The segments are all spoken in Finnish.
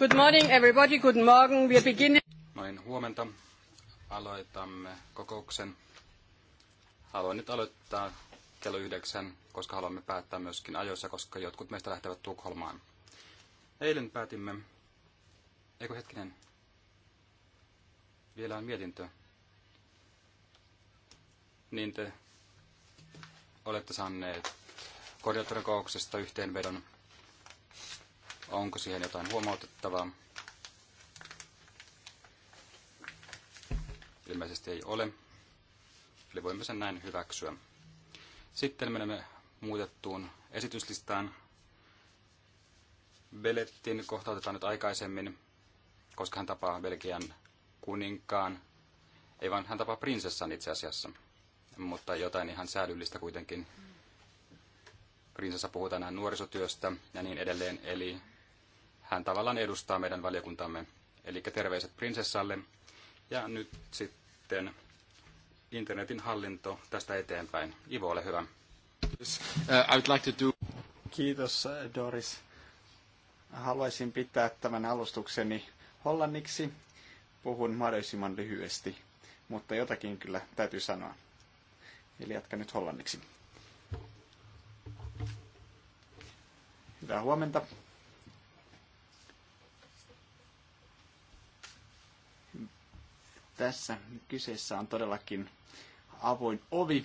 Good morning everybody, good morning. We Noin huomenta. Aloitamme kokouksen. Haluan nyt aloittaa kello yhdeksän, koska haluamme päättää myöskin ajoissa, koska jotkut meistä lähtevät Tukholmaan. Eilen päätimme, eikö hetkinen, vielä on mietintö. Niin te olette saaneet koordinaattorin kokouksesta yhteenvedon Onko siihen jotain huomautettavaa? Ilmeisesti ei ole. Eli voimme sen näin hyväksyä. Sitten menemme muutettuun esityslistaan. Belettin kohta otetaan nyt aikaisemmin, koska hän tapaa Belgian kuninkaan. Ei vaan hän tapaa prinsessan itse asiassa, mutta jotain ihan säädyllistä kuitenkin. Prinsessa puhutaan nuorisotyöstä ja niin edelleen, eli hän tavallaan edustaa meidän valiokuntamme. Eli terveiset prinsessalle. Ja nyt sitten internetin hallinto tästä eteenpäin. Ivo, ole hyvä. Uh, Kiitos, Doris. Haluaisin pitää tämän alustukseni hollanniksi. Puhun mahdollisimman lyhyesti, mutta jotakin kyllä täytyy sanoa. Eli jatka nyt hollanniksi. Hyvää huomenta. tässä. Kyseessä on todellakin avoin ovi.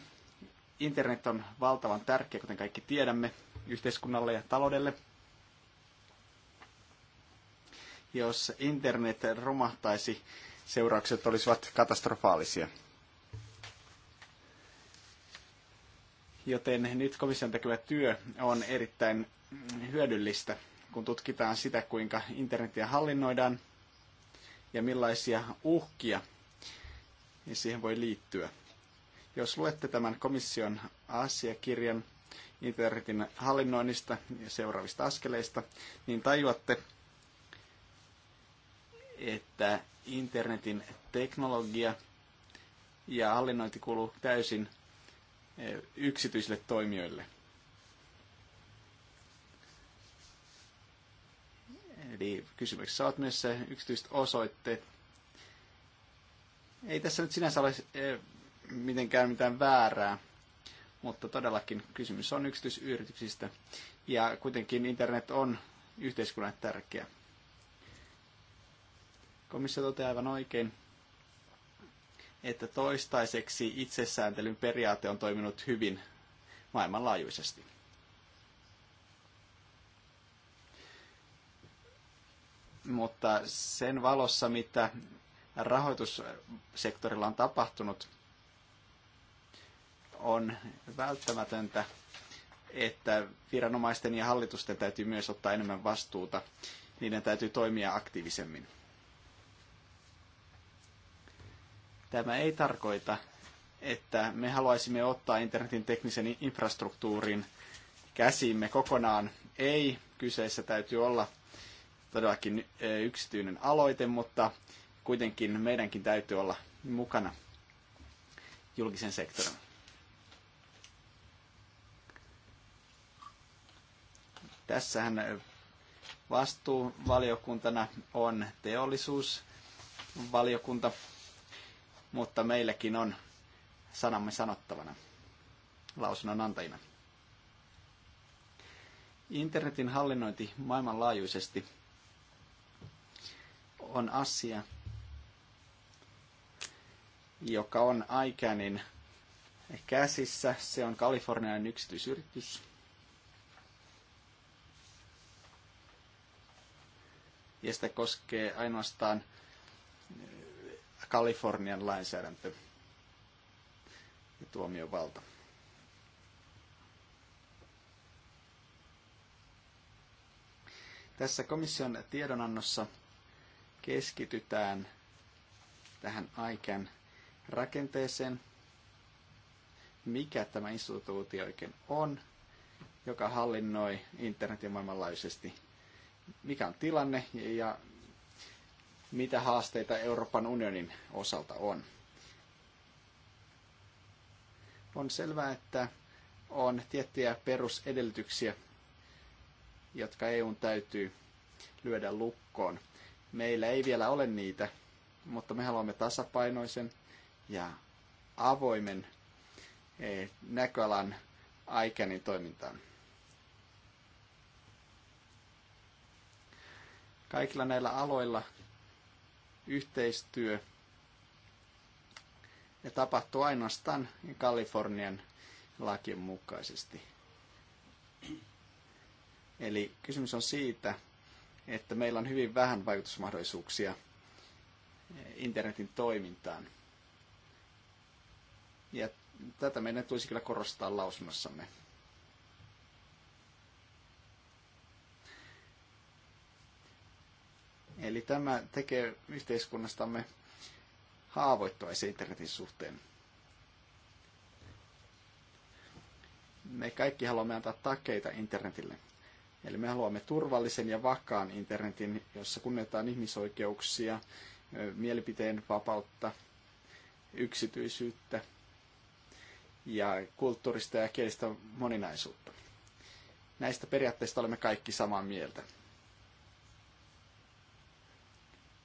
Internet on valtavan tärkeä, kuten kaikki tiedämme, yhteiskunnalle ja taloudelle. Jos internet romahtaisi, seuraukset olisivat katastrofaalisia. Joten nyt komission tekevä työ on erittäin hyödyllistä, kun tutkitaan sitä, kuinka internetiä hallinnoidaan ja millaisia uhkia niin siihen voi liittyä. Jos luette tämän komission asiakirjan internetin hallinnoinnista ja seuraavista askeleista, niin tajuatte, että internetin teknologia ja hallinnointi kuuluu täysin eh, yksityisille toimijoille. Eli kysymyksessä ovat myös yksityiset osoitteet, ei tässä nyt sinänsä ole eh, mitenkään mitään väärää, mutta todellakin kysymys on yksityisyrityksistä. Ja kuitenkin internet on yhteiskunnan tärkeä. Komissio toteaa aivan oikein, että toistaiseksi itsesääntelyn periaate on toiminut hyvin maailmanlaajuisesti. Mutta sen valossa, mitä rahoitussektorilla on tapahtunut, on välttämätöntä, että viranomaisten ja hallitusten täytyy myös ottaa enemmän vastuuta. Niiden täytyy toimia aktiivisemmin. Tämä ei tarkoita, että me haluaisimme ottaa internetin teknisen infrastruktuurin käsiimme kokonaan. Ei, kyseessä täytyy olla todellakin yksityinen aloite, mutta kuitenkin meidänkin täytyy olla mukana julkisen sektorin. Tässähän vastuuvaliokuntana on teollisuusvaliokunta, mutta meilläkin on sanamme sanottavana lausunnon antajina. Internetin hallinnointi maailmanlaajuisesti on asia, joka on Icanin käsissä. Se on Kalifornian yksityisyritys. Ja sitä koskee ainoastaan äh, Kalifornian lainsäädäntö ja tuomiovalta. Tässä komission tiedonannossa keskitytään tähän aiken rakenteeseen, mikä tämä instituutio oikein on, joka hallinnoi internetin maailmanlaajuisesti, mikä on tilanne ja mitä haasteita Euroopan unionin osalta on. On selvää, että on tiettyjä perusedellytyksiä, jotka EUn täytyy lyödä lukkoon. Meillä ei vielä ole niitä, mutta me haluamme tasapainoisen ja avoimen eh, näköalan aikainen toimintaan. Kaikilla näillä aloilla yhteistyö ja tapahtuu ainoastaan Kalifornian lakien mukaisesti. Eli kysymys on siitä, että meillä on hyvin vähän vaikutusmahdollisuuksia eh, internetin toimintaan. Ja tätä meidän tulisi kyllä korostaa lausunnossamme. Eli tämä tekee yhteiskunnastamme haavoittuvaisen internetin suhteen. Me kaikki haluamme antaa takeita internetille. Eli me haluamme turvallisen ja vakaan internetin, jossa kunnioitetaan ihmisoikeuksia, mielipiteen vapautta, yksityisyyttä – ja kulttuurista ja kielistä moninaisuutta. Näistä periaatteista olemme kaikki samaa mieltä.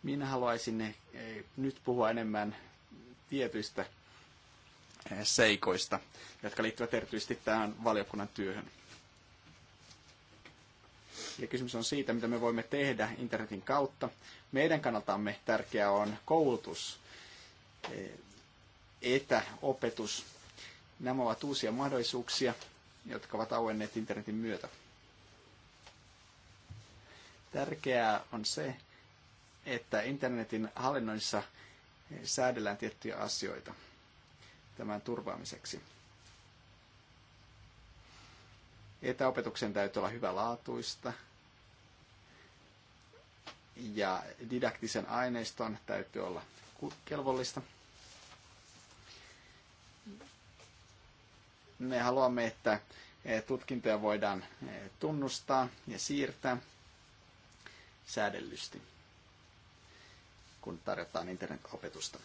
Minä haluaisin eh, nyt puhua enemmän tietyistä eh, seikoista, jotka liittyvät erityisesti tähän valiokunnan työhön. Ja kysymys on siitä, mitä me voimme tehdä internetin kautta. Meidän kannaltamme tärkeää on koulutus, eh, etäopetus Nämä ovat uusia mahdollisuuksia, jotka ovat auenneet internetin myötä. Tärkeää on se, että internetin hallinnoissa säädellään tiettyjä asioita tämän turvaamiseksi. Etäopetuksen täytyy olla hyvälaatuista ja didaktisen aineiston täytyy olla kelvollista. Me haluamme, että eh, tutkintoja voidaan eh, tunnustaa ja siirtää säädellysti, kun tarjotaan internetopetusta.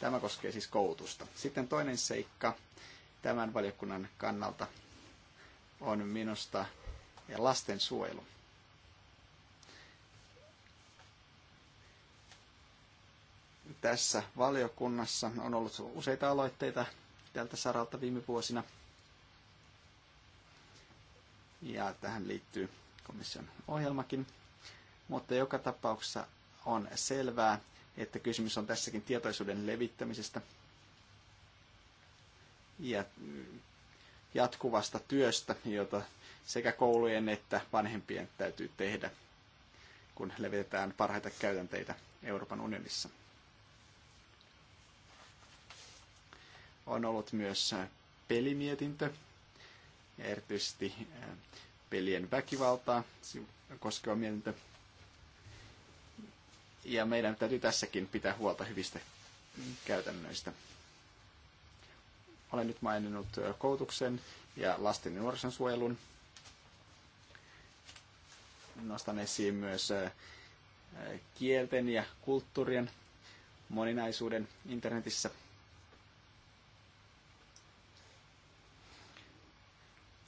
Tämä koskee siis koulutusta. Sitten toinen seikka tämän valiokunnan kannalta on minusta eh, lastensuojelu. Tässä valiokunnassa on ollut useita aloitteita tältä saralta viime vuosina. Ja tähän liittyy komission ohjelmakin. Mutta joka tapauksessa on selvää, että kysymys on tässäkin tietoisuuden levittämisestä ja jatkuvasta työstä, jota sekä koulujen että vanhempien täytyy tehdä, kun levitetään parhaita käytänteitä Euroopan unionissa. On ollut myös äh, pelimietintö, erityisesti äh, pelien väkivaltaa koskeva mietintö. Ja meidän täytyy tässäkin pitää huolta hyvistä käytännöistä. Olen nyt maininnut äh, koulutuksen ja lasten ja nuorison suojelun. Nostan esiin myös kielten ja kulttuurien moninaisuuden internetissä –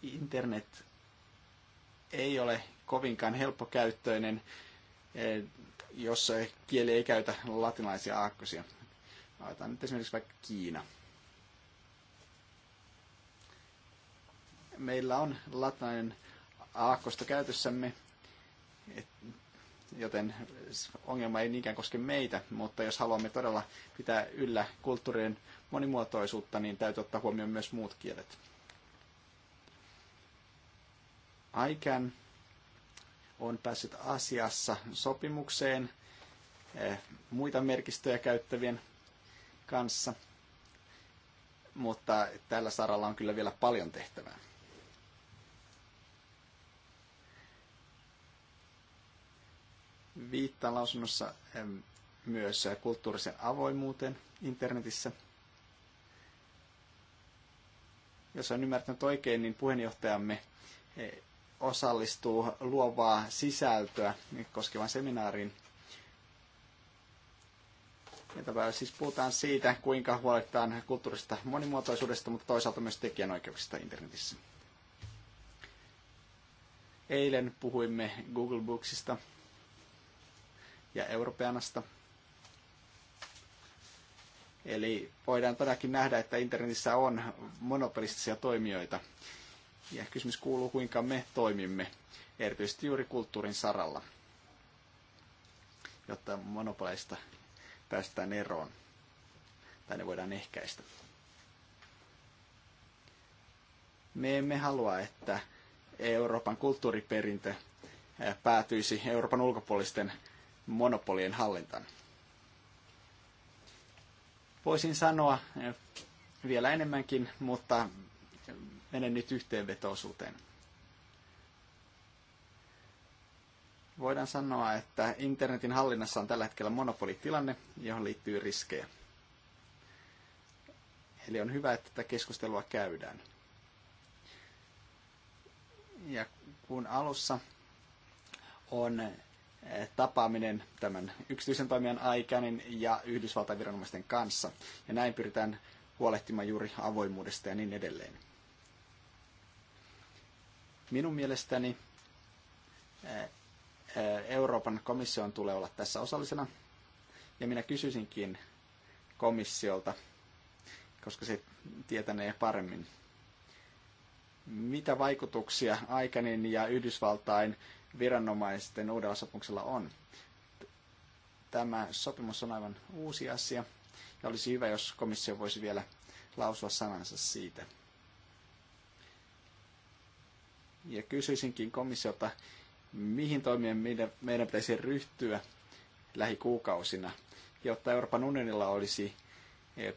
internet ei ole kovinkaan helppokäyttöinen, eh, jos kieli ei käytä latinalaisia aakkosia. Otetaan nyt esimerkiksi vaikka Kiina. Meillä on latinalainen aakkosta käytössämme, joten ongelma ei niinkään koske meitä, mutta jos haluamme todella pitää yllä kulttuurien monimuotoisuutta, niin täytyy ottaa huomioon myös muut kielet. ICAN on päässyt asiassa sopimukseen eh, muita merkistöjä käyttävien kanssa, mutta tällä saralla on kyllä vielä paljon tehtävää. Viittaan lausunnossa eh, myös kulttuurisen avoimuuteen internetissä. Jos olen ymmärtänyt oikein, niin puheenjohtajamme eh, osallistuu luovaa sisältöä koskevan seminaariin. siis puhutaan siitä, kuinka huolehditaan kulttuurista monimuotoisuudesta, mutta toisaalta myös tekijänoikeuksista internetissä. Eilen puhuimme Google Booksista ja Europeanasta. Eli voidaan todellakin nähdä, että internetissä on monopolistisia toimijoita. Ja kysymys kuuluu, kuinka me toimimme, erityisesti juuri kulttuurin saralla, jotta monopoleista päästään eroon tai ne voidaan ehkäistä. Me emme halua, että Euroopan kulttuuriperintö päätyisi Euroopan ulkopuolisten monopolien hallintaan. Voisin sanoa vielä enemmänkin, mutta menen nyt yhteenvetoosuuteen. Voidaan sanoa, että internetin hallinnassa on tällä hetkellä monopolitilanne, johon liittyy riskejä. Eli on hyvä, että tätä keskustelua käydään. Ja kun alussa on eh, tapaaminen tämän yksityisen toimijan aikainen ja Yhdysvaltain viranomaisten kanssa. Ja näin pyritään huolehtimaan juuri avoimuudesta ja niin edelleen. Minun mielestäni eh, eh, Euroopan komission tulee olla tässä osallisena. Ja minä kysyisinkin komissiolta, koska se tietänee paremmin, mitä vaikutuksia Aikanin ja Yhdysvaltain viranomaisten uudella sopimuksella on. Tämä sopimus on aivan uusi asia ja olisi hyvä, jos komissio voisi vielä lausua sanansa siitä. Ja kysyisinkin komissiota, mihin toimien meidän meidän pitäisi ryhtyä lähikuukausina, jotta Euroopan unionilla olisi eh,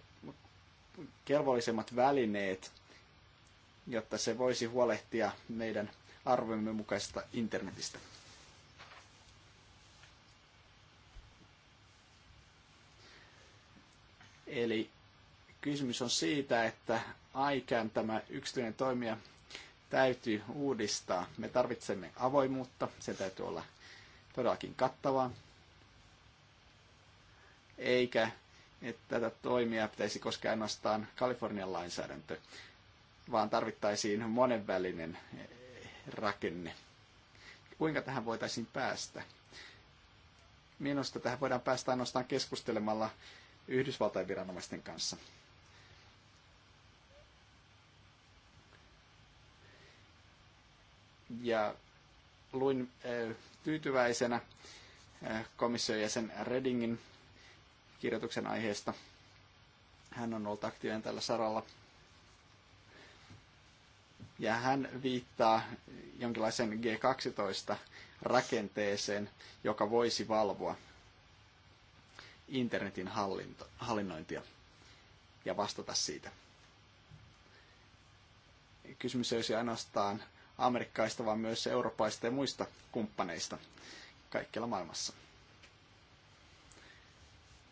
kelvollisemmat välineet, jotta se voisi huolehtia meidän arvoimme mukaisesta internetistä. Eli kysymys on siitä, että ICAN, tämä yksityinen toimija, täytyy uudistaa. Me tarvitsemme avoimuutta, Se täytyy olla todellakin kattavaa, eikä että tätä toimia pitäisi koskea ainoastaan Kalifornian lainsäädäntö, vaan tarvittaisiin monenvälinen rakenne. Kuinka tähän voitaisiin päästä? Minusta tähän voidaan päästä ainoastaan keskustelemalla Yhdysvaltain viranomaisten kanssa. ja luin eh, tyytyväisenä eh, komission jäsen Redingin kirjoituksen aiheesta. Hän on ollut aktiivinen tällä saralla. Ja hän viittaa jonkinlaisen G12 rakenteeseen, joka voisi valvoa internetin hallinto, hallinnointia ja vastata siitä. Kysymys ei olisi ainoastaan amerikkaista, vaan myös eurooppaista ja muista kumppaneista kaikkialla maailmassa.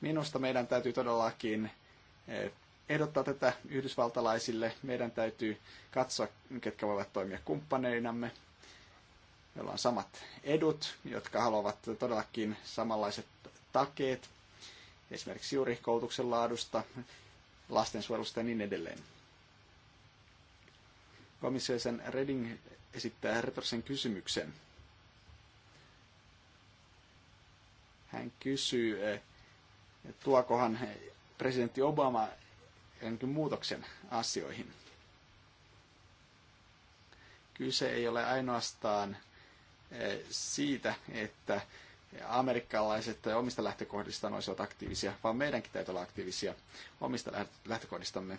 Minusta meidän täytyy todellakin eh, ehdottaa tätä yhdysvaltalaisille. Meidän täytyy katsoa, ketkä voivat toimia kumppaneinamme, joilla on samat edut, jotka haluavat todellakin samanlaiset takeet, esimerkiksi juuri koulutuksen laadusta, lastensuojelusta ja niin edelleen. Komissiosen Reding esittää retorisen kysymyksen. Hän kysyy, eh, tuokohan presidentti Obama jonkin muutoksen asioihin. Kyse ei ole ainoastaan eh, siitä, että amerikkalaiset omista lähtökohdistaan olisivat aktiivisia, vaan meidänkin täytyy olla aktiivisia omista lähtökohdistamme.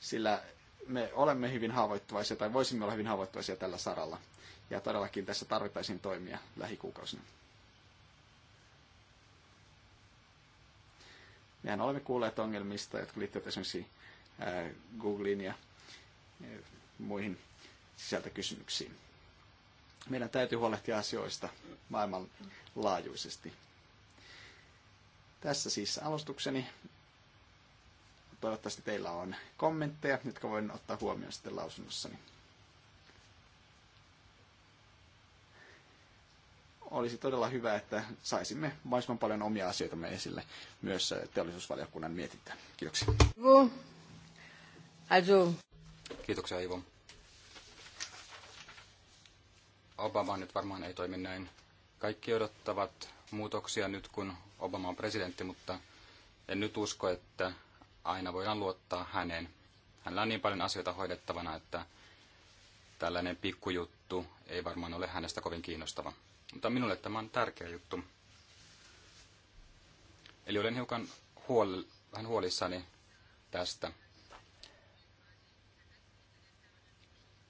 Sillä me olemme hyvin haavoittuvaisia tai voisimme olla hyvin haavoittuvaisia tällä saralla. Ja todellakin tässä tarvittaisiin toimia lähikuukausina. Mehän olemme kuulleet ongelmista, jotka liittyvät esimerkiksi Googlein ja muihin sisältökysymyksiin. Meidän täytyy huolehtia asioista maailmanlaajuisesti. Tässä siis alustukseni toivottavasti teillä on kommentteja, jotka voin ottaa huomioon sitten lausunnossani. Olisi todella hyvä, että saisimme mahdollisimman paljon omia asioitamme esille myös teollisuusvaliokunnan mietintään. Kiitoksia. Kiitoksia Ivo. Obama nyt varmaan ei toimi näin. Kaikki odottavat muutoksia nyt, kun Obama on presidentti, mutta en nyt usko, että aina voidaan luottaa häneen. Hänellä on niin paljon asioita hoidettavana, että tällainen pikkujuttu ei varmaan ole hänestä kovin kiinnostava. Mutta minulle tämä on tärkeä juttu. Eli olen hiukan huol, vähän huolissani tästä.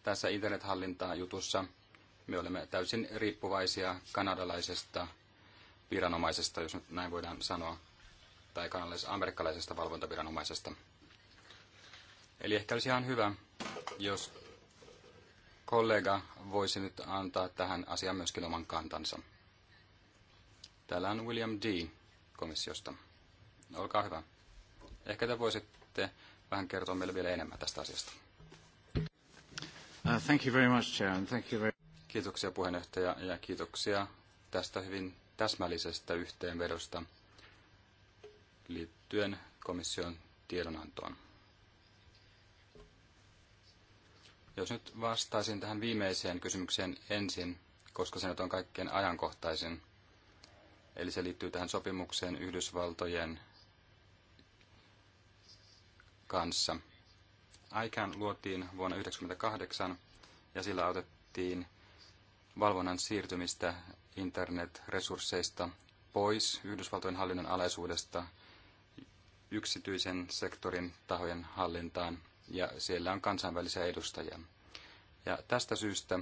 Tässä internethallintaa jutussa me olemme täysin riippuvaisia kanadalaisesta viranomaisesta, jos nyt näin voidaan sanoa tai amerikkalaisesta valvontaviranomaisesta. Eli ehkä olisi ihan hyvä, jos kollega voisi nyt antaa tähän asiaan myöskin oman kantansa. Täällä on William D. komissiosta. Olkaa hyvä. Ehkä te voisitte vähän kertoa meille vielä enemmän tästä asiasta. Uh, thank you very much, Chair, thank you very... Kiitoksia puheenjohtaja ja kiitoksia tästä hyvin täsmällisestä yhteenvedosta liittyen komission tiedonantoon. Jos nyt vastaisin tähän viimeiseen kysymykseen ensin, koska se nyt on kaikkein ajankohtaisin. Eli se liittyy tähän sopimukseen Yhdysvaltojen kanssa. ICAN luotiin vuonna 1998 ja sillä otettiin valvonnan siirtymistä internetresursseista pois Yhdysvaltojen hallinnon alaisuudesta yksityisen sektorin tahojen hallintaan ja siellä on kansainvälisiä edustajia. Ja tästä syystä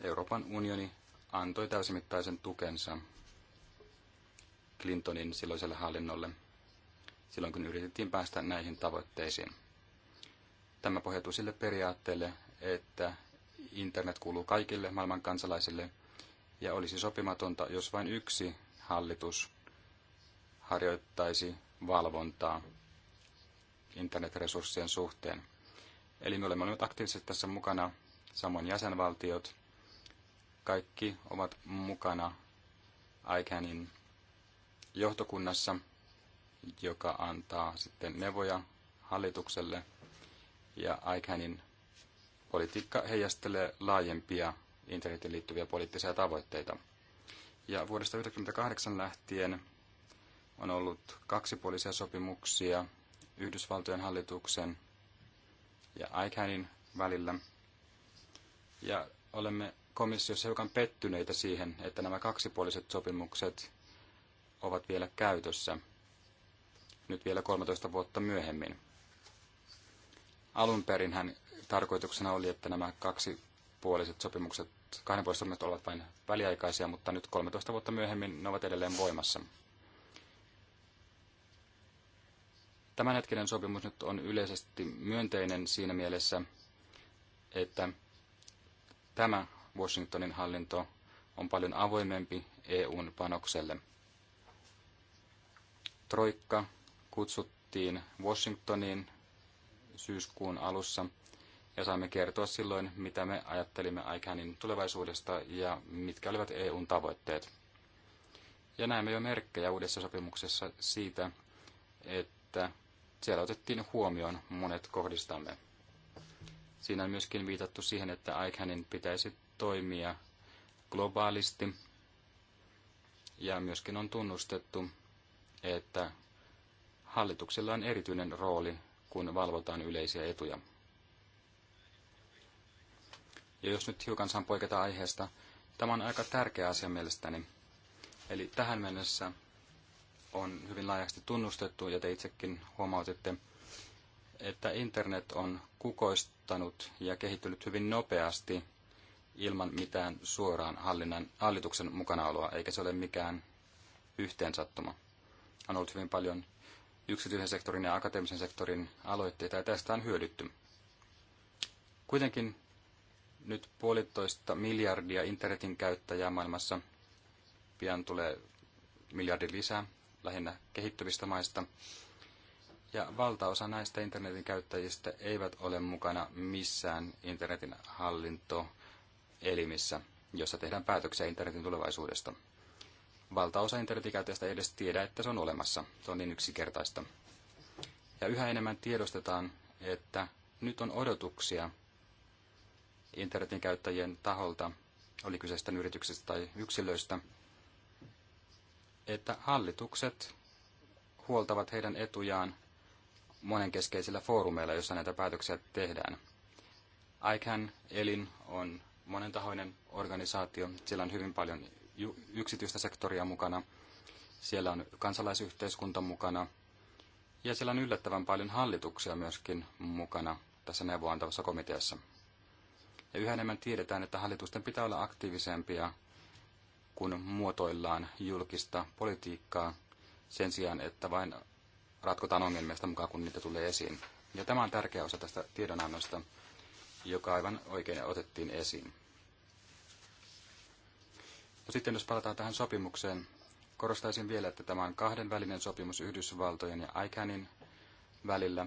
Euroopan unioni antoi täysimittaisen tukensa Clintonin silloiselle hallinnolle silloin, kun yritettiin päästä näihin tavoitteisiin. Tämä pohjautuu sille periaatteelle, että internet kuuluu kaikille maailman kansalaisille ja olisi sopimatonta, jos vain yksi hallitus harjoittaisi valvontaa internetresurssien suhteen. Eli me olemme olleet aktiivisesti tässä mukana, samoin jäsenvaltiot, kaikki ovat mukana ICANNin johtokunnassa, joka antaa sitten neuvoja hallitukselle, ja ICANNin politiikka heijastelee laajempia internetin liittyviä poliittisia tavoitteita. Ja vuodesta 1998 lähtien on ollut kaksipuolisia sopimuksia Yhdysvaltojen hallituksen ja ICANin välillä. Ja olemme komissiossa hiukan pettyneitä siihen, että nämä kaksipuoliset sopimukset ovat vielä käytössä, nyt vielä 13 vuotta myöhemmin. Alun perinhän tarkoituksena oli, että nämä kaksipuoliset sopimukset, kahdenpuoliset sopimukset ovat vain väliaikaisia, mutta nyt 13 vuotta myöhemmin ne ovat edelleen voimassa. Tämänhetkinen sopimus nyt on yleisesti myönteinen siinä mielessä, että tämä Washingtonin hallinto on paljon avoimempi EUn panokselle. Troikka kutsuttiin Washingtoniin syyskuun alussa ja saimme kertoa silloin, mitä me ajattelimme ICANNin tulevaisuudesta ja mitkä olivat EUn tavoitteet. Ja näemme jo merkkejä uudessa sopimuksessa siitä, että siellä otettiin huomioon monet kohdistamme. Siinä on myöskin viitattu siihen, että Aikhanin pitäisi toimia globaalisti. Ja myöskin on tunnustettu, että hallituksella on erityinen rooli, kun valvotaan yleisiä etuja. Ja jos nyt hiukan saan poiketa aiheesta, tämä on aika tärkeä asia mielestäni. Eli tähän mennessä on hyvin laajasti tunnustettu, ja te itsekin huomautitte, että internet on kukoistanut ja kehittynyt hyvin nopeasti ilman mitään suoraan hallinnan, hallituksen mukanaoloa, eikä se ole mikään yhteensattuma. On ollut hyvin paljon yksityisen sektorin ja akateemisen sektorin aloitteita, ja tästä on hyödytty. Kuitenkin nyt puolitoista miljardia internetin käyttäjää maailmassa, pian tulee miljardi lisää, lähinnä kehittyvistä maista. Ja valtaosa näistä internetin käyttäjistä eivät ole mukana missään internetin hallintoelimissä, jossa tehdään päätöksiä internetin tulevaisuudesta. Valtaosa internetin käyttäjistä ei edes tiedä, että se on olemassa. Se on niin yksinkertaista. Ja yhä enemmän tiedostetaan, että nyt on odotuksia internetin käyttäjien taholta, oli kyseistä yrityksestä yrityksistä tai yksilöistä – että hallitukset huoltavat heidän etujaan monenkeskeisillä foorumeilla, jossa näitä päätöksiä tehdään. ICAN, elin, on monentahoinen organisaatio. Siellä on hyvin paljon yksityistä sektoria mukana. Siellä on kansalaisyhteiskunta mukana. Ja siellä on yllättävän paljon hallituksia myöskin mukana tässä neuvoantavassa komiteassa. Ja yhä enemmän tiedetään, että hallitusten pitää olla aktiivisempia kun muotoillaan julkista politiikkaa sen sijaan, että vain ratkotaan ongelmista mukaan, kun niitä tulee esiin. Ja tämä on tärkeä osa tästä tiedonannosta, joka aivan oikein otettiin esiin. No sitten jos palataan tähän sopimukseen, korostaisin vielä, että tämä on kahdenvälinen sopimus Yhdysvaltojen ja ICANin välillä.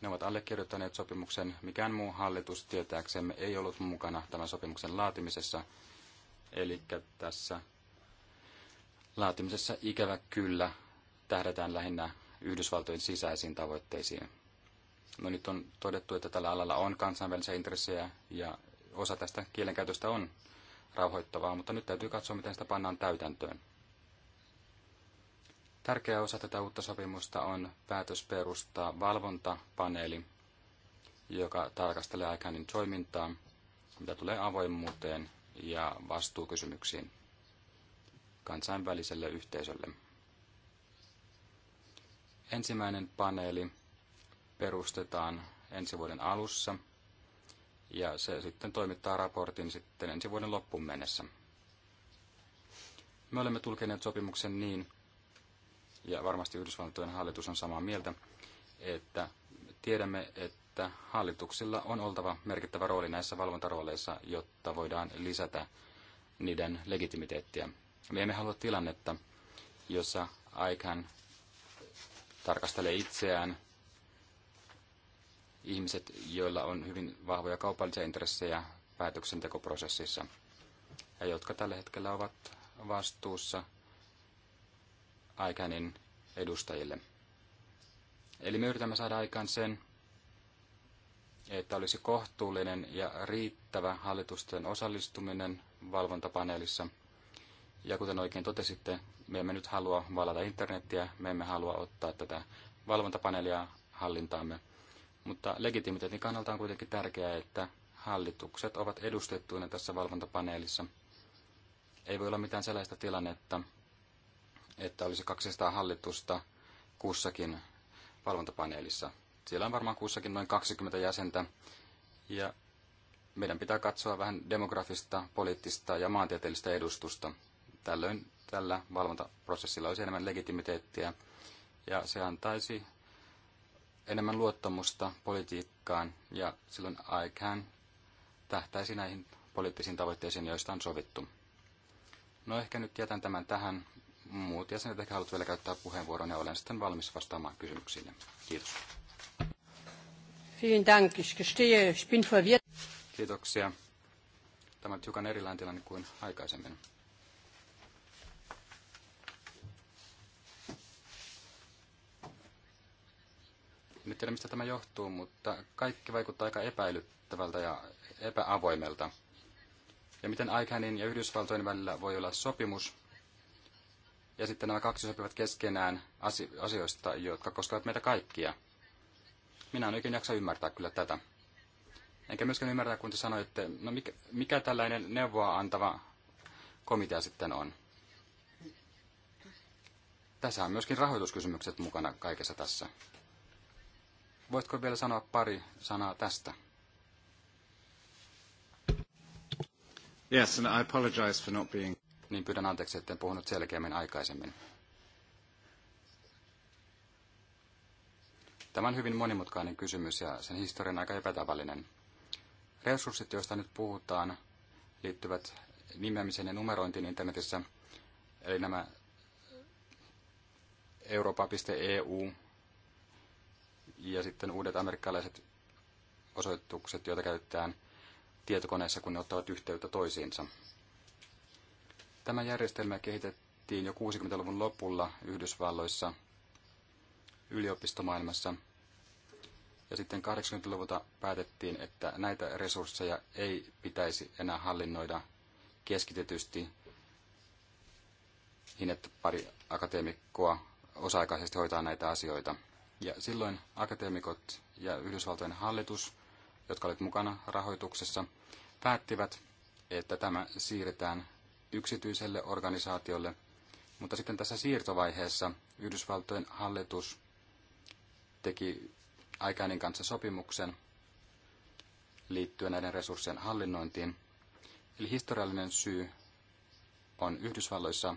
Ne ovat allekirjoittaneet sopimuksen. Mikään muu hallitus tietääksemme ei ollut mukana tämän sopimuksen laatimisessa, Eli tässä laatimisessa ikävä kyllä tähdätään lähinnä Yhdysvaltojen sisäisiin tavoitteisiin. No nyt on todettu, että tällä alalla on kansainvälisiä intressejä ja osa tästä kielenkäytöstä on rauhoittavaa, mutta nyt täytyy katsoa, miten sitä pannaan täytäntöön. Tärkeä osa tätä uutta sopimusta on päätös perustaa valvontapaneeli, joka tarkastelee aikainen toimintaa, mitä tulee avoimuuteen ja vastuukysymyksiin kansainväliselle yhteisölle. Ensimmäinen paneeli perustetaan ensi vuoden alussa ja se sitten toimittaa raportin sitten ensi vuoden loppuun mennessä. Me olemme tulkineet sopimuksen niin, ja varmasti Yhdysvaltojen hallitus on samaa mieltä, että tiedämme, että että hallituksilla on oltava merkittävä rooli näissä valvontarooleissa, jotta voidaan lisätä niiden legitimiteettiä. Me emme halua tilannetta, jossa aikaan tarkastelee itseään ihmiset, joilla on hyvin vahvoja kaupallisia intressejä päätöksentekoprosessissa ja jotka tällä hetkellä ovat vastuussa aikainen edustajille. Eli me yritämme saada aikaan sen, että olisi kohtuullinen ja riittävä hallitusten osallistuminen valvontapaneelissa. Ja kuten oikein totesitte, me emme nyt halua valata internettiä, me emme halua ottaa tätä valvontapaneelia hallintaamme. Mutta legitimiteetin kannalta on kuitenkin tärkeää, että hallitukset ovat edustettuina tässä valvontapaneelissa. Ei voi olla mitään sellaista tilannetta, että olisi 200 hallitusta kussakin valvontapaneelissa. Siellä on varmaan kussakin noin 20 jäsentä. Ja meidän pitää katsoa vähän demografista, poliittista ja maantieteellistä edustusta. Tällöin tällä valvontaprosessilla olisi enemmän legitimiteettiä ja se antaisi enemmän luottamusta politiikkaan ja silloin ICAN tähtäisi näihin poliittisiin tavoitteisiin, joista on sovittu. No ehkä nyt jätän tämän tähän. Muut jäsenet ehkä haluat vielä käyttää puheenvuoron ja olen sitten valmis vastaamaan kysymyksiin. Kiitos. Vielen Dank. Ich gestehe, ich bin verwirrt. Kiitoksia. Tämä on hiukan erilainen tilanne kuin aikaisemmin. En tiedä, mistä tämä johtuu, mutta kaikki vaikuttaa aika epäilyttävältä ja epäavoimelta. Ja miten ICANNin ja Yhdysvaltojen välillä voi olla sopimus, ja sitten nämä kaksi sopivat keskenään asioista, jotka koskevat meitä kaikkia – minä en oikein jaksa ymmärtää kyllä tätä. Enkä myöskään ymmärtää, kun te sanoitte, no mikä, mikä tällainen neuvoa antava komitea sitten on. Tässä on myöskin rahoituskysymykset mukana kaikessa tässä. Voitko vielä sanoa pari sanaa tästä? Yes, and I apologize for not being... Niin pyydän anteeksi, etten puhunut selkeämmin aikaisemmin. Tämä on hyvin monimutkainen kysymys ja sen historian aika epätavallinen. Resurssit, joista nyt puhutaan, liittyvät nimeämiseen ja numerointiin internetissä, eli nämä europa.eu e ja sitten uudet amerikkalaiset osoitukset, joita käytetään tietokoneessa, kun ne ottavat yhteyttä toisiinsa. Tämä järjestelmä kehitettiin jo 60-luvun lopulla Yhdysvalloissa – yliopistomaailmassa. Ja sitten 80-luvulta päätettiin, että näitä resursseja ei pitäisi enää hallinnoida keskitetysti niin, että pari akateemikkoa osa-aikaisesti hoitaa näitä asioita. Ja silloin akateemikot ja Yhdysvaltojen hallitus, jotka olivat mukana rahoituksessa, päättivät, että tämä siirretään yksityiselle organisaatiolle. Mutta sitten tässä siirtovaiheessa Yhdysvaltojen hallitus teki Aikainin kanssa sopimuksen liittyen näiden resurssien hallinnointiin. Eli historiallinen syy on Yhdysvalloissa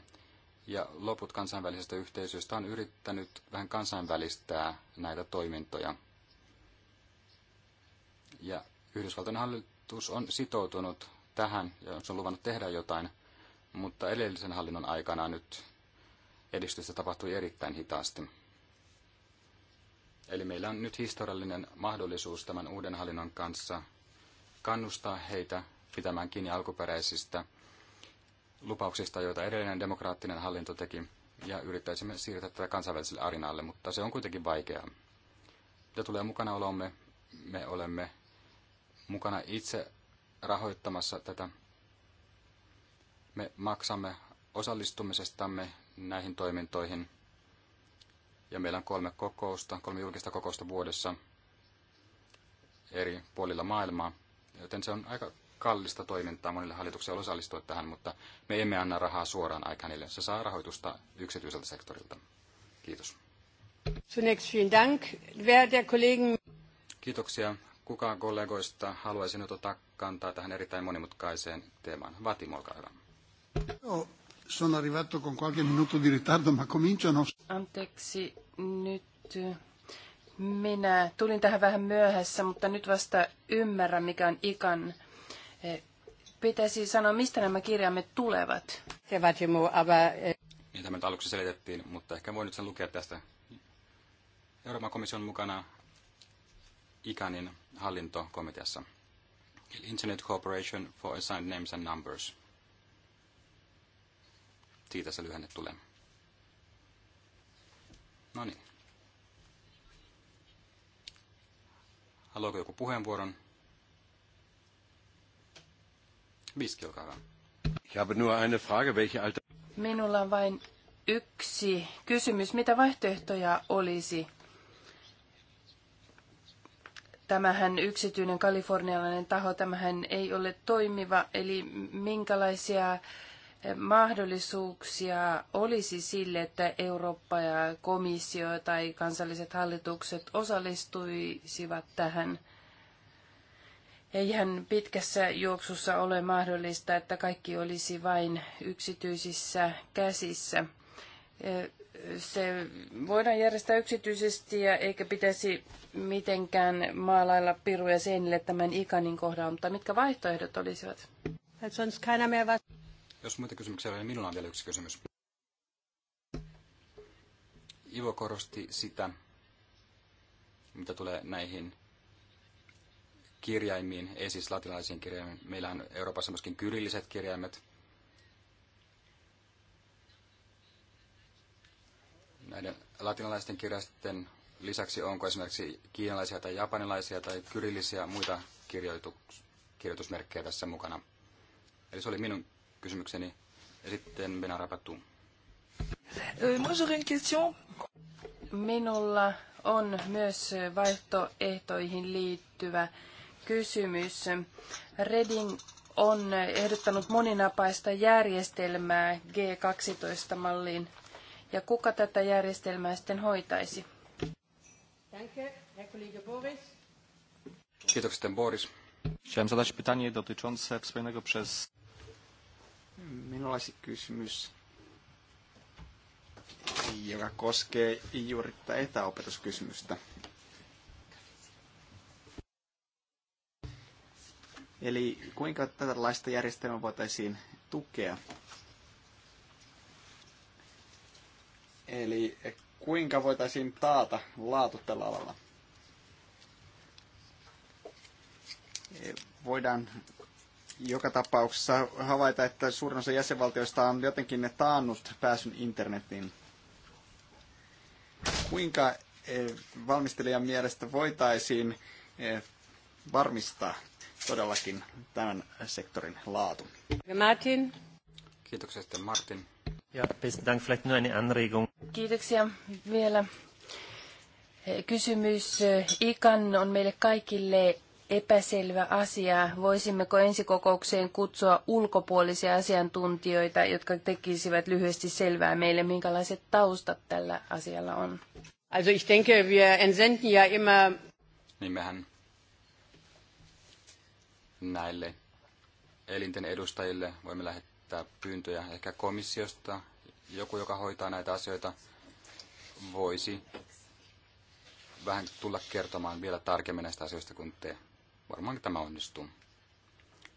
ja loput kansainvälisestä yhteisöstä on yrittänyt vähän kansainvälistää näitä toimintoja. Ja Yhdysvaltain hallitus on sitoutunut tähän ja on luvannut tehdä jotain, mutta edellisen hallinnon aikana nyt edistystä tapahtui erittäin hitaasti. Eli meillä on nyt historiallinen mahdollisuus tämän uuden hallinnon kanssa kannustaa heitä pitämään kiinni alkuperäisistä lupauksista, joita edellinen demokraattinen hallinto teki, ja yrittäisimme siirtää tätä kansainväliselle arinaalle, mutta se on kuitenkin vaikeaa. Mitä tulee mukana olomme, me olemme mukana itse rahoittamassa tätä. Me maksamme osallistumisestamme näihin toimintoihin – ja meillä on kolme kokousta, kolme julkista kokousta vuodessa eri puolilla maailmaa, joten se on aika kallista toimintaa monille hallituksille osallistua tähän, mutta me emme anna rahaa suoraan aikanille. Se saa rahoitusta yksityiseltä sektorilta. Kiitos. Zunächst vielen Dank. Wer der Kollegen... Kiitoksia. Kuka kollegoista haluaisi nyt ottaa kantaa tähän erittäin monimutkaiseen teemaan? Vatim, olkaa hyvä. No, sono arrivato con qualche minuto di ritardo, ma cominciano. Anteeksi nyt. Eh, minä tulin tähän vähän myöhässä, mutta nyt vasta ymmärrän, mikä on ikan. Eh, pitäisi sanoa, mistä nämä kirjaimet tulevat. Niin tämä nyt aluksi selitettiin, mutta ehkä voin nyt sen lukea tästä. Euroopan komission mukana ikanin hallintokomiteassa. Internet Corporation for Assigned Names and Numbers – siitä se lyhenne tulee. No niin. Haluatko joku puheenvuoron? Viski, olkaa hyvä. Ich habe nur eine Frage, welche alter... Minulla on vain yksi kysymys. Mitä vaihtoehtoja olisi? Tämähän yksityinen kalifornialainen taho, tämähän ei ole toimiva, eli minkälaisia mahdollisuuksia olisi sille, että Eurooppa ja komissio tai kansalliset hallitukset osallistuisivat tähän. Eihän pitkässä juoksussa ole mahdollista, että kaikki olisi vain yksityisissä käsissä. Se voidaan järjestää yksityisesti ja eikä pitäisi mitenkään maalailla piruja seinille tämän ikanin kohdalla, mutta mitkä vaihtoehdot olisivat? Jos muita kysymyksiä ei niin minulla on vielä yksi kysymys. Ivo korosti sitä, mitä tulee näihin kirjaimiin, ei siis latinalaisiin kirjaimiin. Meillä on Euroopassa myöskin kyrilliset kirjaimet. Näiden latinalaisten kirjasten lisäksi onko esimerkiksi kiinalaisia tai japanilaisia tai kyrillisiä muita kirjoitusmerkkejä tässä mukana. Eli se oli minun kysymykseni. Ja sitten minä rapattu. No, Minulla on myös vaihtoehtoihin liittyvä kysymys. Redin on ehdottanut moninapaista järjestelmää G12-malliin. Ja kuka tätä järjestelmää sitten hoitaisi? Kiitoksia, Boris. Chciałem zadać pytanie dotyczące wspomnianego przez Minulla olisi kysymys, joka koskee juuri tätä etäopetuskysymystä. Eli kuinka tätä järjestelmää voitaisiin tukea? Eli kuinka voitaisiin taata laatu tällä alalla? Voidaan joka tapauksessa havaita, että suurin osa jäsenvaltioista on jotenkin ne taannut pääsyn internetiin. Kuinka eh, valmistelijan mielestä voitaisiin eh, varmistaa todellakin tämän sektorin laatu? Martin. Kiitoksia sitten Martin. Ja, besten Dank, vielleicht nur eine Anregung. Kiitoksia vielä. Eh, kysymys ikan on meille kaikille epäselvä asia. Voisimmeko ensikokoukseen kutsua ulkopuolisia asiantuntijoita, jotka tekisivät lyhyesti selvää meille, minkälaiset taustat tällä asialla on? Also ich denke, wir entsenden ja immer... Niin mehän näille elinten edustajille voimme lähettää pyyntöjä ehkä komissiosta. Joku, joka hoitaa näitä asioita, voisi vähän tulla kertomaan vielä tarkemmin näistä asioista kuin te. Varmaan tämä onnistuu.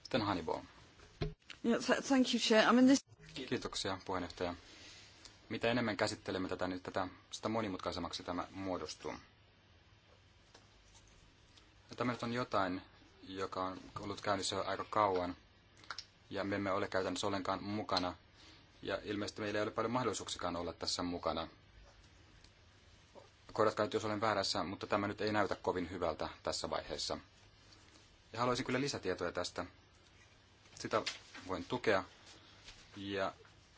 Sitten Hannibal. Thank you, Chair. I mean this... Kiitoksia, puheenjohtaja. Mitä enemmän käsittelemme tätä, niin tätä, sitä monimutkaisemmaksi tämä muodostuu. Tämä nyt on jotain, joka on ollut käynnissä jo aika kauan, ja me emme ole käytännössä ollenkaan mukana, ja ilmeisesti meillä ei ole paljon mahdollisuuksikaan olla tässä mukana. Korjatkaa nyt, jos olen väärässä, mutta tämä nyt ei näytä kovin hyvältä tässä vaiheessa. Ja haluaisin kyllä lisätietoja tästä. Sitä voin tukea. Ja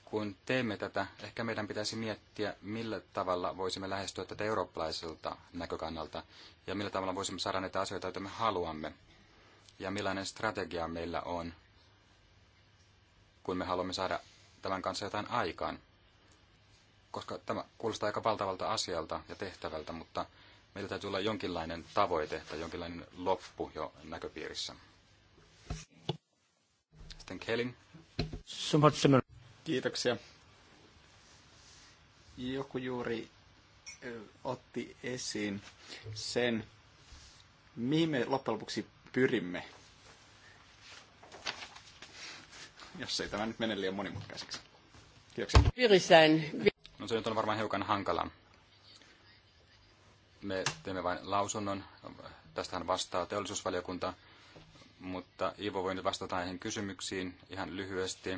kun teemme tätä, ehkä meidän pitäisi miettiä, millä tavalla voisimme lähestyä tätä eurooppalaiselta näkökannalta ja millä tavalla voisimme saada näitä asioita, joita me haluamme ja millainen strategia meillä on, kun me haluamme saada tämän kanssa jotain aikaan. Koska tämä kuulostaa aika valtavalta asialta ja tehtävältä, mutta Meillä täytyy olla jonkinlainen tavoite tai jonkinlainen loppu jo näköpiirissä. Sitten Kelin. Kiitoksia. Joku juuri otti esiin sen, mihin me loppujen lopuksi pyrimme, jos ei tämä nyt mene liian monimutkaiseksi. Kiitoksia. No se nyt on varmaan hiukan hankala. Me teemme vain lausunnon. Tästähän vastaa teollisuusvaliokunta, mutta Ivo voi nyt vastata näihin kysymyksiin ihan lyhyesti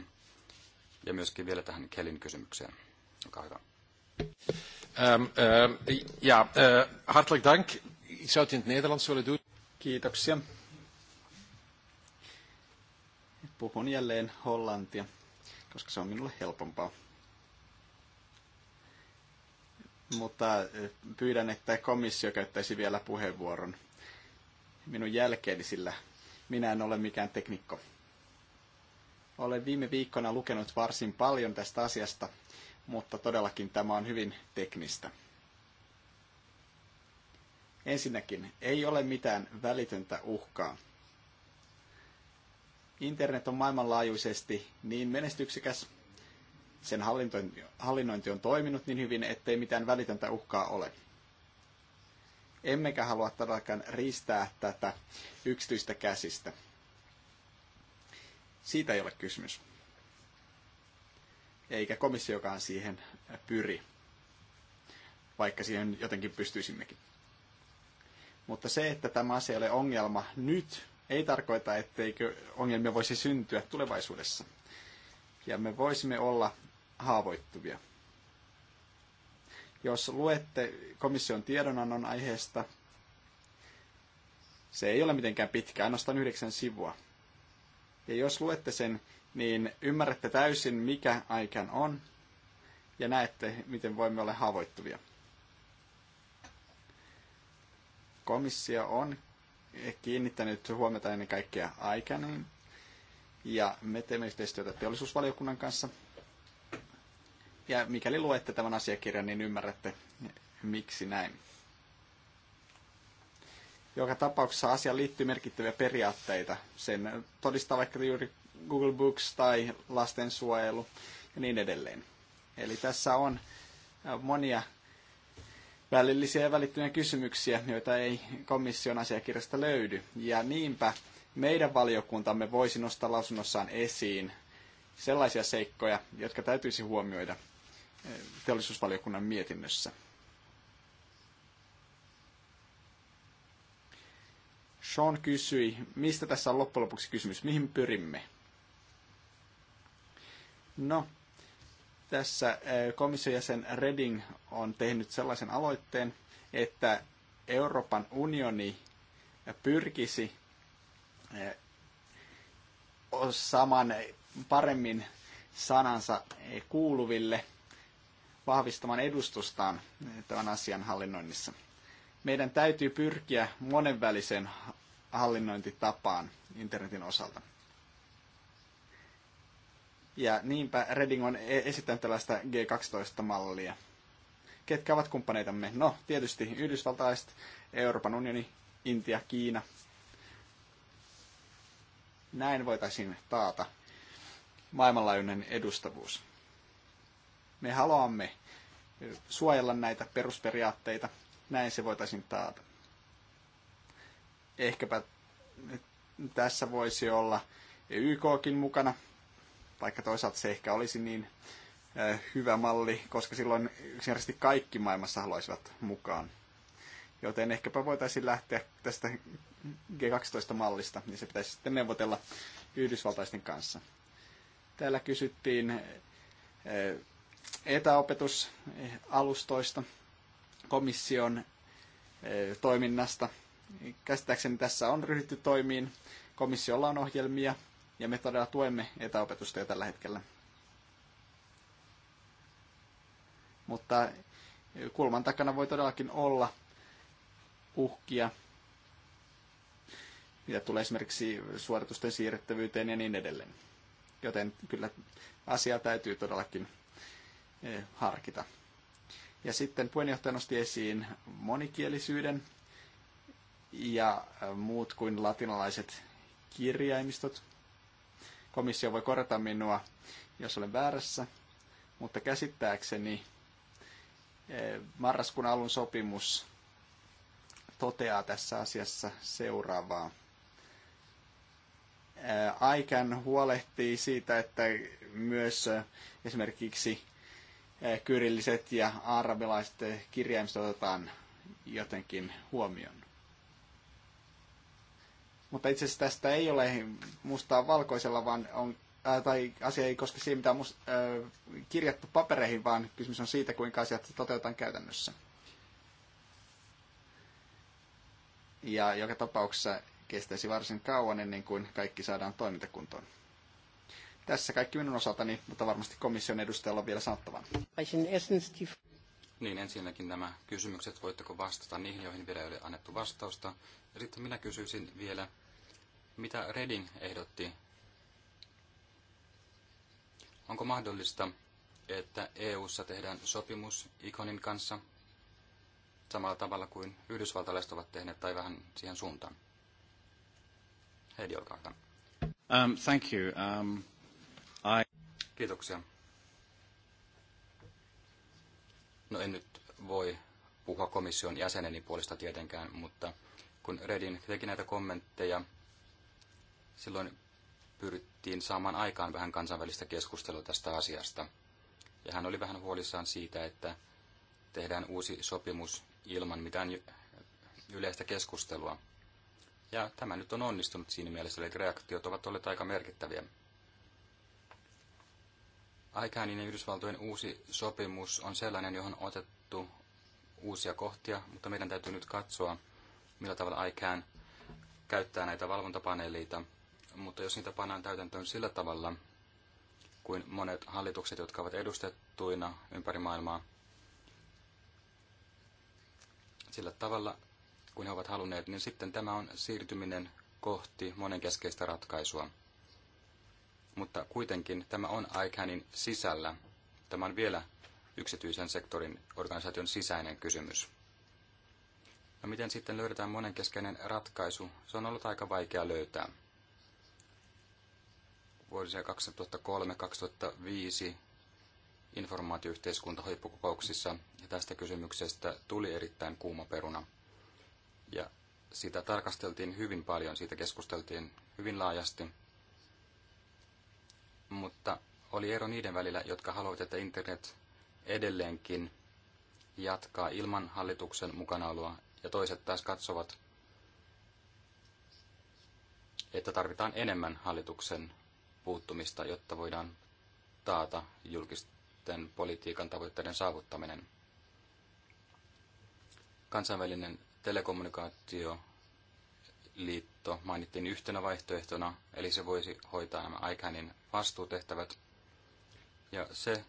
ja myöskin vielä tähän Kelin kysymykseen. Olkaa hyvä. Ähm, äh, ja, äh, hartelijk dank. Ik zou het in het Nederlands willen doen. Kiitoksia. Puhun jälleen hollantia, koska se on minulle helpompaa mutta eh, pyydän, että komissio käyttäisi vielä puheenvuoron minun jälkeeni, sillä minä en ole mikään teknikko. Olen viime viikkona lukenut varsin paljon tästä asiasta, mutta todellakin tämä on hyvin teknistä. Ensinnäkin, ei ole mitään välitöntä uhkaa. Internet on maailmanlaajuisesti niin menestyksikäs sen hallinnointi on toiminut niin hyvin, ettei mitään välitöntä uhkaa ole. Emmekä halua todellakaan riistää tätä yksityistä käsistä. Siitä ei ole kysymys. Eikä komissiokaan siihen pyri, vaikka siihen jotenkin pystyisimmekin. Mutta se, että tämä asia ei ole ongelma nyt, ei tarkoita, etteikö ongelmia voisi syntyä tulevaisuudessa. Ja me voisimme olla haavoittuvia. Jos luette komission tiedonannon aiheesta, se ei ole mitenkään pitkä, ainoastaan yhdeksän sivua. Ja jos luette sen, niin ymmärrätte täysin, mikä ICAN on, ja näette, miten voimme olla haavoittuvia. Komissio on kiinnittänyt huomiota ennen kaikkea ICANiin, ja me teemme yhteistyötä teollisuusvaliokunnan kanssa – ja mikäli luette tämän asiakirjan, niin ymmärrätte, miksi näin. Joka tapauksessa asiaan liittyy merkittäviä periaatteita. Sen todistaa vaikka juuri Google Books tai lastensuojelu ja niin edelleen. Eli tässä on monia välillisiä ja välittyneitä kysymyksiä, joita ei komission asiakirjasta löydy. Ja niinpä meidän valiokuntamme voisi nostaa lausunnossaan esiin sellaisia seikkoja, jotka täytyisi huomioida teollisuusvaliokunnan mietinnössä. Sean kysyi, mistä tässä on loppujen lopuksi kysymys, mihin pyrimme? No, tässä komission jäsen Reding on tehnyt sellaisen aloitteen, että Euroopan unioni pyrkisi saman paremmin sanansa kuuluville – vahvistamaan edustustaan tämän asian hallinnoinnissa. Meidän täytyy pyrkiä monenväliseen hallinnointitapaan internetin osalta. Ja niinpä Redding on e- esittänyt tällaista G12-mallia. Ketkä ovat kumppaneitamme? No, tietysti Yhdysvaltaiset, Euroopan unioni, Intia, Kiina. Näin voitaisiin taata maailmanlaajuinen edustavuus. Me haluamme suojella näitä perusperiaatteita. Näin se voitaisiin taata. Ehkäpä tässä voisi olla YKkin mukana, vaikka toisaalta se ehkä olisi niin hyvä malli, koska silloin yksinkertaisesti kaikki maailmassa haluaisivat mukaan. Joten ehkäpä voitaisiin lähteä tästä G12-mallista, niin se pitäisi sitten neuvotella Yhdysvaltaisten kanssa. Täällä kysyttiin etäopetusalustoista, komission eh, toiminnasta. Käsittääkseni tässä on ryhdytty toimiin. Komissiolla on ohjelmia ja me todella tuemme etäopetusta jo tällä hetkellä. Mutta eh, kulman takana voi todellakin olla uhkia, mitä tulee esimerkiksi suoritusten siirrettävyyteen ja niin edelleen. Joten kyllä asiaa täytyy todellakin E, harkita. Ja sitten puheenjohtaja nosti esiin monikielisyyden ja e, muut kuin latinalaiset kirjaimistot. Komissio voi korjata minua, jos olen väärässä, mutta käsittääkseni e, marraskuun alun sopimus toteaa tässä asiassa seuraavaa. Aikan huolehtii siitä, että myös esimerkiksi Eh, kyrilliset ja arabilaiset kirjaimistot otetaan jotenkin huomioon. Mutta itse asiassa tästä ei ole mustaa valkoisella, vaan on, ää, äh, tai asia ei koske siihen, mitä on must, ää, äh, kirjattu papereihin, vaan kysymys on siitä, kuinka asiat toteutetaan käytännössä. Ja joka tapauksessa kestäisi varsin kauan ennen kuin kaikki saadaan toimintakuntoon. Tässä kaikki minun osaltani, mutta varmasti komission edustajalla on vielä sanottavaa. Niin, ensinnäkin nämä kysymykset, voitteko vastata niihin, joihin vielä ei ole annettu vastausta. Ja sitten minä kysyisin vielä, mitä Reding ehdotti. Onko mahdollista, että EU:ssa tehdään sopimus Ikonin kanssa samalla tavalla kuin yhdysvaltalaiset ovat tehneet tai vähän siihen suuntaan? Heidi, olkaa hyvä. Um, thank you. Um... Kiitoksia. No en nyt voi puhua komission jäseneni puolesta tietenkään, mutta kun Redin teki näitä kommentteja, silloin pyrittiin saamaan aikaan vähän kansainvälistä keskustelua tästä asiasta. Ja hän oli vähän huolissaan siitä, että tehdään uusi sopimus ilman mitään yleistä keskustelua. Ja tämä nyt on onnistunut siinä mielessä, että reaktiot ovat olleet aika merkittäviä aikainen niin Yhdysvaltojen uusi sopimus on sellainen, johon on otettu uusia kohtia, mutta meidän täytyy nyt katsoa, millä tavalla aikään käyttää näitä valvontapaneeleita. Mutta jos niitä pannaan täytäntöön sillä tavalla, kuin monet hallitukset, jotka ovat edustettuina ympäri maailmaa, sillä tavalla, kun he ovat halunneet, niin sitten tämä on siirtyminen kohti monenkeskeistä ratkaisua mutta kuitenkin tämä on ICANNin sisällä. Tämä on vielä yksityisen sektorin organisaation sisäinen kysymys. No miten sitten löydetään monenkeskeinen ratkaisu? Se on ollut aika vaikea löytää. Vuosia 2003-2005 informaatioyhteiskunta huippukokouksissa ja tästä kysymyksestä tuli erittäin kuuma peruna. Ja sitä tarkasteltiin hyvin paljon, siitä keskusteltiin hyvin laajasti – mutta oli ero niiden välillä, jotka haluavat, että internet edelleenkin jatkaa ilman hallituksen mukanaoloa, ja toiset taas katsovat, että tarvitaan enemmän hallituksen puuttumista, jotta voidaan taata julkisten politiikan tavoitteiden saavuttaminen. Kansainvälinen telekommunikaatio liitto mainittiin yhtenä vaihtoehtona, eli se voisi hoitaa nämä Aikanin vastuutehtävät. Ja se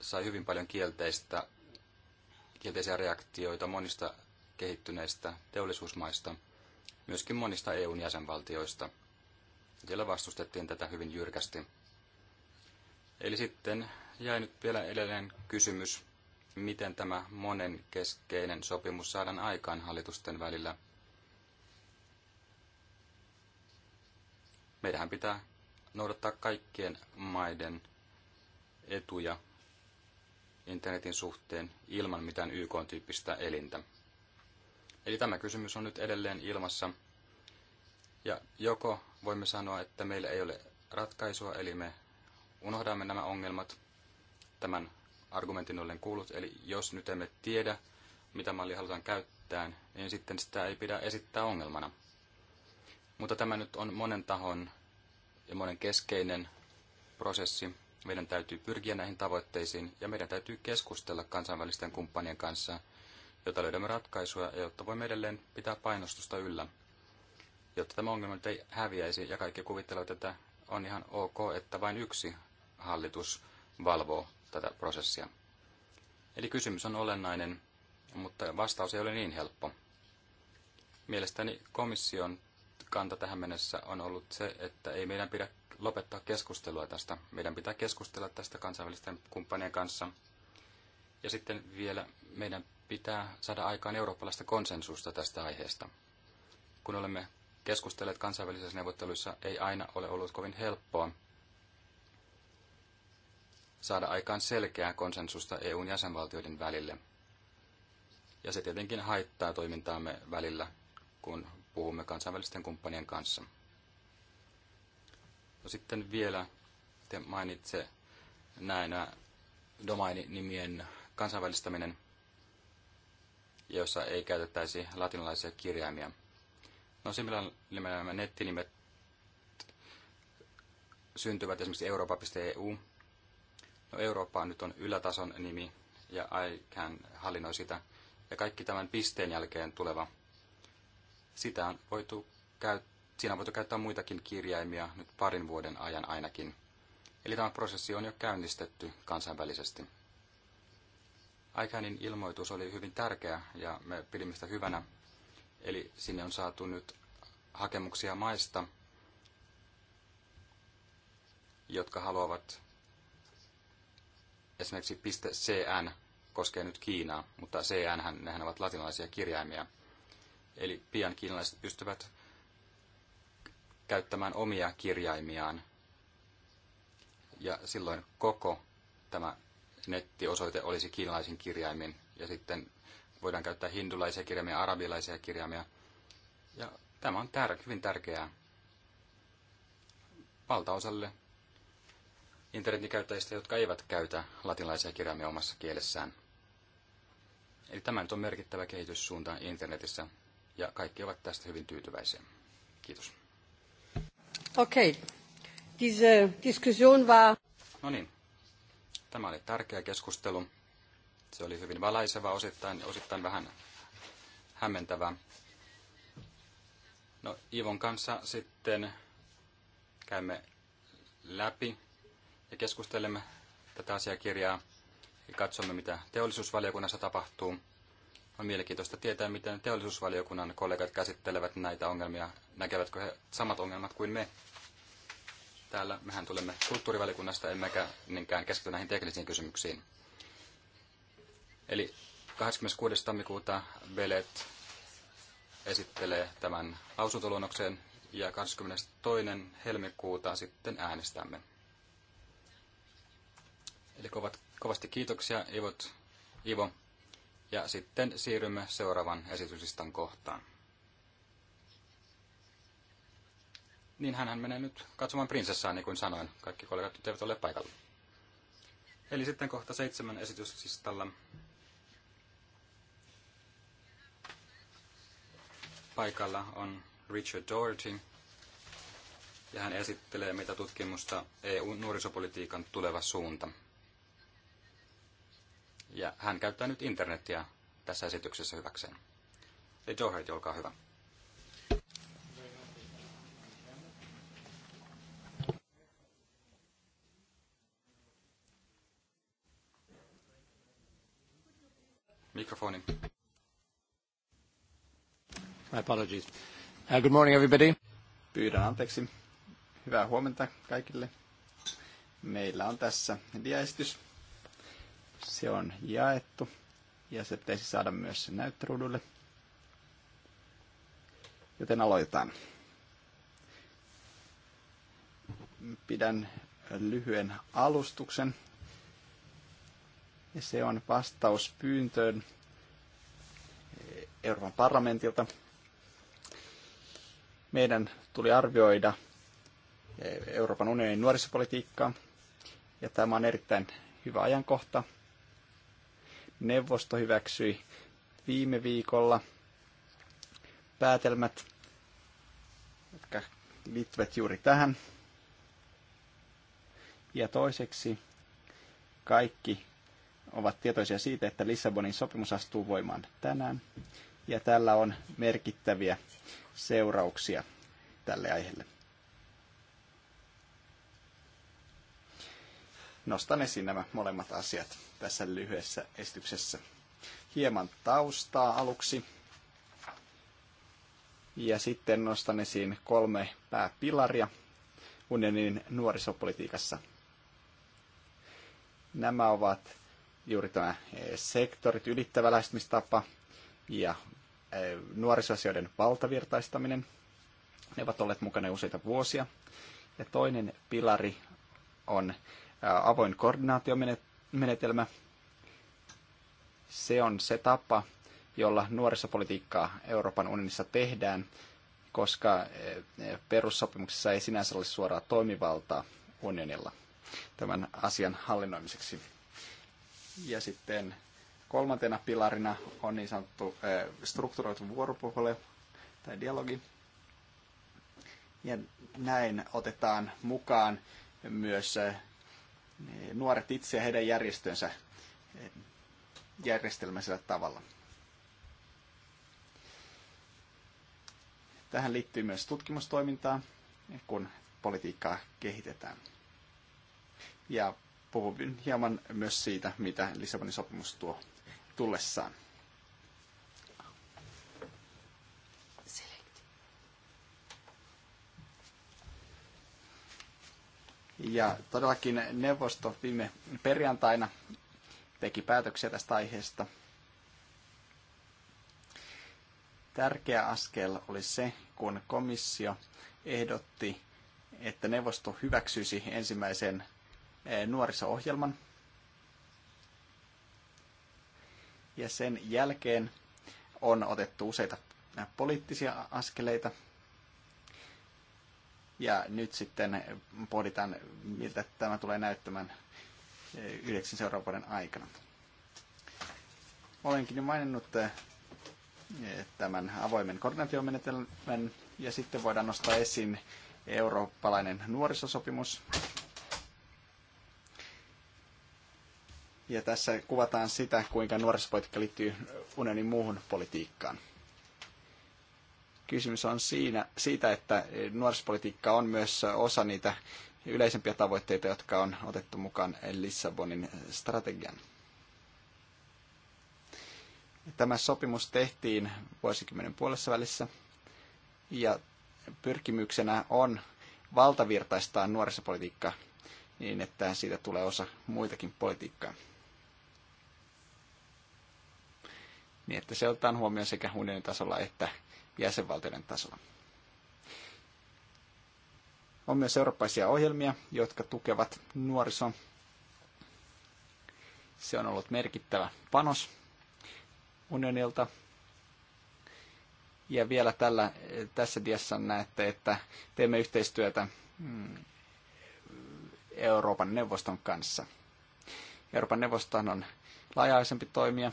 sai hyvin paljon kielteistä, kielteisiä reaktioita monista kehittyneistä teollisuusmaista, myöskin monista EUn jäsenvaltioista. Siellä vastustettiin tätä hyvin jyrkästi. Eli sitten jäi nyt vielä edelleen kysymys, miten tämä monenkeskeinen sopimus saadaan aikaan hallitusten välillä – meidän pitää noudattaa kaikkien maiden etuja internetin suhteen ilman mitään YK-tyyppistä elintä. Eli tämä kysymys on nyt edelleen ilmassa. Ja joko voimme sanoa, että meillä ei ole ratkaisua, eli me unohdamme nämä ongelmat. Tämän argumentin ollen kuulut. eli jos nyt emme tiedä, mitä mallia halutaan käyttää, niin sitten sitä ei pidä esittää ongelmana. Mutta tämä nyt on monen tahon ja monen keskeinen prosessi. Meidän täytyy pyrkiä näihin tavoitteisiin ja meidän täytyy keskustella kansainvälisten kumppanien kanssa, jotta löydämme ratkaisuja ja jotta voimme edelleen pitää painostusta yllä, jotta tämä ongelma nyt ei häviäisi ja kaikki kuvittelevat, että on ihan ok, että vain yksi hallitus valvoo tätä prosessia. Eli kysymys on olennainen, mutta vastaus ei ole niin helppo. Mielestäni komission kanta tähän mennessä on ollut se, että ei meidän pidä lopettaa keskustelua tästä. Meidän pitää keskustella tästä kansainvälisten kumppanien kanssa. Ja sitten vielä meidän pitää saada aikaan eurooppalaista konsensusta tästä aiheesta. Kun olemme keskustelleet kansainvälisissä neuvotteluissa, ei aina ole ollut kovin helppoa saada aikaan selkeää konsensusta EUn jäsenvaltioiden välille. Ja se tietenkin haittaa toimintaamme välillä, kun puhumme kansainvälisten kumppanien kanssa. No sitten vielä te mainitse näinä äh, domaininimien kansainvälistäminen, jossa ei käytettäisi latinalaisia kirjaimia. No se, nimellä nettinimet syntyvät esimerkiksi eurooppa.eu. E no Eurooppa nyt on ylätason nimi ja ICAN hallinnoi sitä. Ja kaikki tämän pisteen jälkeen tuleva sitä on voitu käyttää siinä on voitu käyttää muitakin kirjaimia nyt parin vuoden ajan ainakin. Eli tämä prosessi on jo käynnistetty kansainvälisesti. Aikainen ilmoitus oli hyvin tärkeä ja me pidimme sitä hyvänä. Eli sinne on saatu nyt hakemuksia maista, jotka haluavat esimerkiksi .cn koskee nyt Kiinaa, mutta CN, nehän ovat latinalaisia kirjaimia – Eli pian kiinalaiset pystyvät käyttämään omia kirjaimiaan. Ja silloin koko tämä nettiosoite olisi kiinalaisin kirjaimin. Ja sitten voidaan käyttää hindulaisia kirjaimia, arabilaisia kirjaimia. Ja tämä on tär- hyvin tärkeää valtaosalle internetin käyttäjistä, jotka eivät käytä latinalaisia kirjaimia omassa kielessään. Eli tämä nyt on merkittävä kehityssuunta internetissä, ja kaikki ovat tästä hyvin tyytyväisiä. Kiitos. Okei. Okay. Diese No niin. Tämä oli tärkeä keskustelu. Se oli hyvin valaiseva, osittain, osittain vähän hämmentävä. No, Ivon kanssa sitten käymme läpi ja keskustelemme tätä asiakirjaa ja katsomme, mitä teollisuusvaliokunnassa tapahtuu. On mielenkiintoista tietää, miten teollisuusvaliokunnan kollegat käsittelevät näitä ongelmia. Näkevätkö he samat ongelmat kuin me? Täällä mehän tulemme kulttuurivaliokunnasta, emmekä niinkään keskity näihin teknisiin kysymyksiin. Eli 26. tammikuuta Belet esittelee tämän lausuntoluonnoksen ja 22. helmikuuta sitten äänestämme. Eli kovat, kovasti kiitoksia Ivot, Ivo ja sitten siirrymme seuraavan esityslistan kohtaan. Niin hän menee nyt katsomaan prinsessaa, niin kuin sanoin. Kaikki kollegat nyt eivät ole paikalla. Eli sitten kohta seitsemän esityslistalla paikalla on Richard Doherty, ja hän esittelee mitä tutkimusta eu nuorisopolitiikan tuleva suunta. Ja hän käyttää nyt internetiä tässä esityksessä hyväkseen. Eli Joe olkaa hyvä. Mikrofoni. My apologies. Uh, good morning everybody. Pyydän anteeksi. Hyvää huomenta kaikille. Meillä on tässä diaesitys se on jaettu ja se pitäisi saada myös näyttöruudulle. Joten aloitetaan. Pidän lyhyen alustuksen. Ja se on vastaus pyyntöön Euroopan parlamentilta. Meidän tuli arvioida Euroopan unionin nuorisopolitiikkaa, ja tämä on erittäin hyvä ajankohta – Neuvosto hyväksyi viime viikolla päätelmät, jotka liittyvät juuri tähän. Ja toiseksi kaikki ovat tietoisia siitä, että Lissabonin sopimus astuu voimaan tänään. Ja tällä on merkittäviä seurauksia tälle aiheelle. Nostan esiin nämä molemmat asiat tässä lyhyessä esityksessä. Hieman taustaa aluksi. Ja sitten nostan esiin kolme pääpilaria unionin nuorisopolitiikassa. Nämä ovat juuri tämä e, sektorit ylittävä lähestymistapa ja e, nuorisoasioiden valtavirtaistaminen. Ne ovat olleet mukana useita vuosia. Ja toinen pilari on avoin koordinaatiomenettely menetelmä. Se on se tapa, jolla nuorisopolitiikkaa Euroopan unionissa tehdään, koska eh, perussopimuksessa ei sinänsä ole suoraa toimivaltaa unionilla tämän asian hallinnoimiseksi. Ja sitten kolmantena pilarina on niin sanottu eh, strukturoitu vuoropuhelu tai dialogi. Ja näin otetaan mukaan myös eh, nuoret itse ja heidän järjestönsä eh, järjestelmäisellä tavalla. Tähän liittyy myös tutkimustoimintaa, kun politiikkaa kehitetään. Ja puhun hieman myös siitä, mitä Lissabonin sopimus tuo tullessaan. Ja todellakin neuvosto viime perjantaina teki päätöksiä tästä aiheesta. Tärkeä askel oli se, kun komissio ehdotti, että neuvosto hyväksyisi ensimmäisen eh, nuoriso-ohjelman. Ja sen jälkeen on otettu useita eh, poliittisia askeleita ja nyt sitten pohditaan, miltä tämä tulee näyttämään eh, yhdeksän seuraavan vuoden aikana. Olenkin jo maininnut eh, tämän avoimen koordinaatiomenetelmän ja sitten voidaan nostaa esiin eurooppalainen nuorisosopimus. Ja tässä kuvataan sitä, kuinka nuorisopolitiikka liittyy unionin muuhun politiikkaan. Kysymys on siinä, siitä, että nuorisopolitiikka on myös osa niitä yleisempiä tavoitteita, jotka on otettu mukaan Lissabonin strategian. Tämä sopimus tehtiin vuosikymmenen puolessa välissä ja pyrkimyksenä on valtavirtaistaa nuorisopolitiikkaa niin, että siitä tulee osa muitakin politiikkaa. Niin, että se otetaan huomioon sekä unionin tasolla että jäsenvaltioiden tasolla. On myös eurooppaisia ohjelmia, jotka tukevat nuorisoa. Se on ollut merkittävä panos unionilta. Ja vielä tällä, tässä diassa näette, että teemme yhteistyötä mm, Euroopan neuvoston kanssa. Euroopan neuvoston on laajaisempi toimija.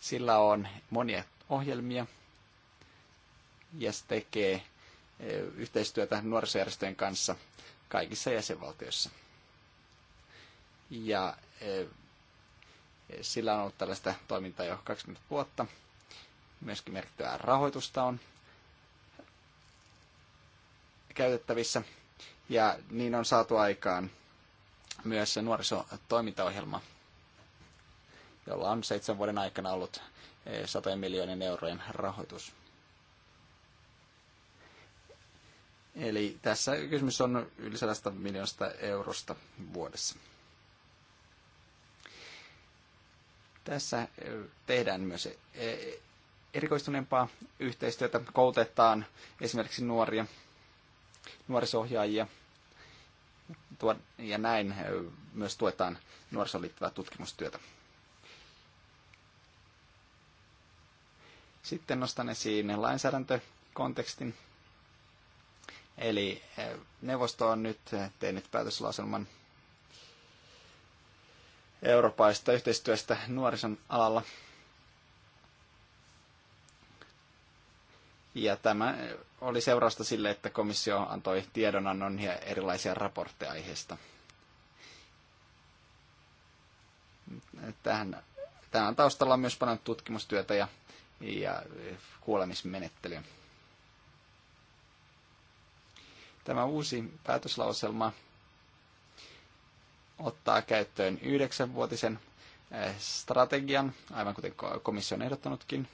Sillä on monia ohjelmia, ja tekee eh, yhteistyötä nuorisojärjestöjen kanssa kaikissa jäsenvaltioissa. Ja eh, sillä on ollut tällaista toimintaa jo 20 vuotta. Myöskin merkittävää rahoitusta on käytettävissä. Ja niin on saatu aikaan myös se nuorisotoimintaohjelma, jolla on seitsemän vuoden aikana ollut eh, satojen miljoonien eurojen rahoitus. Eli tässä kysymys on yli 100 miljoonasta eurosta vuodessa. Tässä tehdään myös erikoistuneempaa yhteistyötä. Koulutetaan esimerkiksi nuoria, nuorisohjaajia ja näin myös tuetaan nuorisoon liittyvää tutkimustyötä. Sitten nostan esiin lainsäädäntökontekstin Eli eh, neuvosto on nyt eh, tehnyt päätöslauselman eurooppaista yhteistyöstä nuorison alalla. Ja tämä eh, oli seurausta sille, että komissio antoi tiedonannon ja erilaisia raportteja aiheesta. Tähän, tämän taustalla on myös paljon tutkimustyötä ja, ja kuulemismenettelyä. Tämä uusi päätöslauselma ottaa käyttöön yhdeksänvuotisen eh, strategian, aivan kuten komissio on ehdottanutkin.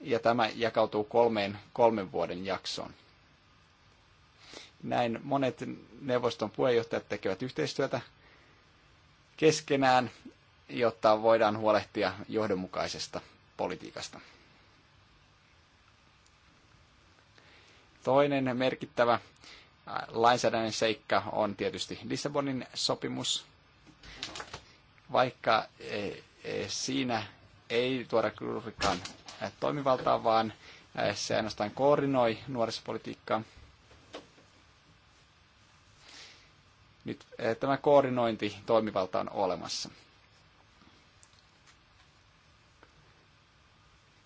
Ja tämä jakautuu kolmeen kolmen vuoden jaksoon. Näin monet neuvoston puheenjohtajat tekevät yhteistyötä keskenään, jotta voidaan huolehtia johdonmukaisesta politiikasta. Toinen merkittävä lainsäädännön seikka on tietysti Lissabonin sopimus, vaikka e, e, siinä ei tuoda juurikaan toimivaltaa, vaan se ainoastaan koordinoi nuorisopolitiikkaa. Nyt tämä koordinointi toimivalta on olemassa.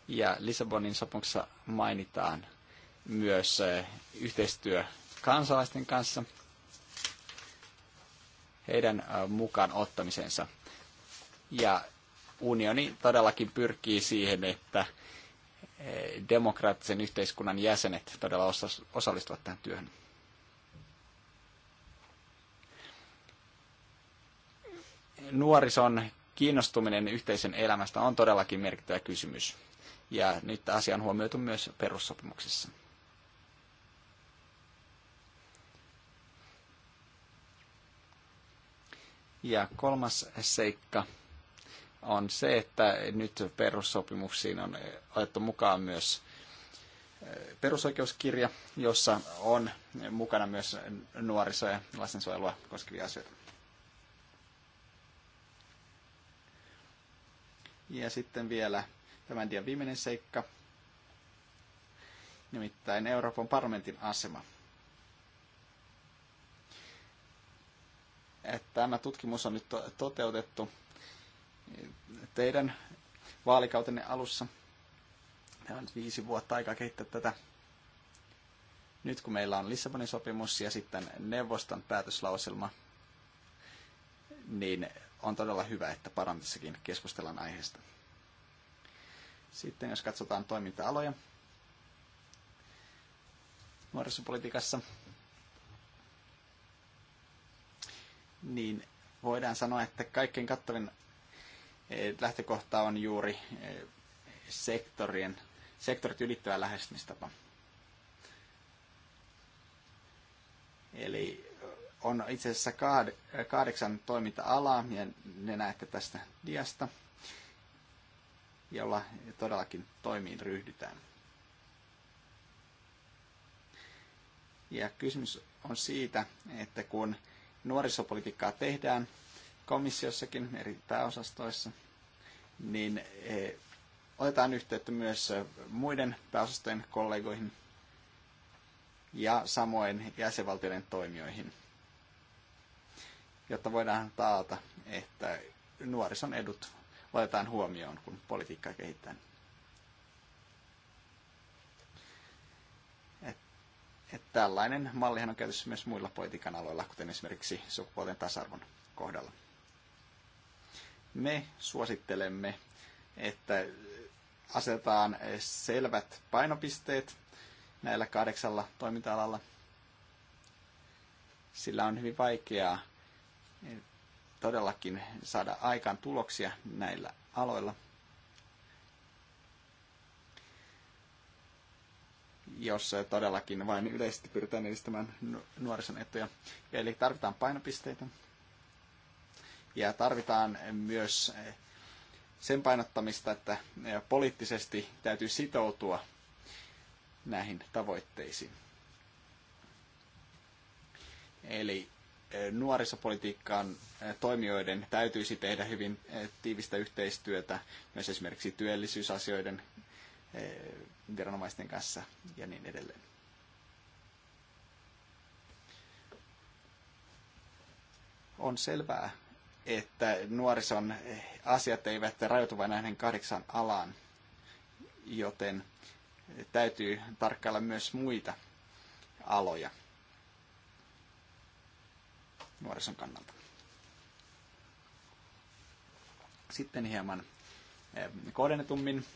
Ja Lissabonin sopimuksessa mainitaan myös eh, yhteistyö kansalaisten kanssa, heidän eh, mukaan ottamisensa. Ja unioni todellakin pyrkii siihen, että eh, demokraattisen yhteiskunnan jäsenet todella osallistuvat tähän työhön. Nuorison kiinnostuminen yhteisen elämästä on todellakin merkittävä kysymys. Ja nyt asia on huomioitu myös perussopimuksessa. Ja kolmas seikka on se, että nyt perussopimuksiin on otettu mukaan myös eh, perusoikeuskirja, jossa on mukana myös nuoriso- ja lastensuojelua koskevia asioita. Ja sitten vielä tämän dian viimeinen seikka, nimittäin Euroopan parlamentin asema – että tämä tutkimus on nyt toteutettu teidän vaalikautenne alussa. Meillä on nyt viisi vuotta aikaa kehittää tätä. Nyt kun meillä on Lissabonin sopimus ja sitten neuvoston päätöslauselma, niin on todella hyvä, että parantissakin keskustellaan aiheesta. Sitten jos katsotaan toiminta-aloja nuorisopolitiikassa, niin voidaan sanoa, että kaikkein kattavin eh, lähtökohta on juuri eh, sektorien, sektorit ylittävä lähestymistapa. Eli on itse asiassa kahdeksan toiminta-alaa, ja ne näette tästä diasta, jolla todellakin toimiin ryhdytään. Ja kysymys on siitä, että kun nuorisopolitiikkaa tehdään komissiossakin eri pääosastoissa, niin e, otetaan yhteyttä myös e, muiden pääosastojen kollegoihin ja samoin jäsenvaltioiden toimijoihin, jotta voidaan taata, että nuorison edut otetaan huomioon, kun politiikkaa kehitetään. että tällainen mallihan on käytössä myös muilla politiikan aloilla, kuten esimerkiksi sukupuolten tasa-arvon kohdalla. Me suosittelemme, että asetetaan selvät painopisteet näillä kahdeksalla toiminta-alalla. Sillä on hyvin vaikeaa eh, todellakin saada aikaan tuloksia näillä aloilla – jos todellakin vain yleisesti pyritään edistämään nuorison etuja. Eli tarvitaan painopisteitä ja tarvitaan myös eh, sen painottamista, että eh, poliittisesti täytyy sitoutua näihin tavoitteisiin. Eli eh, nuorisopolitiikkaan toimijoiden täytyisi tehdä hyvin tiivistä yhteistyötä myös esimerkiksi työllisyysasioiden Eh, viranomaisten kanssa ja niin edelleen. On selvää, että nuorison asiat eivät rajoitu vain näiden kahdeksan alaan, joten täytyy tarkkailla myös muita aloja nuorison kannalta. Sitten hieman eh, kohdennetummin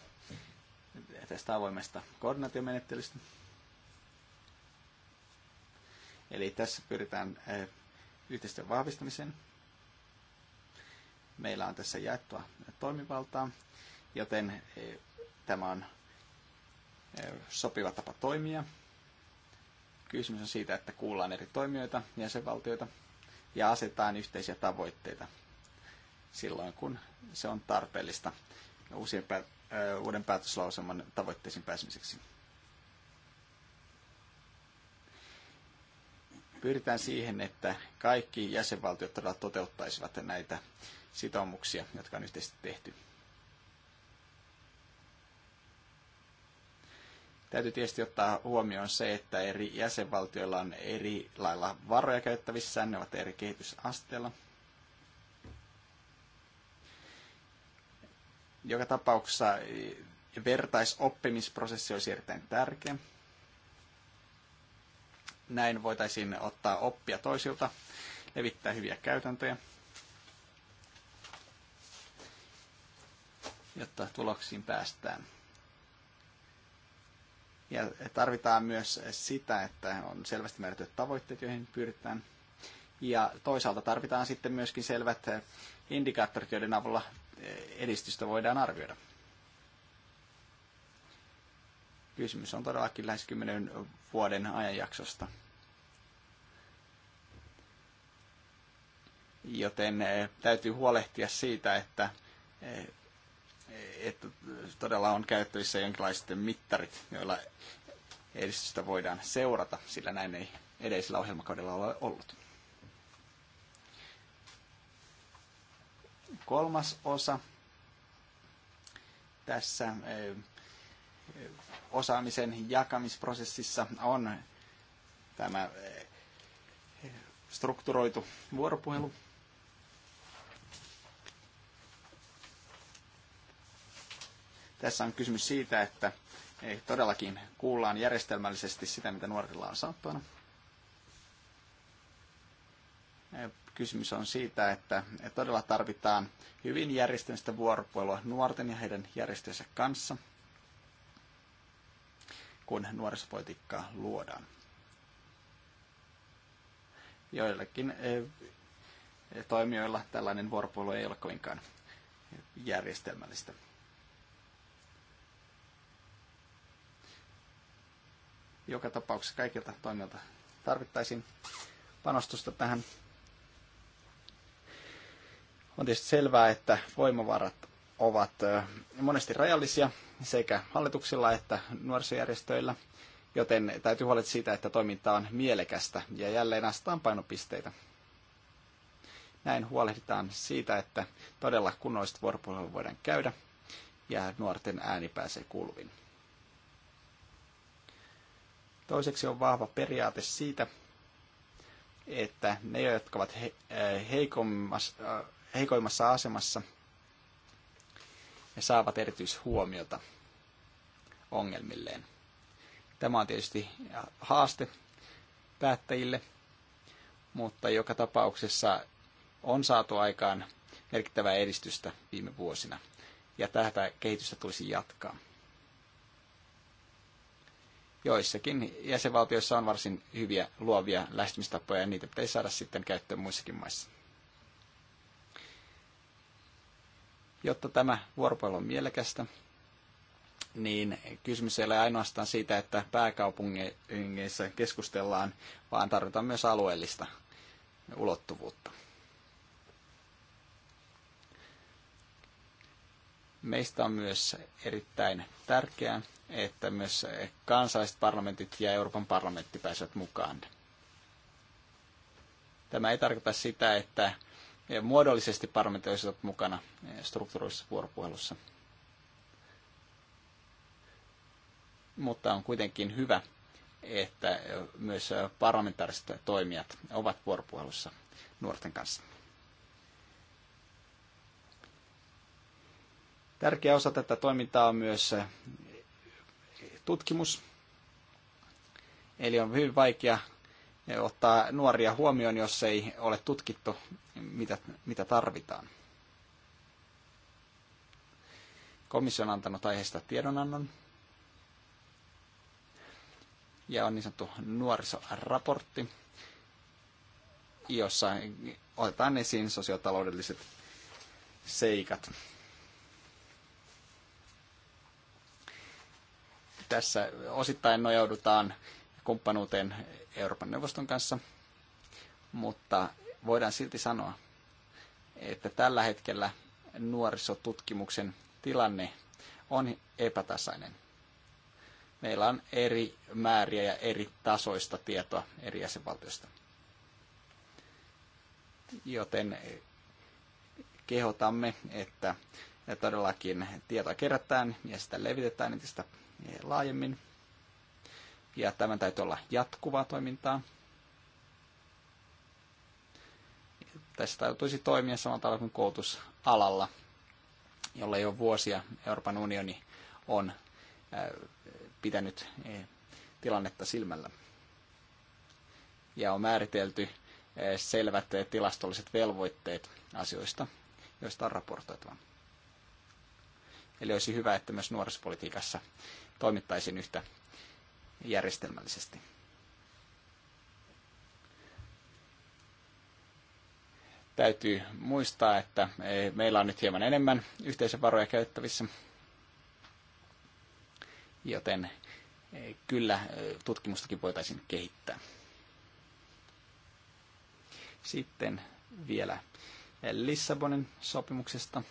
tästä avoimesta koordinaatiomenettelystä. Eli tässä pyritään eh, yhteistyön vahvistamiseen. Meillä on tässä jaettua toimivaltaa, joten eh, tämä on eh, sopiva tapa toimia. Kysymys on siitä, että kuullaan eri toimijoita, jäsenvaltioita ja asetetaan yhteisiä tavoitteita silloin, kun se on tarpeellista uusien uuden päätöslauselman tavoitteisiin pääsemiseksi. Pyritään siihen, että kaikki jäsenvaltiot todella toteuttaisivat näitä sitoumuksia, jotka on yhteisesti tehty. Täytyy tietysti ottaa huomioon se, että eri jäsenvaltioilla on eri lailla varoja käyttävissään, ne ovat eri kehitysasteella – Joka tapauksessa eh, vertaisoppimisprosessi olisi erittäin tärkeä. Näin voitaisiin ottaa oppia toisilta, levittää hyviä käytäntöjä, jotta tuloksiin päästään. Ja tarvitaan myös sitä, että on selvästi määrätyt tavoitteet, joihin pyritään. Ja toisaalta tarvitaan sitten myöskin selvät indikaattorit, joiden avulla edistystä voidaan arvioida. Kysymys on todellakin lähes 10 vuoden ajanjaksosta. Joten eh, täytyy huolehtia siitä, että, eh, että todella on käyttävissä jonkinlaiset mittarit, joilla edistystä voidaan seurata, sillä näin ei edellisellä ohjelmakaudella ole ollut. kolmas osa tässä osaamisen jakamisprosessissa on tämä strukturoitu vuoropuhelu. Tässä on kysymys siitä, että todellakin kuullaan järjestelmällisesti sitä, mitä nuorilla on saattona. Kysymys on siitä, että todella tarvitaan hyvin järjestämistä vuoropuhelua nuorten ja heidän järjestöjensä kanssa, kun nuorisopolitiikkaa luodaan. Joillakin eh, toimijoilla tällainen vuoropuhelu ei ole kovinkaan järjestelmällistä. Joka tapauksessa kaikilta toimijoilta tarvittaisiin panostusta tähän on tietysti selvää, että voimavarat ovat monesti rajallisia sekä hallituksilla että nuorisojärjestöillä, joten täytyy huolehtia siitä, että toiminta on mielekästä ja jälleen astaan painopisteitä. Näin huolehditaan siitä, että todella kunnolliset vuoropuhelu voidaan käydä ja nuorten ääni pääsee kuuluviin. Toiseksi on vahva periaate siitä, että ne, jotka ovat he, heikommassa, heikoimmassa asemassa ja saavat erityishuomiota ongelmilleen. Tämä on tietysti haaste päättäjille, mutta joka tapauksessa on saatu aikaan merkittävää edistystä viime vuosina, ja tätä kehitystä tulisi jatkaa. Joissakin jäsenvaltioissa on varsin hyviä luovia lähestymistapoja, ja niitä pitäisi saada sitten käyttöön muissakin maissa. Jotta tämä vuoropuhelu on mielekästä, niin kysymys ei ole ainoastaan siitä, että pääkaupungeissa keskustellaan, vaan tarvitaan myös alueellista ulottuvuutta. Meistä on myös erittäin tärkeää, että myös kansalliset parlamentit ja Euroopan parlamentti pääsevät mukaan. Tämä ei tarkoita sitä, että muodollisesti parlamentit olisivat mukana eh, strukturoissa vuoropuhelussa. Mutta on kuitenkin hyvä, että eh, myös eh, parlamentaariset toimijat ovat vuoropuhelussa nuorten kanssa. Tärkeä osa tätä toimintaa on myös tutkimus. Eli on hyvin vaikea ottaa nuoria huomioon, jos ei ole tutkittu, mitä, mitä tarvitaan. Komissio on antanut aiheesta tiedonannon ja on niin sanottu nuorisoraportti, jossa otetaan esiin sosiotaloudelliset seikat. Tässä osittain nojaudutaan kumppanuuteen Euroopan neuvoston kanssa, mutta voidaan silti sanoa, että tällä hetkellä nuorisotutkimuksen tilanne on epätasainen. Meillä on eri määriä ja eri tasoista tietoa eri jäsenvaltioista. Joten kehotamme, että todellakin tietoa kerätään ja sitä levitetään entistä laajemmin ja tämän täytyy olla jatkuvaa toimintaa. Tässä täytyisi toimia samalla tavalla kuin koulutusalalla, jolla jo vuosia Euroopan unioni on äh, pitänyt eh, tilannetta silmällä. Ja on määritelty eh, selvät eh, tilastolliset velvoitteet asioista, joista on raportoitava. Eli olisi hyvä, että myös nuorisopolitiikassa toimittaisiin yhtä järjestelmällisesti. Täytyy muistaa, että meillä on nyt hieman enemmän yhteisövaroja käyttävissä, joten eh, kyllä eh, tutkimustakin voitaisiin kehittää. Sitten vielä Lissabonin sopimuksesta.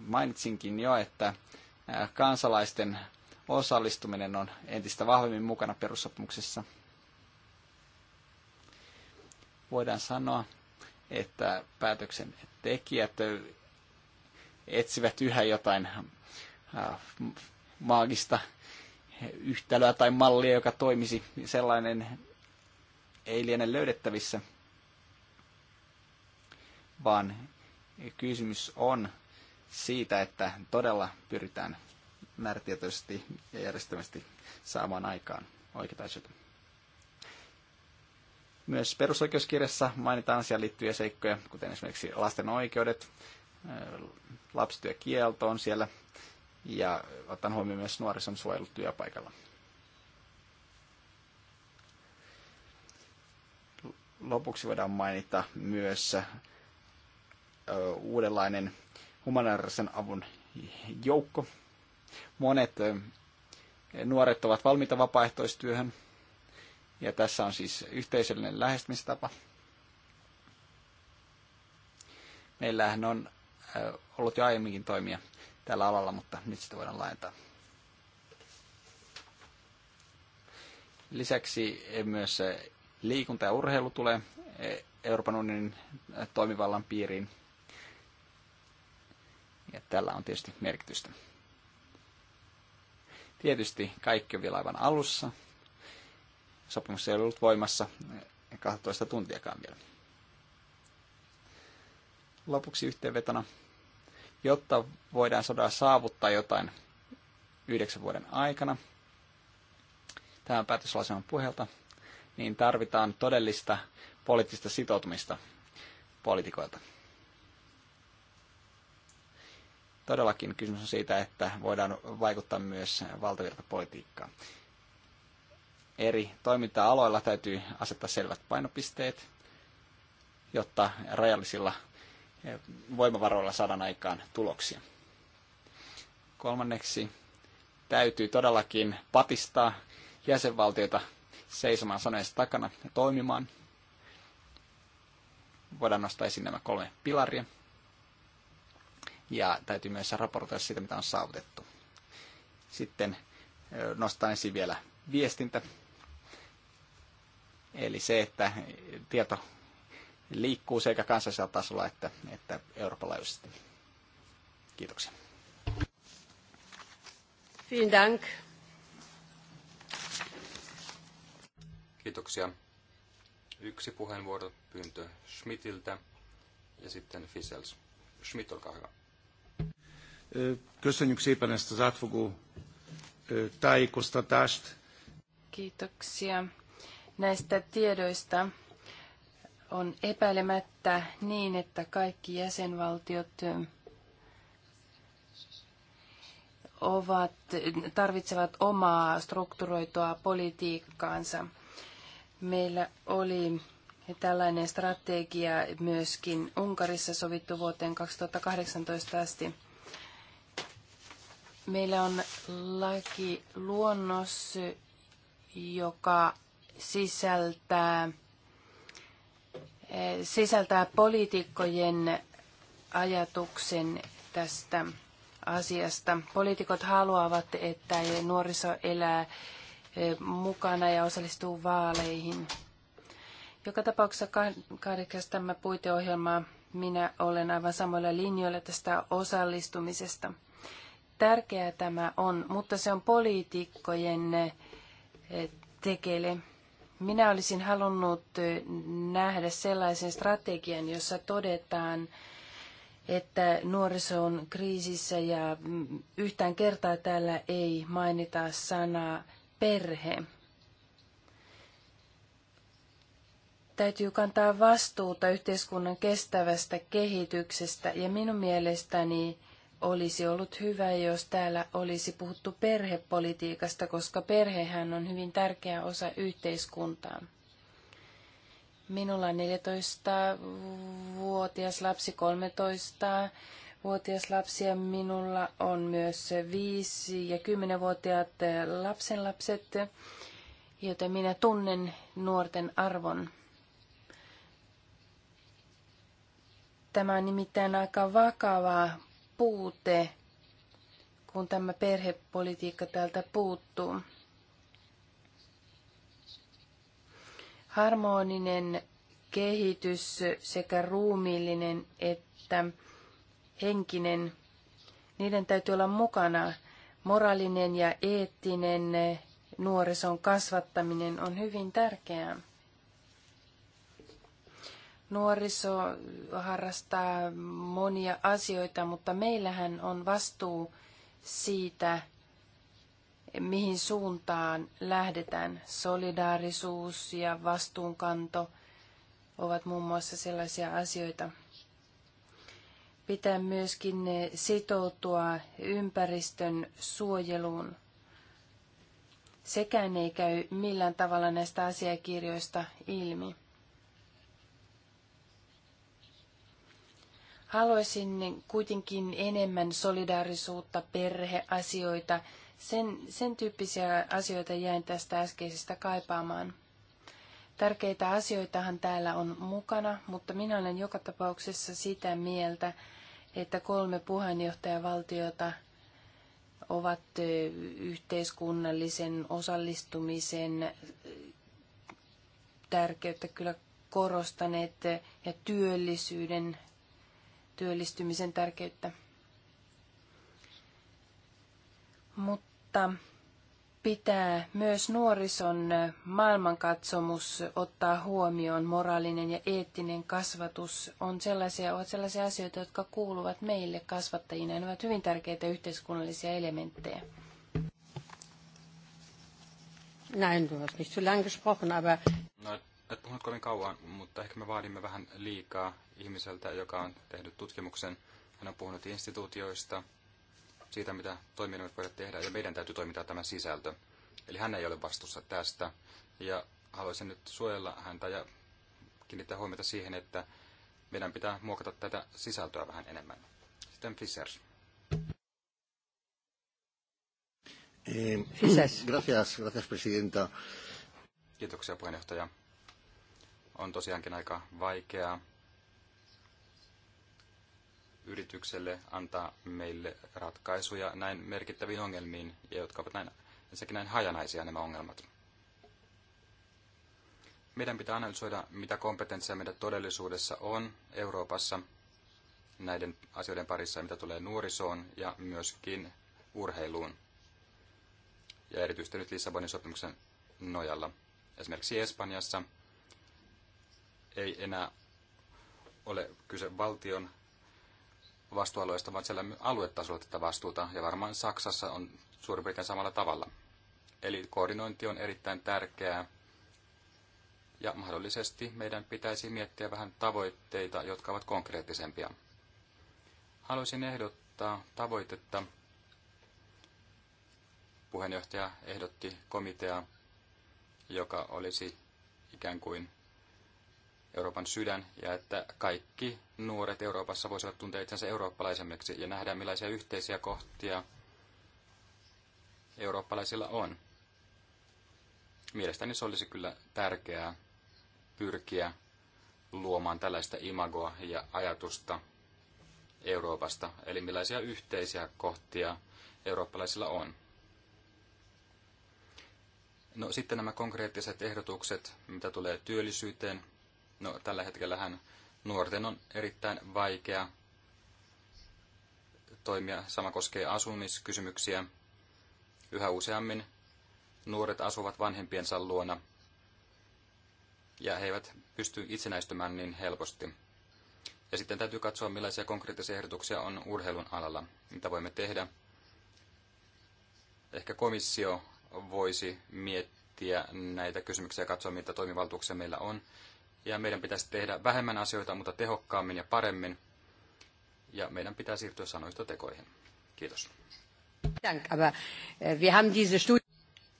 Mainitsinkin jo, että kansalaisten osallistuminen on entistä vahvemmin mukana perussopimuksessa. Voidaan sanoa, että päätöksen tekijät etsivät yhä jotain maagista yhtälöä tai mallia, joka toimisi. Sellainen ei liene löydettävissä, vaan kysymys on siitä, että todella pyritään määrätietoisesti ja järjestelmästi saamaan aikaan oikeita asioita. Myös perusoikeuskirjassa mainitaan asiaan liittyviä seikkoja, kuten esimerkiksi lasten oikeudet, äh, lapsityökielto on siellä ja otan huomioon myös nuorison suojelut työpaikalla. Lopuksi voidaan mainita myös äh, uudenlainen humanitaarisen avun joukko. Monet nuoret ovat valmiita vapaaehtoistyöhön ja tässä on siis yhteisöllinen lähestymistapa. Meillähän on ollut jo aiemminkin toimia tällä alalla, mutta nyt sitä voidaan laajentaa. Lisäksi myös liikunta ja urheilu tulee Euroopan unionin toimivallan piiriin ja tällä on tietysti merkitystä. Tietysti kaikki on vielä aivan alussa. Sopimus ei ollut voimassa 12 eh, tuntiakaan vielä. Lopuksi yhteenvetona. Jotta voidaan sodalla saavuttaa jotain yhdeksän vuoden aikana, tämän päätöslauselman puhelta, niin tarvitaan todellista poliittista sitoutumista poliitikoilta. Todellakin kysymys on siitä, että voidaan vaikuttaa myös valtavirtapolitiikkaan. Eri toiminta-aloilla täytyy asettaa selvät painopisteet, jotta rajallisilla eh, voimavaroilla saadaan aikaan tuloksia. Kolmanneksi täytyy todellakin patistaa jäsenvaltioita seisomaan sanojensa takana ja toimimaan. Voidaan nostaa esiin nämä kolme pilaria – ja täytyy myös raportoida siitä, mitä on saavutettu. Sitten nostan esiin vielä viestintä. Eli se, että tieto liikkuu sekä kansallisella tasolla että, että Euroopan laajuisesti. Kiitoksia. Vielen Dank. Kiitoksia. Yksi puheenvuoro pyyntö Schmidtiltä ja sitten Fisels. Schmidt, olkaa hyvä. Köszönjük szépen ezt az átfogó tájékoztatást. Kiitoksia näistä tiedoista. On epäilemättä niin, että kaikki jäsenvaltiot ovat, tarvitsevat omaa strukturoitua politiikkaansa. Meillä oli tällainen strategia myöskin Unkarissa sovittu vuoteen 2018 asti. Meillä on laki luonnos, joka sisältää, sisältää poliitikkojen ajatuksen tästä asiasta. Poliitikot haluavat, että nuoriso elää e, mukana ja osallistuu vaaleihin. Joka tapauksessa kahdeksas tämä puiteohjelma, minä olen aivan samoilla linjoilla tästä osallistumisesta tärkeää tämä on, mutta se on poliitikkojen eh, tekele. Minä olisin halunnut eh, nähdä sellaisen strategian, jossa todetaan, että nuoriso on kriisissä ja mm, yhtään kertaa täällä ei mainita sanaa perhe. Täytyy kantaa vastuuta yhteiskunnan kestävästä kehityksestä ja minun mielestäni olisi ollut hyvä, jos täällä olisi puhuttu perhepolitiikasta, koska perhehän on hyvin tärkeä osa yhteiskuntaa. Minulla on 14-vuotias lapsi, 13-vuotias lapsi ja minulla on myös 5- ja 10-vuotiaat lapsenlapset, joten minä tunnen nuorten arvon. Tämä on nimittäin aika vakavaa puute, kun tämä perhepolitiikka täältä puuttuu. Harmoninen kehitys sekä ruumiillinen että henkinen, niiden täytyy olla mukana. Moraalinen ja eettinen nuorison kasvattaminen on hyvin tärkeää. Nuoriso harrastaa monia asioita, mutta meillähän on vastuu siitä, mihin suuntaan lähdetään. Solidaarisuus ja vastuunkanto ovat muun muassa sellaisia asioita. Pitää myöskin sitoutua ympäristön suojeluun. Sekään ei käy millään tavalla näistä asiakirjoista ilmi. Haluaisin kuitenkin enemmän solidaarisuutta, perheasioita, sen, sen tyyppisiä asioita jäin tästä äskeisestä kaipaamaan. Tärkeitä asioitahan täällä on mukana, mutta minä olen joka tapauksessa sitä mieltä, että kolme puheenjohtajavaltiota ovat yhteiskunnallisen osallistumisen tärkeyttä kyllä korostaneet ja työllisyyden työllistymisen tärkeyttä. Mutta pitää myös nuorison maailmankatsomus ottaa huomioon. Moraalinen ja eettinen kasvatus on sellaisia, ovat sellaisia asioita, jotka kuuluvat meille kasvattajina. Ne ovat hyvin tärkeitä yhteiskunnallisia elementtejä. Nein, du hast nicht zu lang gesprochen, aber... Nein. No, et puhunut kovin kauan, mutta ehkä me vaadimme vähän liikaa ihmiseltä, joka on tehnyt tutkimuksen. Hän on puhunut instituutioista, siitä mitä toiminnot voivat tehdä, ja meidän täytyy toimittaa tämä sisältö. Eli hän ei ole vastuussa tästä, ja haluaisin nyt suojella häntä ja kiinnittää huomiota siihen, että meidän pitää muokata tätä sisältöä vähän enemmän. Sitten Fischer. Eh, gracias, gracias, presidenta. Kiitoksia puheenjohtaja on tosiaankin aika vaikeaa yritykselle antaa meille ratkaisuja näin merkittäviin ongelmiin, ja jotka ovat näin, sekin näin hajanaisia nämä ongelmat. Meidän pitää analysoida, mitä kompetenssia meidän todellisuudessa on Euroopassa näiden asioiden parissa, mitä tulee nuorisoon ja myöskin urheiluun. Ja erityisesti nyt Lissabonin sopimuksen nojalla. Esimerkiksi Espanjassa – ei enää ole kyse valtion vastuualueesta, vaan siellä aluetasolla tätä vastuuta, ja varmaan Saksassa on suurin piirtein samalla tavalla. Eli koordinointi on erittäin tärkeää, ja mahdollisesti meidän pitäisi miettiä vähän tavoitteita, jotka ovat konkreettisempia. Haluaisin ehdottaa tavoitetta. Puheenjohtaja ehdotti komitea, joka olisi ikään kuin Euroopan sydän ja että kaikki nuoret Euroopassa voisivat tuntea itsensä eurooppalaisemmiksi ja nähdä millaisia yhteisiä kohtia eurooppalaisilla on. Mielestäni se olisi kyllä tärkeää pyrkiä luomaan tällaista imagoa ja ajatusta Euroopasta, eli millaisia yhteisiä kohtia eurooppalaisilla on. No sitten nämä konkreettiset ehdotukset, mitä tulee työllisyyteen, No, tällä hetkellähän nuorten on erittäin vaikea toimia. Sama koskee asumiskysymyksiä. Yhä useammin nuoret asuvat vanhempiensa luona ja he eivät pysty itsenäistymään niin helposti. Ja sitten täytyy katsoa, millaisia konkreettisia ehdotuksia on urheilun alalla, mitä voimme tehdä. Ehkä komissio voisi miettiä näitä kysymyksiä ja katsoa, mitä toimivaltuuksia meillä on, ja meidän pitäisi tehdä vähemmän asioita, mutta tehokkaammin ja paremmin. Ja meidän pitää siirtyä sanoista tekoihin. Kiitos. Äh,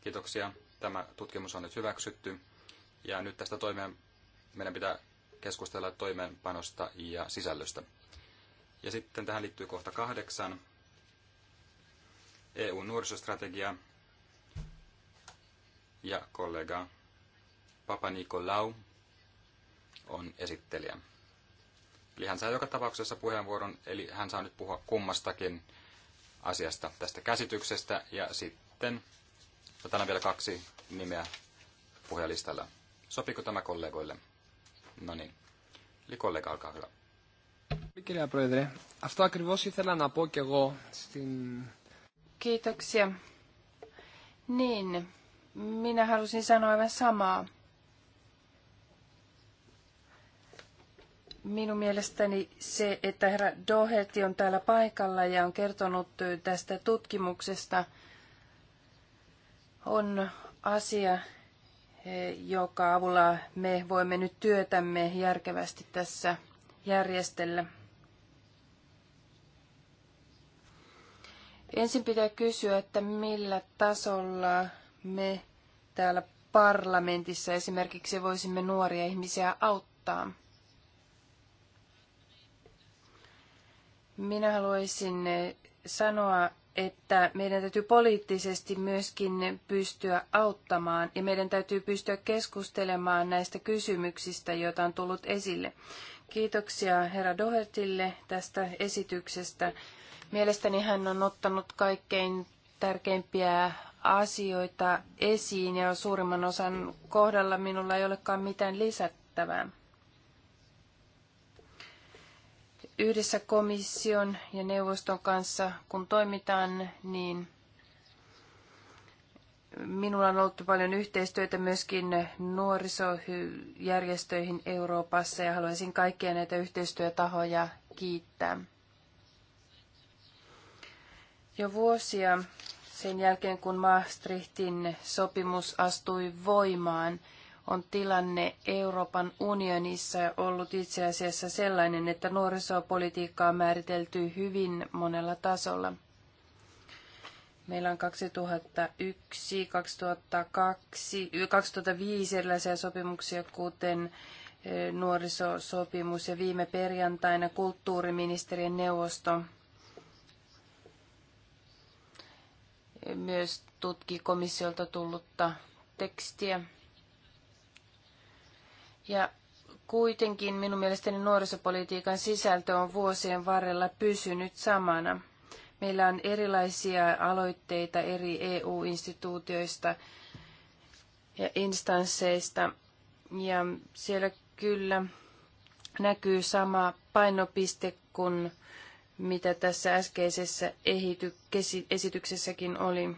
Kiitoksia. Tämä tutkimus on nyt hyväksytty. Ja nyt tästä toimeen, meidän pitää keskustella toimeenpanosta ja sisällöstä. Ja sitten tähän liittyy kohta kahdeksan. EU-nuorisostrategia ja kollega Papa Nikolau on esittelijä. Eli hän saa joka tapauksessa puheenvuoron, eli hän saa nyt puhua kummastakin asiasta tästä käsityksestä. Ja sitten, no täällä on vielä kaksi nimeä puhelistalla. Sopiko tämä kollegoille? No niin. Eli kollega, alkaa hyvä. Κύριε Πρόεδρε, αυτό ακριβώς ήθελα να πω και εγώ στην... Kiitoksia. Niin, minä halusin sanoa aivan samaa. Minun mielestäni se, että herra Doherty on täällä paikalla ja on kertonut tästä tutkimuksesta, on asia, eh, joka avulla me voimme nyt työtämme järkevästi tässä järjestellä. Ensin pitää kysyä, että millä tasolla me täällä parlamentissa esimerkiksi voisimme nuoria ihmisiä auttaa. Minä haluaisin eh, sanoa, että meidän täytyy poliittisesti myöskin pystyä auttamaan ja meidän täytyy pystyä keskustelemaan näistä kysymyksistä, joita on tullut esille. Kiitoksia herra Dohertille tästä esityksestä. Mielestäni hän on ottanut kaikkein tärkeimpiä asioita esiin ja suurimman osan kohdalla minulla ei olekaan mitään lisättävää. yhdessä komission ja neuvoston kanssa, kun toimitaan, niin minulla on ollut paljon yhteistyötä myöskin nuorisojärjestöihin Euroopassa ja haluaisin kaikkia näitä yhteistyötahoja kiittää. Jo vuosia sen jälkeen, kun Maastrichtin sopimus astui voimaan – on tilanne Euroopan unionissa ollut itse asiassa sellainen, että nuorisopolitiikka on määritelty hyvin monella tasolla. Meillä on 2001, 2002, 2005 erilaisia sopimuksia, kuten nuorisosopimus ja viime perjantaina kulttuuriministerien neuvosto myös tutki komissiolta tullutta tekstiä. Ja kuitenkin minun mielestäni nuorisopolitiikan sisältö on vuosien varrella pysynyt samana. Meillä on erilaisia aloitteita eri EU-instituutioista ja instansseista, ja siellä kyllä näkyy sama painopiste kuin mitä tässä äskeisessä esityksessäkin oli.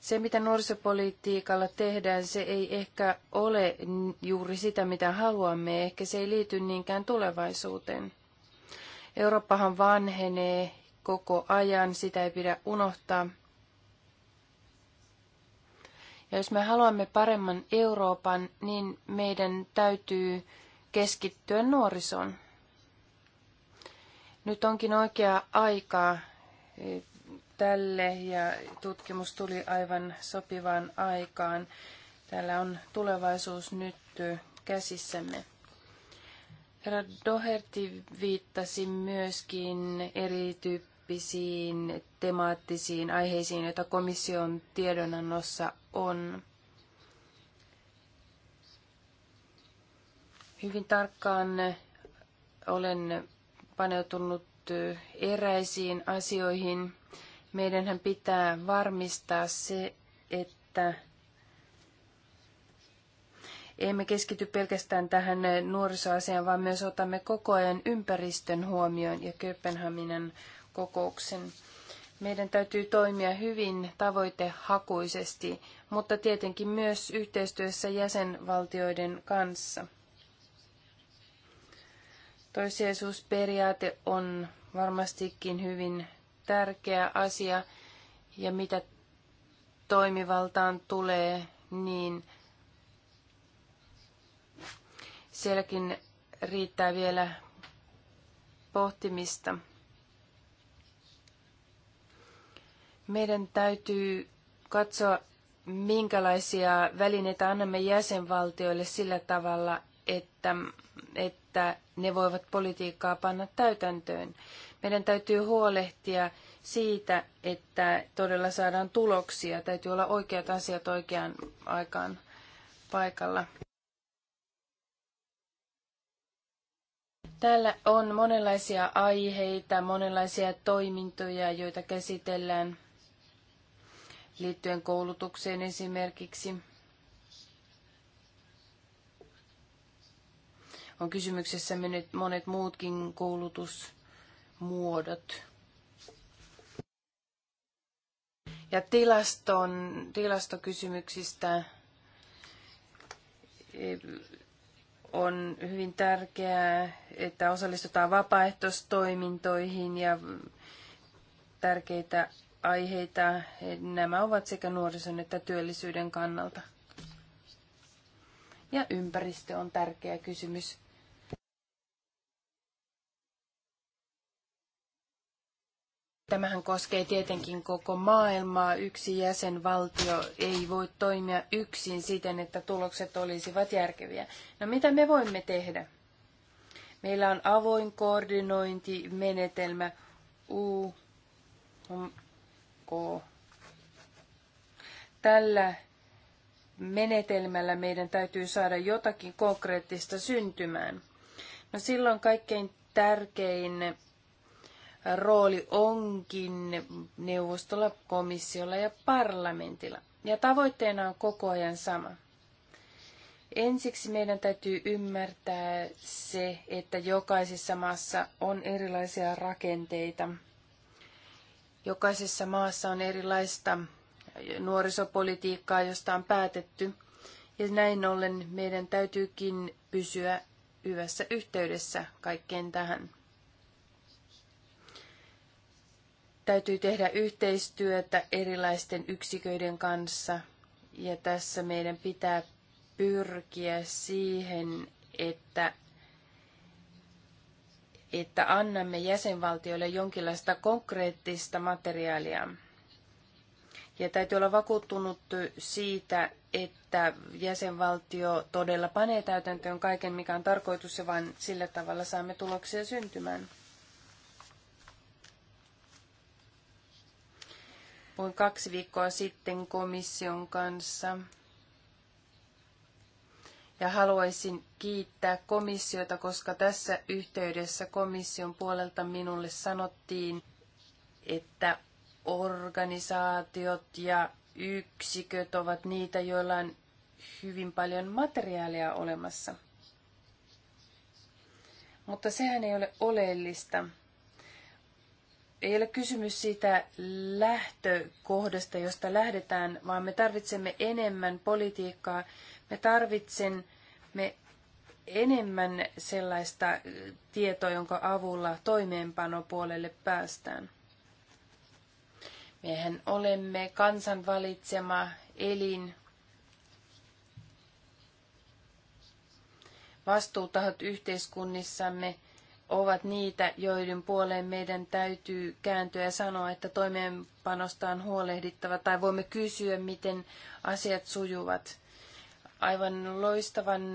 Se, mitä nuorisopolitiikalla tehdään, se ei ehkä ole juuri sitä, mitä haluamme. Ehkä se ei liity niinkään tulevaisuuteen. Eurooppahan vanhenee koko ajan, sitä ei pidä unohtaa. Ja jos me haluamme paremman Euroopan, niin meidän täytyy keskittyä nuorisoon. Nyt onkin oikea aika eh, tälle ja tutkimus tuli aivan sopivaan aikaan. Täällä on tulevaisuus nyt käsissämme. Herra Doherty viittasi myöskin erityyppisiin temaattisiin aiheisiin, joita komission tiedonannossa on. Hyvin tarkkaan olen paneutunut eräisiin asioihin, Meidänhän pitää varmistaa se, että emme keskity pelkästään tähän nuorisoasiaan, vaan myös otamme koko ajan ympäristön huomioon ja Kööpenhaminan kokouksen. Meidän täytyy toimia hyvin tavoitehakuisesti, mutta tietenkin myös yhteistyössä jäsenvaltioiden kanssa. Toissijaisuusperiaate on varmastikin hyvin tärkeä asia. Ja mitä toimivaltaan tulee, niin sielläkin riittää vielä pohtimista. Meidän täytyy katsoa, minkälaisia välineitä annamme jäsenvaltioille sillä tavalla, että, että ne voivat politiikkaa panna täytäntöön. Meidän täytyy huolehtia siitä, että todella saadaan tuloksia. Täytyy olla oikeat asiat oikeaan aikaan paikalla. Täällä on monenlaisia aiheita, monenlaisia toimintoja, joita käsitellään liittyen koulutukseen esimerkiksi. On kysymyksessä monet muutkin koulutus muodot. Ja tilaston, tilastokysymyksistä eh, on hyvin tärkeää, että osallistutaan vapaaehtoistoimintoihin ja tärkeitä aiheita. Nämä ovat sekä nuorison että työllisyyden kannalta. Ja ympäristö on tärkeä kysymys. Tämähän koskee tietenkin koko maailmaa. Yksi jäsenvaltio ei voi toimia yksin siten, että tulokset olisivat järkeviä. No mitä me voimme tehdä? Meillä on avoin koordinointimenetelmä k Tällä menetelmällä meidän täytyy saada jotakin konkreettista syntymään. No silloin kaikkein tärkein rooli onkin neuvostolla, komissiolla ja parlamentilla. Ja tavoitteena on koko ajan sama. Ensiksi meidän täytyy ymmärtää se, että jokaisessa maassa on erilaisia rakenteita. Jokaisessa maassa on erilaista nuorisopolitiikkaa, josta on päätetty. Ja näin ollen meidän täytyykin pysyä hyvässä yhteydessä kaikkeen tähän. Täytyy tehdä yhteistyötä erilaisten yksiköiden kanssa ja tässä meidän pitää pyrkiä siihen, että, että annamme jäsenvaltioille jonkinlaista konkreettista materiaalia. Ja täytyy olla vakuuttunut siitä, että jäsenvaltio todella panee täytäntöön kaiken, mikä on tarkoitus, ja vain sillä tavalla saamme tuloksia syntymään. Puhuin kaksi viikkoa sitten komission kanssa. Ja haluaisin kiittää komissiota, koska tässä yhteydessä komission puolelta minulle sanottiin, että organisaatiot ja yksiköt ovat niitä, joilla on hyvin paljon materiaalia olemassa. Mutta sehän ei ole oleellista ei ole kysymys siitä lähtökohdasta, josta lähdetään, vaan me tarvitsemme enemmän politiikkaa. Me tarvitsemme enemmän sellaista tietoa, jonka avulla toimeenpanopuolelle päästään. Mehän olemme kansan valitsema elin. Vastuutahot yhteiskunnissamme – ovat niitä, joiden puoleen meidän täytyy kääntyä ja sanoa, että toimeenpanosta on huolehdittava, tai voimme kysyä, miten asiat sujuvat. Aivan loistavan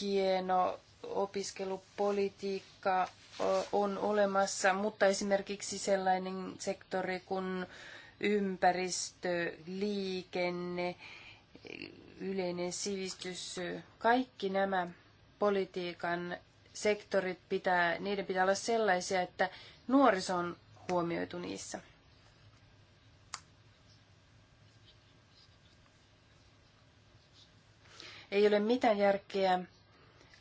hieno opiskelupolitiikka on olemassa, mutta esimerkiksi sellainen sektori kuin ympäristö, liikenne, yleinen sivistys, kaikki nämä politiikan sektorit pitää, niiden pitää olla sellaisia, että nuoriso on huomioitu niissä. Ei ole mitään järkeä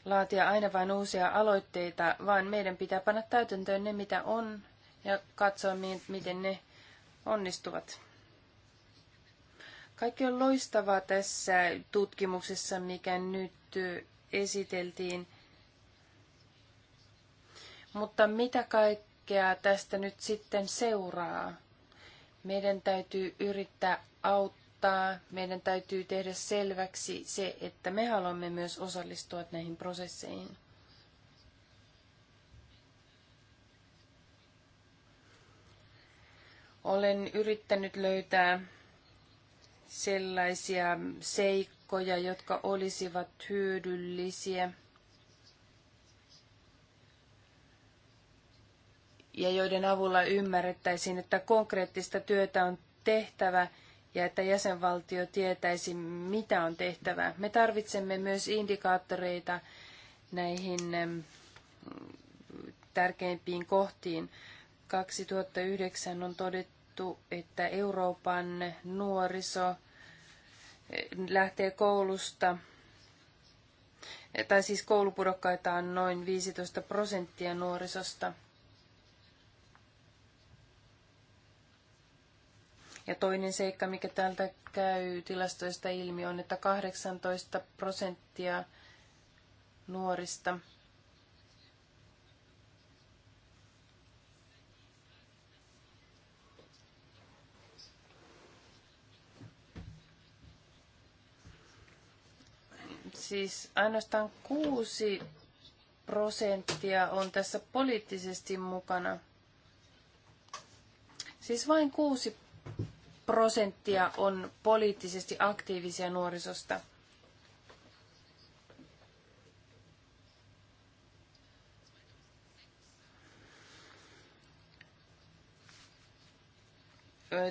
laatia aina vain uusia aloitteita, vaan meidän pitää panna täytäntöön ne, mitä on, ja katsoa, miten ne onnistuvat. Kaikki on loistavaa tässä tutkimuksessa, mikä nyt esiteltiin. Mutta mitä kaikkea tästä nyt sitten seuraa? Meidän täytyy yrittää auttaa, meidän täytyy tehdä selväksi se, että me haluamme myös osallistua näihin prosesseihin. Olen yrittänyt löytää sellaisia seikkoja, jotka olisivat hyödyllisiä – ja joiden avulla ymmärrettäisiin, että konkreettista työtä on tehtävä ja että jäsenvaltio tietäisi, mitä on tehtävä. Me tarvitsemme myös indikaattoreita näihin tärkeimpiin kohtiin. 2009 on todettu, että Euroopan nuoriso lähtee koulusta, tai siis koulupudokkaita on noin 15 prosenttia nuorisosta – Ja toinen seikka, mikä täältä käy tilastoista ilmi, on, että 18 prosenttia nuorista Siis ainoastaan 6 prosenttia on tässä poliittisesti mukana. Siis vain 6 prosenttia on poliittisesti aktiivisia nuorisosta.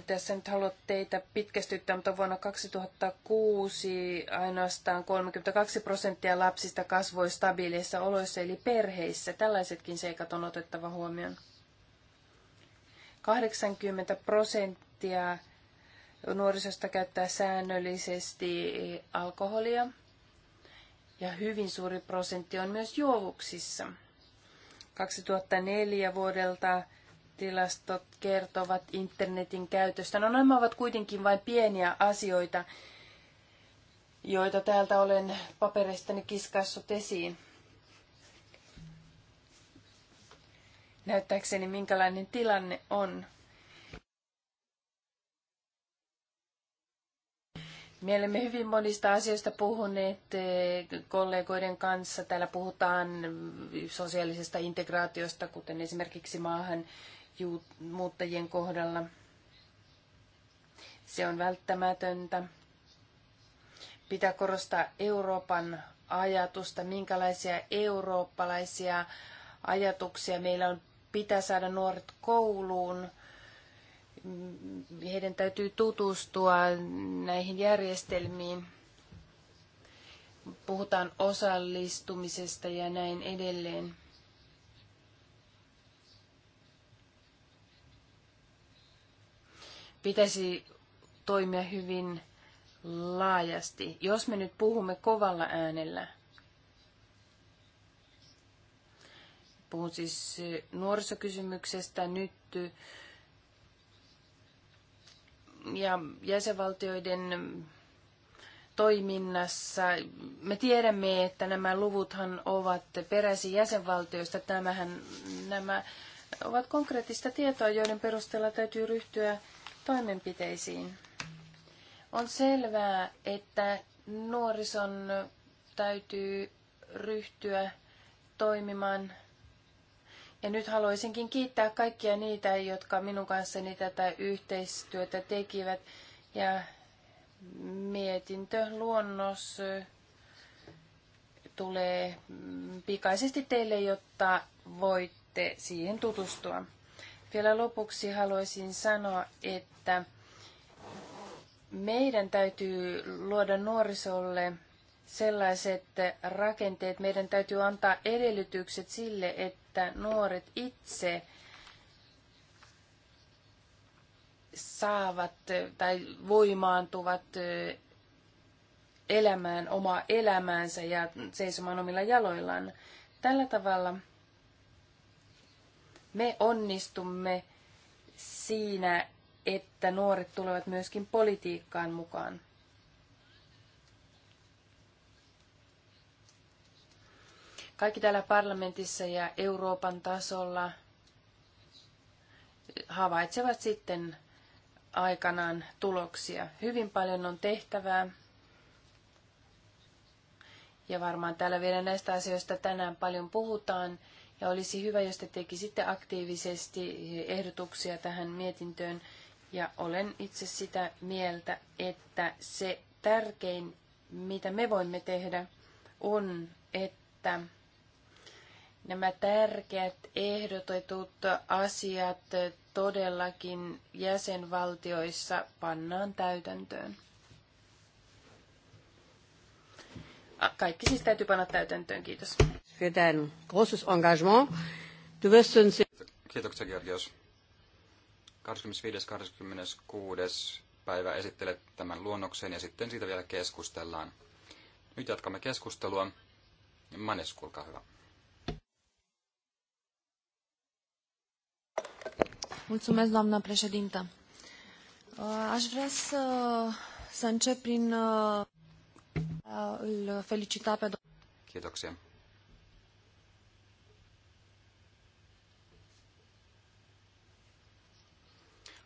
tässä nyt haluat teitä pitkästyttää, mutta vuonna 2006 ainoastaan 32 prosenttia lapsista kasvoi stabiileissa oloissa, eli perheissä. Tällaisetkin seikat on otettava huomioon. 80 prosenttia nuorisosta käyttää säännöllisesti alkoholia ja hyvin suuri prosentti on myös juovuksissa. 2004 vuodelta tilastot kertovat internetin käytöstä. No nämä ovat kuitenkin vain pieniä asioita, joita täältä olen paperistani kiskassut esiin. Näyttääkseni minkälainen tilanne on. Me olemme hyvin monista asioista puhuneet eh, kollegoiden kanssa. Täällä puhutaan sosiaalisesta integraatiosta, kuten esimerkiksi maahan muuttajien kohdalla. Se on välttämätöntä. Pitää korostaa Euroopan ajatusta, minkälaisia eurooppalaisia ajatuksia meillä on. Pitää saada nuoret kouluun heidän täytyy tutustua näihin järjestelmiin. Puhutaan osallistumisesta ja näin edelleen. Pitäisi toimia hyvin laajasti. Jos me nyt puhumme kovalla äänellä, puhun siis nuorisokysymyksestä nyt, ja jäsenvaltioiden toiminnassa. Me tiedämme, että nämä luvuthan ovat peräisin jäsenvaltioista. Tämähän, nämä ovat konkreettista tietoa, joiden perusteella täytyy ryhtyä toimenpiteisiin. On selvää, että nuorison täytyy ryhtyä toimimaan ja nyt haluaisinkin kiittää kaikkia niitä, jotka minun kanssani tätä yhteistyötä tekivät. Ja mietintö, luonnos tulee pikaisesti teille, jotta voitte siihen tutustua. Vielä lopuksi haluaisin sanoa, että meidän täytyy luoda nuorisolle sellaiset rakenteet, meidän täytyy antaa edellytykset sille, että että nuoret itse saavat tai voimaantuvat elämään omaa elämäänsä ja seisomaan omilla jaloillaan. Tällä tavalla me onnistumme siinä, että nuoret tulevat myöskin politiikkaan mukaan. Kaikki täällä parlamentissa ja Euroopan tasolla havaitsevat sitten aikanaan tuloksia. Hyvin paljon on tehtävää. Ja varmaan täällä vielä näistä asioista tänään paljon puhutaan. Ja olisi hyvä, jos te tekisitte aktiivisesti ehdotuksia tähän mietintöön. Ja olen itse sitä mieltä, että se tärkein, mitä me voimme tehdä, on, että nämä tärkeät ehdotetut asiat todellakin jäsenvaltioissa pannaan täytäntöön. Kaikki siis täytyy panna täytäntöön, kiitos. Kiitoksia Georgios. 25.26. päivä esittelet tämän luonnoksen ja sitten siitä vielä keskustellaan. Nyt jatkamme keskustelua. Manes, kuulkaa hyvä. Mulțumesc, doamnă președintă. Uh, aș vrea să, să încep prin uh, îl felicita pe domnul.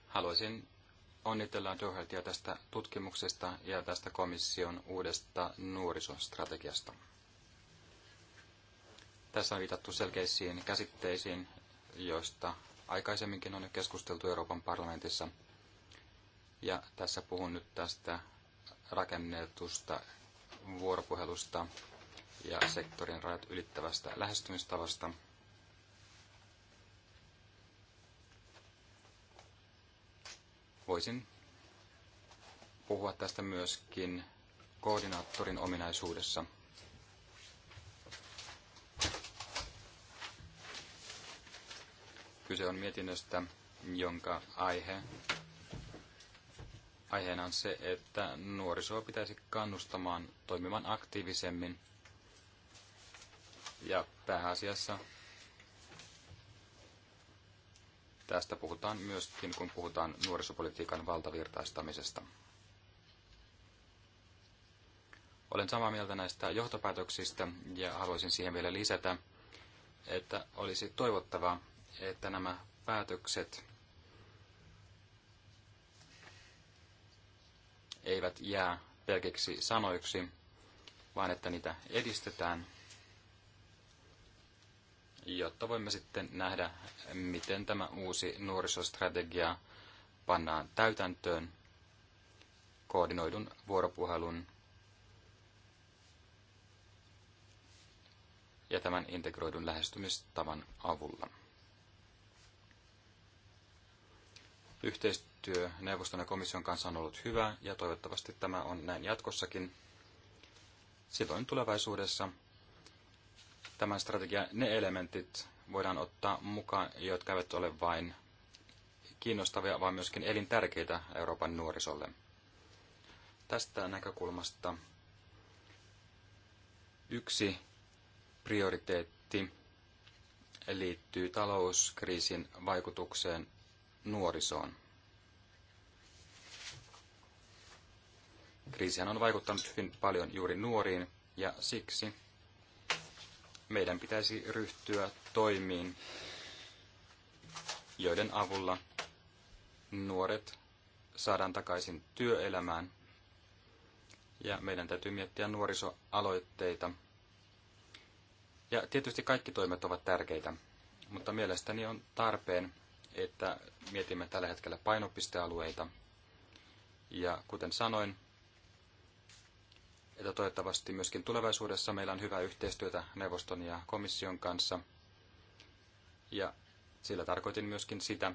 Haluaisin onnitella Dohertyä tästä tutkimuksesta ja tästä komission uudesta nuorisostrategiasta. Tässä on viitattu selkeisiin käsitteisiin, joista aikaisemminkin on jo keskusteltu Euroopan parlamentissa. Ja tässä puhun nyt tästä rakennetusta vuoropuhelusta ja sektorin rajat ylittävästä lähestymistavasta. Voisin puhua tästä myöskin koordinaattorin ominaisuudessa – Kyse on mietinnöstä, jonka aihe, aiheena on se, että nuorisoa pitäisi kannustamaan toimimaan aktiivisemmin ja pääasiassa Tästä puhutaan myöskin, kun puhutaan nuorisopolitiikan valtavirtaistamisesta. Olen samaa mieltä näistä johtopäätöksistä ja haluaisin siihen vielä lisätä, että olisi toivottavaa, että nämä päätökset eivät jää pelkiksi sanoiksi, vaan että niitä edistetään, jotta voimme sitten nähdä, miten tämä uusi nuorisostrategia pannaan täytäntöön koordinoidun vuoropuhelun ja tämän integroidun lähestymistavan avulla. Yhteistyö neuvoston ja komission kanssa on ollut hyvä ja toivottavasti tämä on näin jatkossakin. Silloin tulevaisuudessa tämän strategian ne elementit voidaan ottaa mukaan, jotka eivät ole vain kiinnostavia, vaan myöskin elintärkeitä Euroopan nuorisolle. Tästä näkökulmasta yksi prioriteetti liittyy talouskriisin vaikutukseen nuorisoon. Kriisihän on vaikuttanut hyvin paljon juuri nuoriin ja siksi meidän pitäisi ryhtyä toimiin, joiden avulla nuoret saadaan takaisin työelämään. Ja meidän täytyy miettiä nuorisoaloitteita. Ja tietysti kaikki toimet ovat tärkeitä, mutta mielestäni on tarpeen, että mietimme tällä hetkellä painopistealueita. Ja kuten sanoin, että toivottavasti myöskin tulevaisuudessa meillä on hyvää yhteistyötä neuvoston ja komission kanssa. Ja sillä tarkoitin myöskin sitä,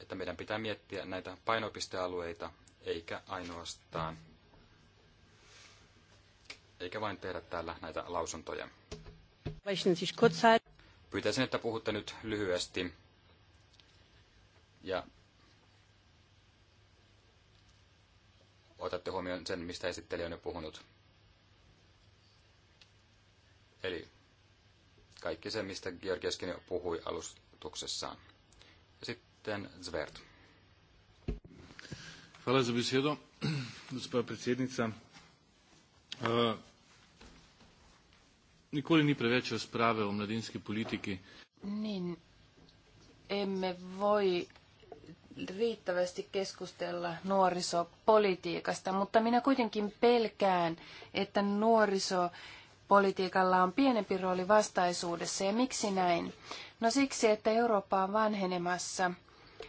että meidän pitää miettiä näitä painopistealueita, eikä ainoastaan, eikä vain tehdä täällä näitä lausuntoja. Pyytäisin, että puhutte nyt lyhyesti. Ja otatte huomioon sen, mistä esittelijä on jo puhunut. Eli kaikki se, mistä Georgiaskin puhui alustuksessaan. Ja sitten Zvert. Hvala za besedo, gospa predsednica. Eh, Nikoli ni preveč razprave o mladinski politiki. Niin, emme voi riittävästi keskustella nuorisopolitiikasta, mutta minä kuitenkin pelkään, että nuorisopolitiikalla on pienempi rooli vastaisuudessa. Ja miksi näin? No siksi, että Eurooppa on vanhenemassa,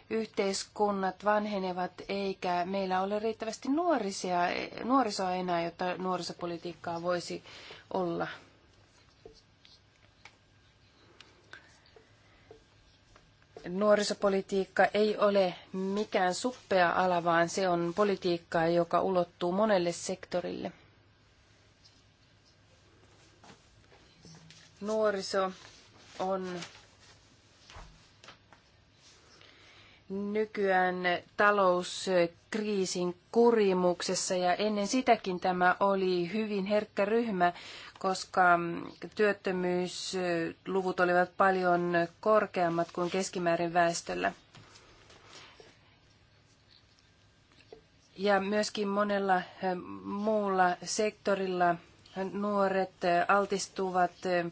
yhteiskunnat vanhenevat, eikä meillä ole riittävästi nuorisia, nuorisoa enää, jotta nuorisopolitiikkaa voisi olla Nuorisopolitiikka ei ole mikään suppea ala, vaan se on politiikkaa, joka ulottuu monelle sektorille. Nuoriso on nykyään talouskriisin kurimuksessa ja ennen sitäkin tämä oli hyvin herkkä ryhmä, koska työttömyysluvut olivat paljon korkeammat kuin keskimäärin väestöllä. Ja myöskin monella eh, muulla sektorilla nuoret altistuvat eh,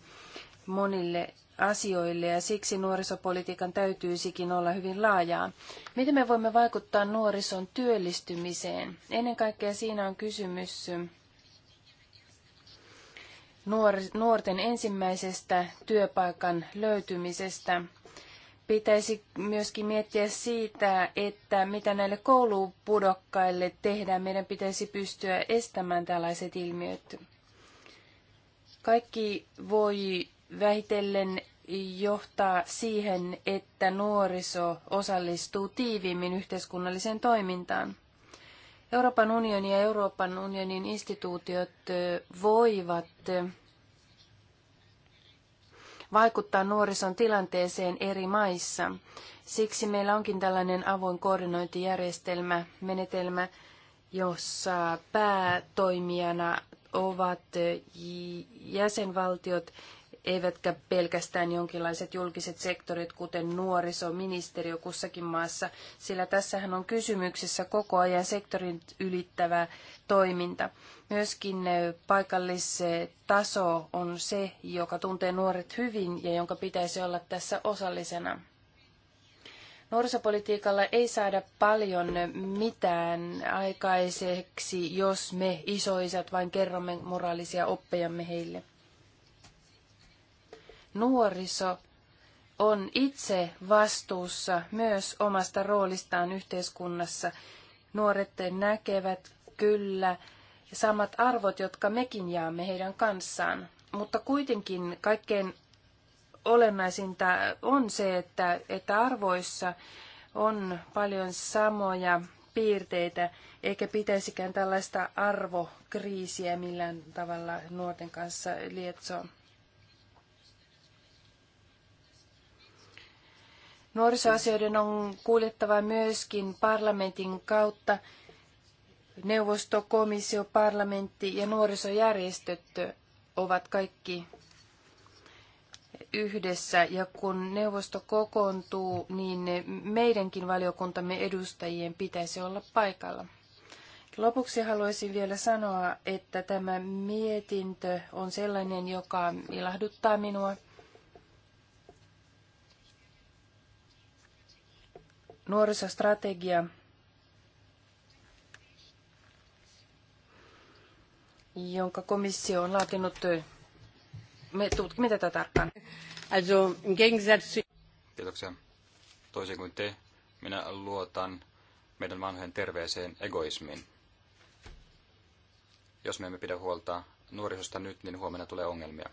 monille asioille ja siksi nuorisopolitiikan täytyisikin olla hyvin laajaa. Miten me voimme vaikuttaa nuorison työllistymiseen? Ennen kaikkea siinä on kysymys nuorten ensimmäisestä työpaikan löytymisestä. Pitäisi myöskin miettiä siitä, että mitä näille koulupudokkaille tehdään. Meidän pitäisi pystyä estämään tällaiset ilmiöt. Kaikki voi vähitellen johtaa siihen, että nuoriso osallistuu tiiviimmin yhteiskunnalliseen toimintaan. Euroopan unioni ja Euroopan unionin instituutiot voivat vaikuttaa nuorison tilanteeseen eri maissa. Siksi meillä onkin tällainen avoin koordinointijärjestelmä, menetelmä, jossa päätoimijana ovat jäsenvaltiot eivätkä pelkästään jonkinlaiset julkiset sektorit, kuten nuorisoministeriö kussakin maassa, sillä tässähän on kysymyksessä koko ajan sektorin ylittävä toiminta. Myöskin eh, paikallistaso on se, joka tuntee nuoret hyvin ja jonka pitäisi olla tässä osallisena. Nuorisopolitiikalla ei saada paljon eh, mitään aikaiseksi, jos me isoisät vain kerromme moraalisia oppejamme heille nuoriso on itse vastuussa myös omasta roolistaan yhteiskunnassa. Nuoret näkevät kyllä samat arvot, jotka mekin jaamme heidän kanssaan. Mutta kuitenkin kaikkein olennaisinta on se, että, että arvoissa on paljon samoja piirteitä, eikä pitäisikään tällaista arvokriisiä millään tavalla nuorten kanssa lietsoa. Nuorisoasioiden on kuljettava myöskin parlamentin kautta neuvosto, komissio, parlamentti ja nuorisojärjestöt ovat kaikki yhdessä. Ja kun neuvosto kokoontuu, niin meidänkin valiokuntamme edustajien pitäisi olla paikalla. Lopuksi haluaisin vielä sanoa, että tämä mietintö on sellainen, joka ilahduttaa minua. Nuorisostrategia jonka komissio on laatinut. Me tutkimme tätä tarkkaan. Also, im Kiitoksia. Toisin kuin te, minä luotan meidän vanhojen terveeseen egoismiin. Jos me emme pidä huolta nuorisosta nyt, niin huomenna tulee ongelmia.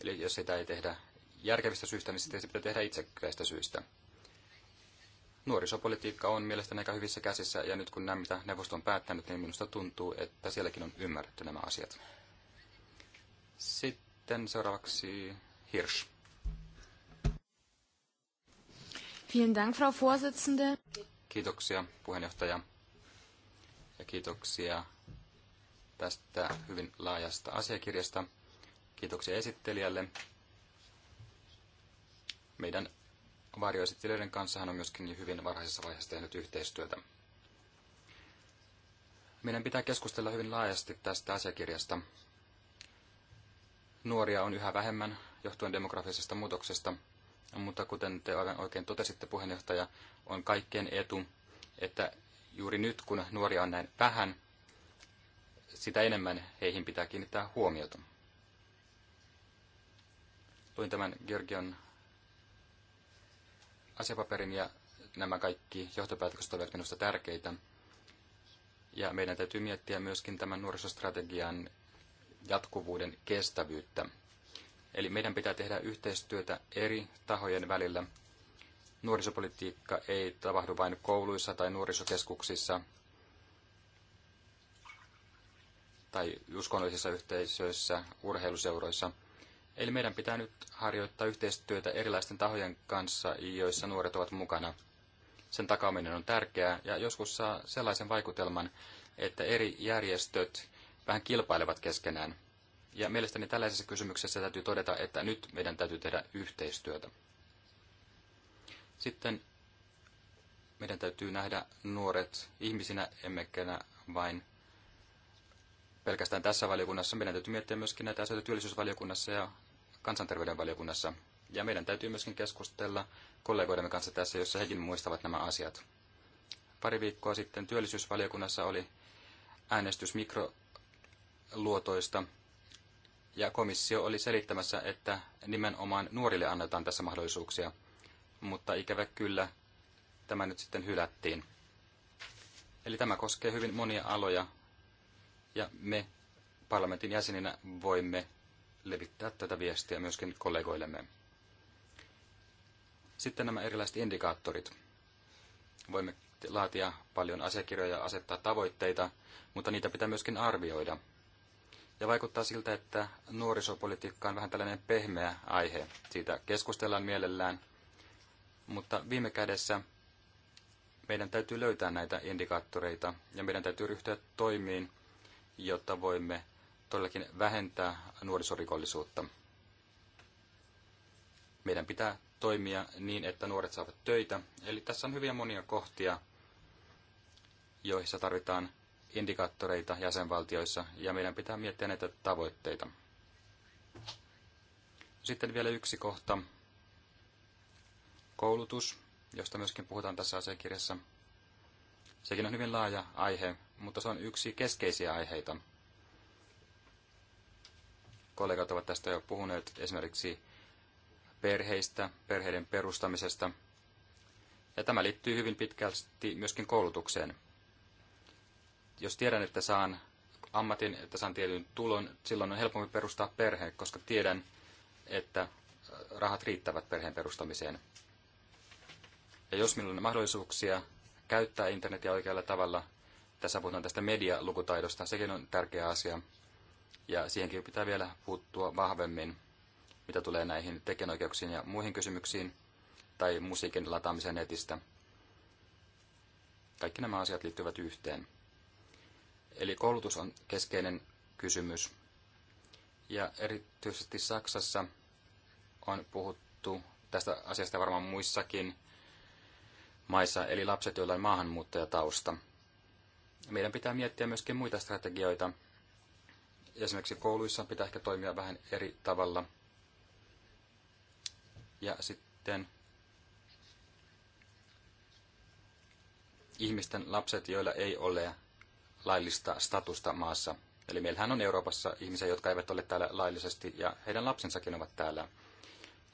Eli jos sitä ei tehdä järkevistä syistä, niin sitä pitää tehdä itsekkäistä syistä nuorisopolitiikka on mielestäni aika hyvissä käsissä, ja nyt kun nämä, mitä neuvosto on päättänyt, niin minusta tuntuu, että sielläkin on ymmärretty nämä asiat. Sitten seuraavaksi Hirsch. Vielen Dank, Frau Vorsitzende. Kiitoksia, puheenjohtaja. Ja kiitoksia tästä hyvin laajasta asiakirjasta. Kiitoksia esittelijälle. Meidän varjoesittelijöiden kanssa hän on myöskin hyvin varhaisessa vaiheessa tehnyt yhteistyötä. Meidän pitää keskustella hyvin laajasti tästä asiakirjasta. Nuoria on yhä vähemmän johtuen demografisesta muutoksesta, mutta kuten te aivan oikein totesitte puheenjohtaja, on kaikkien etu, että juuri nyt kun nuoria on näin vähän, sitä enemmän heihin pitää kiinnittää huomiota. Luin tämän Georgian asiapaperin ja nämä kaikki johtopäätökset ovat minusta tärkeitä. Ja meidän täytyy miettiä myöskin tämän nuorisostrategian jatkuvuuden kestävyyttä. Eli meidän pitää tehdä yhteistyötä eri tahojen välillä. Nuorisopolitiikka ei tapahdu vain kouluissa tai nuorisokeskuksissa tai uskonnollisissa yhteisöissä, urheiluseuroissa – Eli meidän pitää nyt harjoittaa yhteistyötä erilaisten tahojen kanssa, joissa nuoret ovat mukana. Sen takaaminen on tärkeää ja joskus saa sellaisen vaikutelman, että eri järjestöt vähän kilpailevat keskenään. Ja mielestäni tällaisessa kysymyksessä täytyy todeta, että nyt meidän täytyy tehdä yhteistyötä. Sitten meidän täytyy nähdä nuoret ihmisinä, emmekä vain pelkästään tässä valiokunnassa. Meidän täytyy miettiä myöskin näitä asioita työllisyysvaliokunnassa ja kansanterveyden valiokunnassa. Ja meidän täytyy myöskin keskustella kollegoidemme kanssa tässä, jossa hekin muistavat nämä asiat. Pari viikkoa sitten työllisyysvaliokunnassa oli äänestys mikroluotoista, ja komissio oli selittämässä, että nimenomaan nuorille annetaan tässä mahdollisuuksia, mutta ikävä kyllä tämä nyt sitten hylättiin. Eli tämä koskee hyvin monia aloja, ja me parlamentin jäseninä voimme levittää tätä viestiä myöskin kollegoillemme. Sitten nämä erilaiset indikaattorit. Voimme laatia paljon asiakirjoja ja asettaa tavoitteita, mutta niitä pitää myöskin arvioida. Ja vaikuttaa siltä, että nuorisopolitiikka on vähän tällainen pehmeä aihe. Siitä keskustellaan mielellään, mutta viime kädessä meidän täytyy löytää näitä indikaattoreita ja meidän täytyy ryhtyä toimiin, jotta voimme todellakin vähentää nuorisorikollisuutta. Meidän pitää toimia niin, että nuoret saavat töitä. Eli tässä on hyviä monia kohtia, joissa tarvitaan indikaattoreita jäsenvaltioissa, ja meidän pitää miettiä näitä tavoitteita. Sitten vielä yksi kohta, koulutus, josta myöskin puhutaan tässä asiakirjassa. Sekin on hyvin laaja aihe, mutta se on yksi keskeisiä aiheita. Kollegat ovat tästä jo puhuneet esimerkiksi perheistä, perheiden perustamisesta. Ja tämä liittyy hyvin pitkälti myöskin koulutukseen. Jos tiedän, että saan ammatin, että saan tietyn tulon, silloin on helpompi perustaa perhe, koska tiedän, että rahat riittävät perheen perustamiseen. Ja jos minulla on mahdollisuuksia käyttää internetiä oikealla tavalla, tässä puhutaan tästä medialukutaidosta, sekin on tärkeä asia. Ja siihenkin pitää vielä puuttua vahvemmin, mitä tulee näihin tekijänoikeuksiin ja muihin kysymyksiin, tai musiikin lataamiseen netistä. Kaikki nämä asiat liittyvät yhteen. Eli koulutus on keskeinen kysymys. Ja erityisesti Saksassa on puhuttu tästä asiasta varmaan muissakin maissa, eli lapset, joilla on maahanmuuttajatausta – meidän pitää miettiä myöskin muita strategioita. Esimerkiksi kouluissa pitää ehkä toimia vähän eri tavalla. Ja sitten ihmisten lapset, joilla ei ole laillista statusta maassa. Eli meillähän on Euroopassa ihmisiä, jotka eivät ole täällä laillisesti, ja heidän lapsensakin ovat täällä.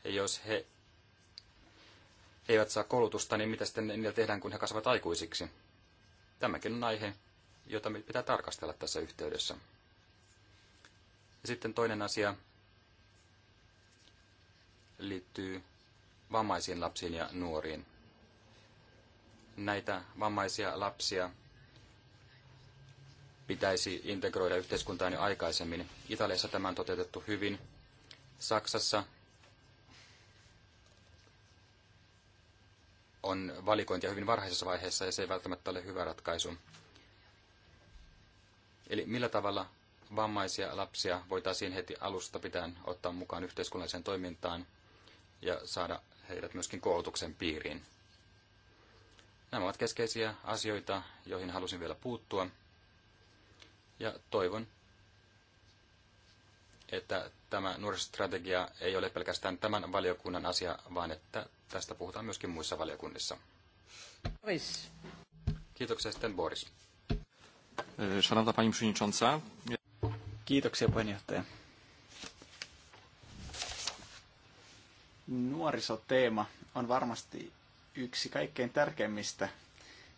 Ja jos he eivät saa koulutusta, niin mitä sitten niillä tehdään, kun he kasvavat aikuisiksi? tämäkin on aihe, jota meidän pitää tarkastella tässä yhteydessä. Ja sitten toinen asia liittyy vammaisiin lapsiin ja nuoriin. Näitä vammaisia lapsia pitäisi integroida yhteiskuntaan jo aikaisemmin. Italiassa tämä on toteutettu hyvin. Saksassa on valikointia hyvin varhaisessa vaiheessa ja se ei välttämättä ole hyvä ratkaisu. Eli millä tavalla vammaisia lapsia voitaisiin heti alusta pitäen ottaa mukaan yhteiskunnalliseen toimintaan ja saada heidät myöskin koulutuksen piiriin. Nämä ovat keskeisiä asioita, joihin halusin vielä puuttua. Ja toivon, että tämä nuorisostrategia ei ole pelkästään tämän valiokunnan asia, vaan että tästä puhutaan myöskin muissa valiokunnissa. Boris. Kiitoksia sitten Boris. E, szanowna Pani Przewodnicząca. Kiitoksia puheenjohtaja. Nuorisoteema on varmasti yksi kaikkein tärkeimmistä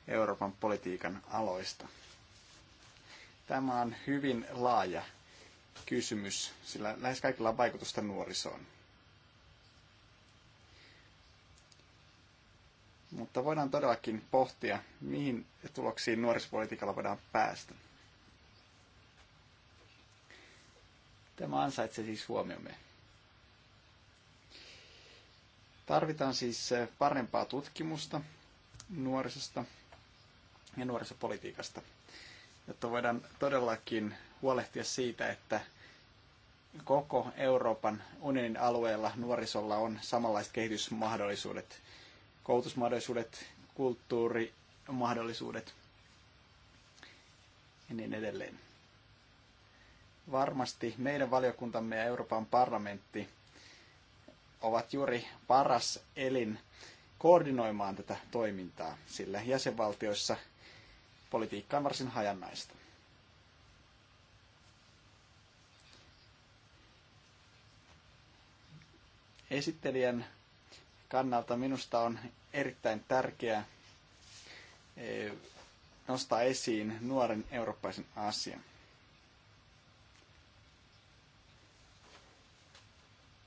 Euroopan politiikan aloista. Tämä on hyvin laaja kysymys, sillä lähes kaikilla on vaikutusta nuorisoon. Mutta voidaan todellakin pohtia, mihin tuloksiin nuorisopolitiikalla voidaan päästä. Tämä ansaitsee siis huomiomme. Tarvitaan siis eh, parempaa tutkimusta nuorisosta ja nuorisopolitiikasta, jotta voidaan todellakin huolehtia siitä, että koko Euroopan unionin alueella nuorisolla on samanlaiset kehitysmahdollisuudet koulutusmahdollisuudet, kulttuurimahdollisuudet ja niin edelleen. Varmasti meidän valiokuntamme ja Euroopan parlamentti ovat juuri paras elin koordinoimaan tätä toimintaa, sillä jäsenvaltioissa politiikka on varsin hajannaista. Esittelijän kannalta minusta on erittäin tärkeää e, nostaa esiin nuoren eurooppaisen asian.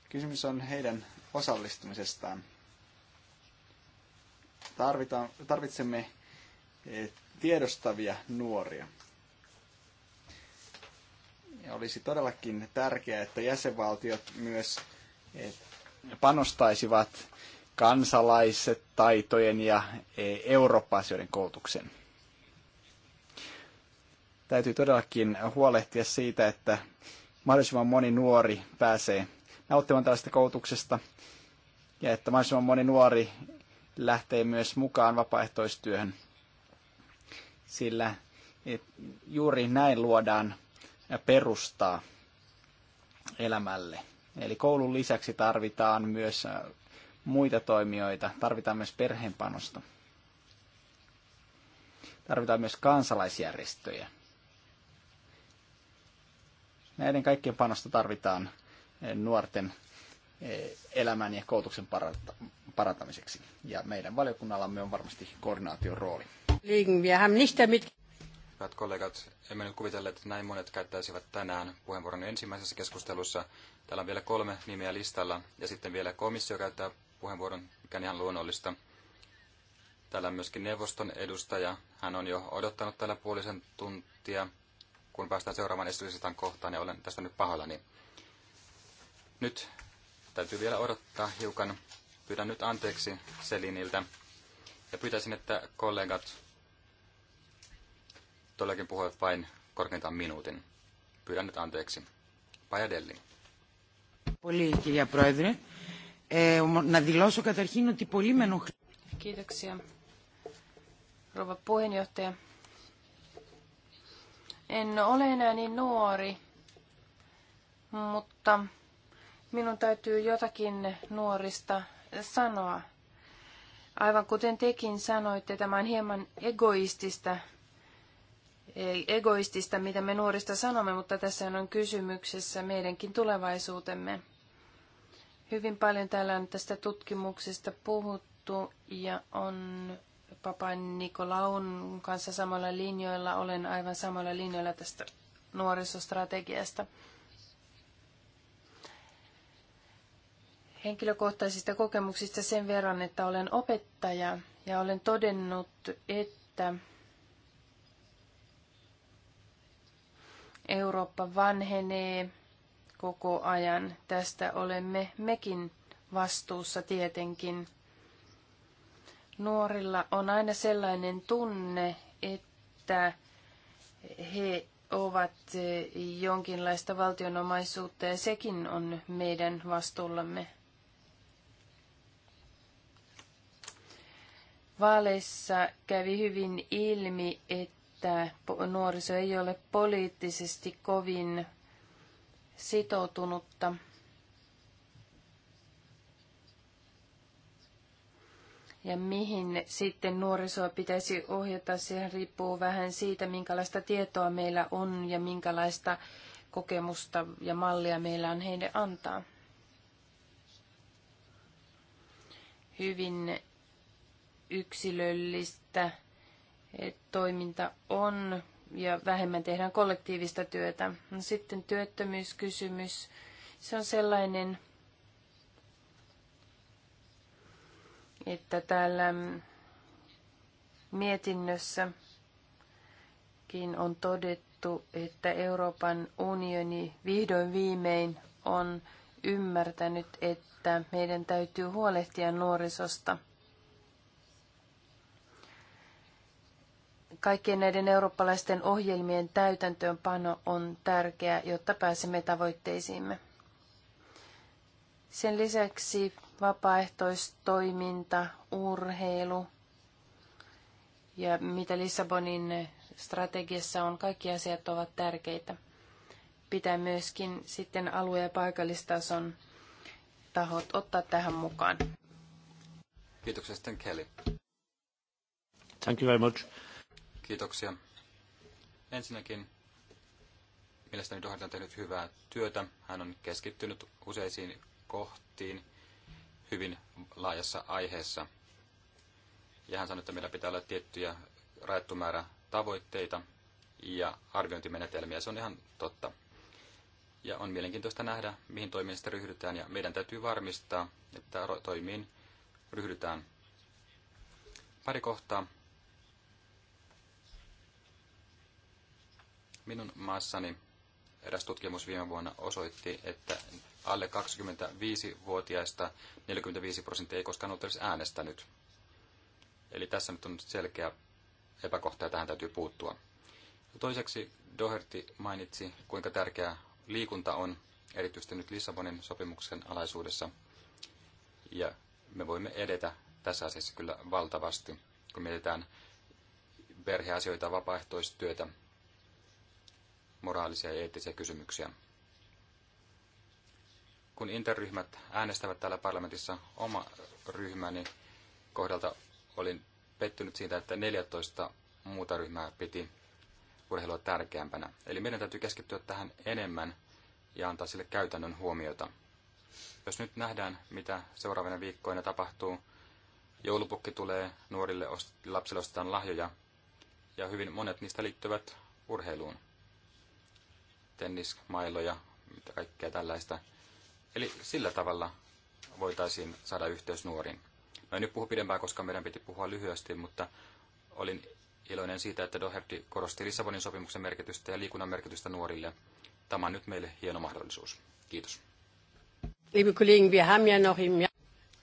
Kysymys on heidän osallistumisestaan. Tarvitaan, tarvitsemme e, tiedostavia nuoria. Ja olisi todellakin tärkeää, että jäsenvaltiot myös e, panostaisivat kansalaiset, taitojen ja e, Eurooppa-asioiden koulutuksen. Täytyy todellakin huolehtia siitä, että mahdollisimman moni nuori pääsee nauttimaan tällaista koulutuksesta ja että mahdollisimman moni nuori lähtee myös mukaan vapaaehtoistyöhön, sillä e, juuri näin luodaan perustaa elämälle. Eli koulun lisäksi tarvitaan myös muita toimijoita. Tarvitaan myös perheenpanosta. Tarvitaan myös kansalaisjärjestöjä. Näiden kaikkien panosta tarvitaan eh, nuorten eh, elämän ja koulutuksen parantamiseksi. Ja meidän valiokunnallamme on varmasti koordinaation rooli. Hyvät kollegat, emme nyt kuvitelle, että näin monet käyttäisivät tänään puheenvuoron ensimmäisessä keskustelussa. Täällä on vielä kolme nimeä listalla ja sitten vielä komissio käyttää puheenvuoron, mikä on ihan luonnollista. Täällä on myöskin neuvoston edustaja. Hän on jo odottanut täällä puolisen tuntia. Kun päästään seuraavan esityslistan kohtaan, niin olen tästä nyt pahoillani. Nyt täytyy vielä odottaa hiukan. Pyydän nyt anteeksi Seliniltä. Ja pyytäisin, että kollegat todellakin puhuvat vain korkeintaan minuutin. Pyydän nyt anteeksi. Pajadelli. Πολύ, ja Ε, να δηλώσω καταρχήν ότι πολύ με ενοχλεί. Kiitoksia. Rouva puheenjohtaja. En ole enää niin nuori, mutta minun täytyy jotakin nuorista sanoa. Aivan kuten tekin sanoitte, tämä on hieman egoistista, egoistista, mitä me nuorista sanomme, mutta tässä on kysymyksessä meidänkin tulevaisuutemme. Hyvin paljon täällä on tästä tutkimuksesta puhuttu ja on Papan Nikolaun kanssa samalla linjoilla. Olen aivan samalla linjoilla tästä nuorisostrategiasta. Henkilökohtaisista kokemuksista sen verran, että olen opettaja ja olen todennut, että Eurooppa vanhenee – koko ajan. Tästä olemme mekin vastuussa tietenkin. Nuorilla on aina sellainen tunne, että he ovat jonkinlaista valtionomaisuutta ja sekin on meidän vastuullamme. Vaaleissa kävi hyvin ilmi, että nuoriso ei ole poliittisesti kovin sitoutunutta. Ja mihin sitten nuorisoa pitäisi ohjata, se riippuu vähän siitä, minkälaista tietoa meillä on ja minkälaista kokemusta ja mallia meillä on heille antaa. Hyvin yksilöllistä eh, toiminta on ja vähemmän tehdään kollektiivista työtä. No, sitten työttömyyskysymys. Se on sellainen, että täällä mm, mietinnössäkin on todettu, että Euroopan unioni vihdoin viimein on ymmärtänyt, että meidän täytyy huolehtia nuorisosta – Kaikkien näiden eurooppalaisten ohjelmien täytäntöönpano on tärkeää, jotta pääsemme tavoitteisiimme. Sen lisäksi vapaaehtoistoiminta, urheilu ja mitä Lissabonin strategiassa on, kaikki asiat ovat tärkeitä. Pitää myöskin sitten alue- ja paikallistason tahot ottaa tähän mukaan. Kiitoksia sitten Kelly. Thank you very much. Kiitoksia. Ensinnäkin mielestäni Doherty on tehnyt hyvää työtä. Hän on keskittynyt useisiin kohtiin hyvin laajassa aiheessa. Ja hän sanoi, että meillä pitää olla tiettyjä rajattu määrä tavoitteita ja arviointimenetelmiä. Se on ihan totta. Ja on mielenkiintoista nähdä, mihin toimiin sitä ryhdytään. Ja meidän täytyy varmistaa, että toimiin ryhdytään. Pari kohtaa, Minun maassani eräs tutkimus viime vuonna osoitti, että alle 25-vuotiaista 45 prosenttia ei koskaan ollut edes äänestänyt. Eli tässä nyt on selkeä epäkohta ja tähän täytyy puuttua. Toiseksi Doherty mainitsi, kuinka tärkeää liikunta on, erityisesti nyt Lissabonin sopimuksen alaisuudessa. Ja me voimme edetä tässä asiassa kyllä valtavasti, kun mietitään perheasioita, vapaaehtoistyötä moraalisia ja eettisiä kysymyksiä. Kun interryhmät äänestävät täällä parlamentissa oma ryhmäni kohdalta, olin pettynyt siitä, että 14 muuta ryhmää piti urheilua tärkeämpänä. Eli meidän täytyy keskittyä tähän enemmän ja antaa sille käytännön huomiota. Jos nyt nähdään, mitä seuraavina viikkoina tapahtuu, joulupukki tulee, nuorille lapsille ostetaan lahjoja, ja hyvin monet niistä liittyvät urheiluun tennismailoja, mitä kaikkea tällaista. Eli sillä tavalla voitaisiin saada yhteys nuoriin. No en nyt puhu pidempään, koska meidän piti puhua lyhyesti, mutta olin iloinen siitä, että Doherty korosti Lissabonin sopimuksen merkitystä ja liikunnan merkitystä nuorille. Tämä on nyt meille hieno mahdollisuus. Kiitos.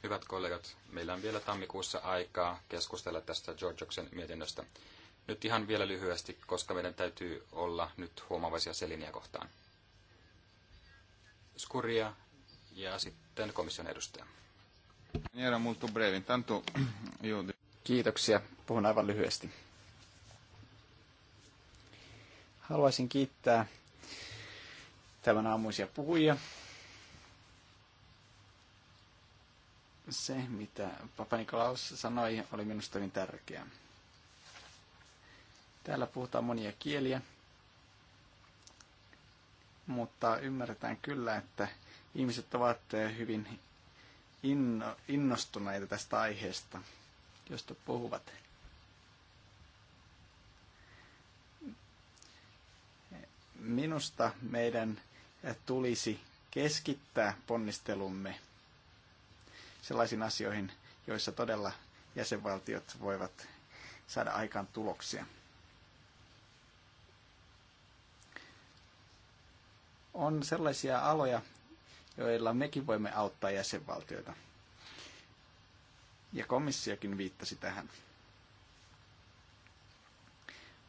Hyvät kollegat, meillä on vielä tammikuussa aikaa keskustella tästä Georgioksen mietinnöstä. Nyt ihan vielä lyhyesti, koska meidän täytyy olla nyt huomaavaisia seliniä kohtaan. Skuria ja sitten komission edustaja. Kiitoksia. Puhun aivan lyhyesti. Haluaisin kiittää tämän aamuisia puhujia. Se, mitä Papa Nikolaus sanoi, oli minusta hyvin tärkeää. Täällä puhutaan monia kieliä, mutta ymmärretään kyllä, että ihmiset ovat eh, hyvin innostuneita tästä aiheesta, josta puhuvat. Minusta meidän eh, tulisi keskittää ponnistelumme sellaisiin asioihin, joissa todella jäsenvaltiot voivat saada aikaan tuloksia. on sellaisia aloja, joilla mekin voimme auttaa jäsenvaltioita. Ja komissiokin viittasi tähän.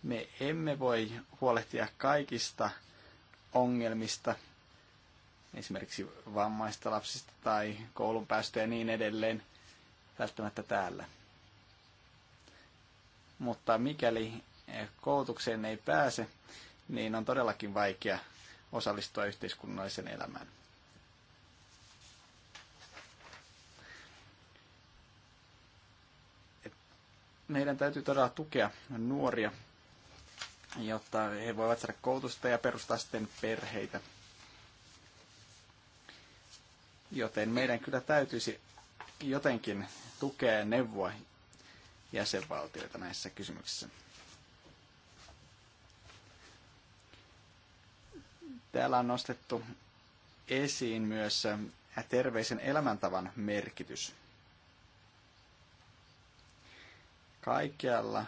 Me emme voi huolehtia kaikista ongelmista, esimerkiksi vammaista lapsista tai koulun päästä ja niin edelleen, välttämättä täällä. Mutta mikäli koulutukseen ei pääse, niin on todellakin vaikea osallistua yhteiskunnalliseen elämään. Et meidän täytyy todella tukea nuoria, jotta he voivat saada koulutusta ja perustaa sitten perheitä. Joten meidän kyllä täytyisi jotenkin tukea ja neuvoa jäsenvaltioita näissä kysymyksissä. Täällä on nostettu esiin myös äh, terveisen elämäntavan merkitys. Kaikkialla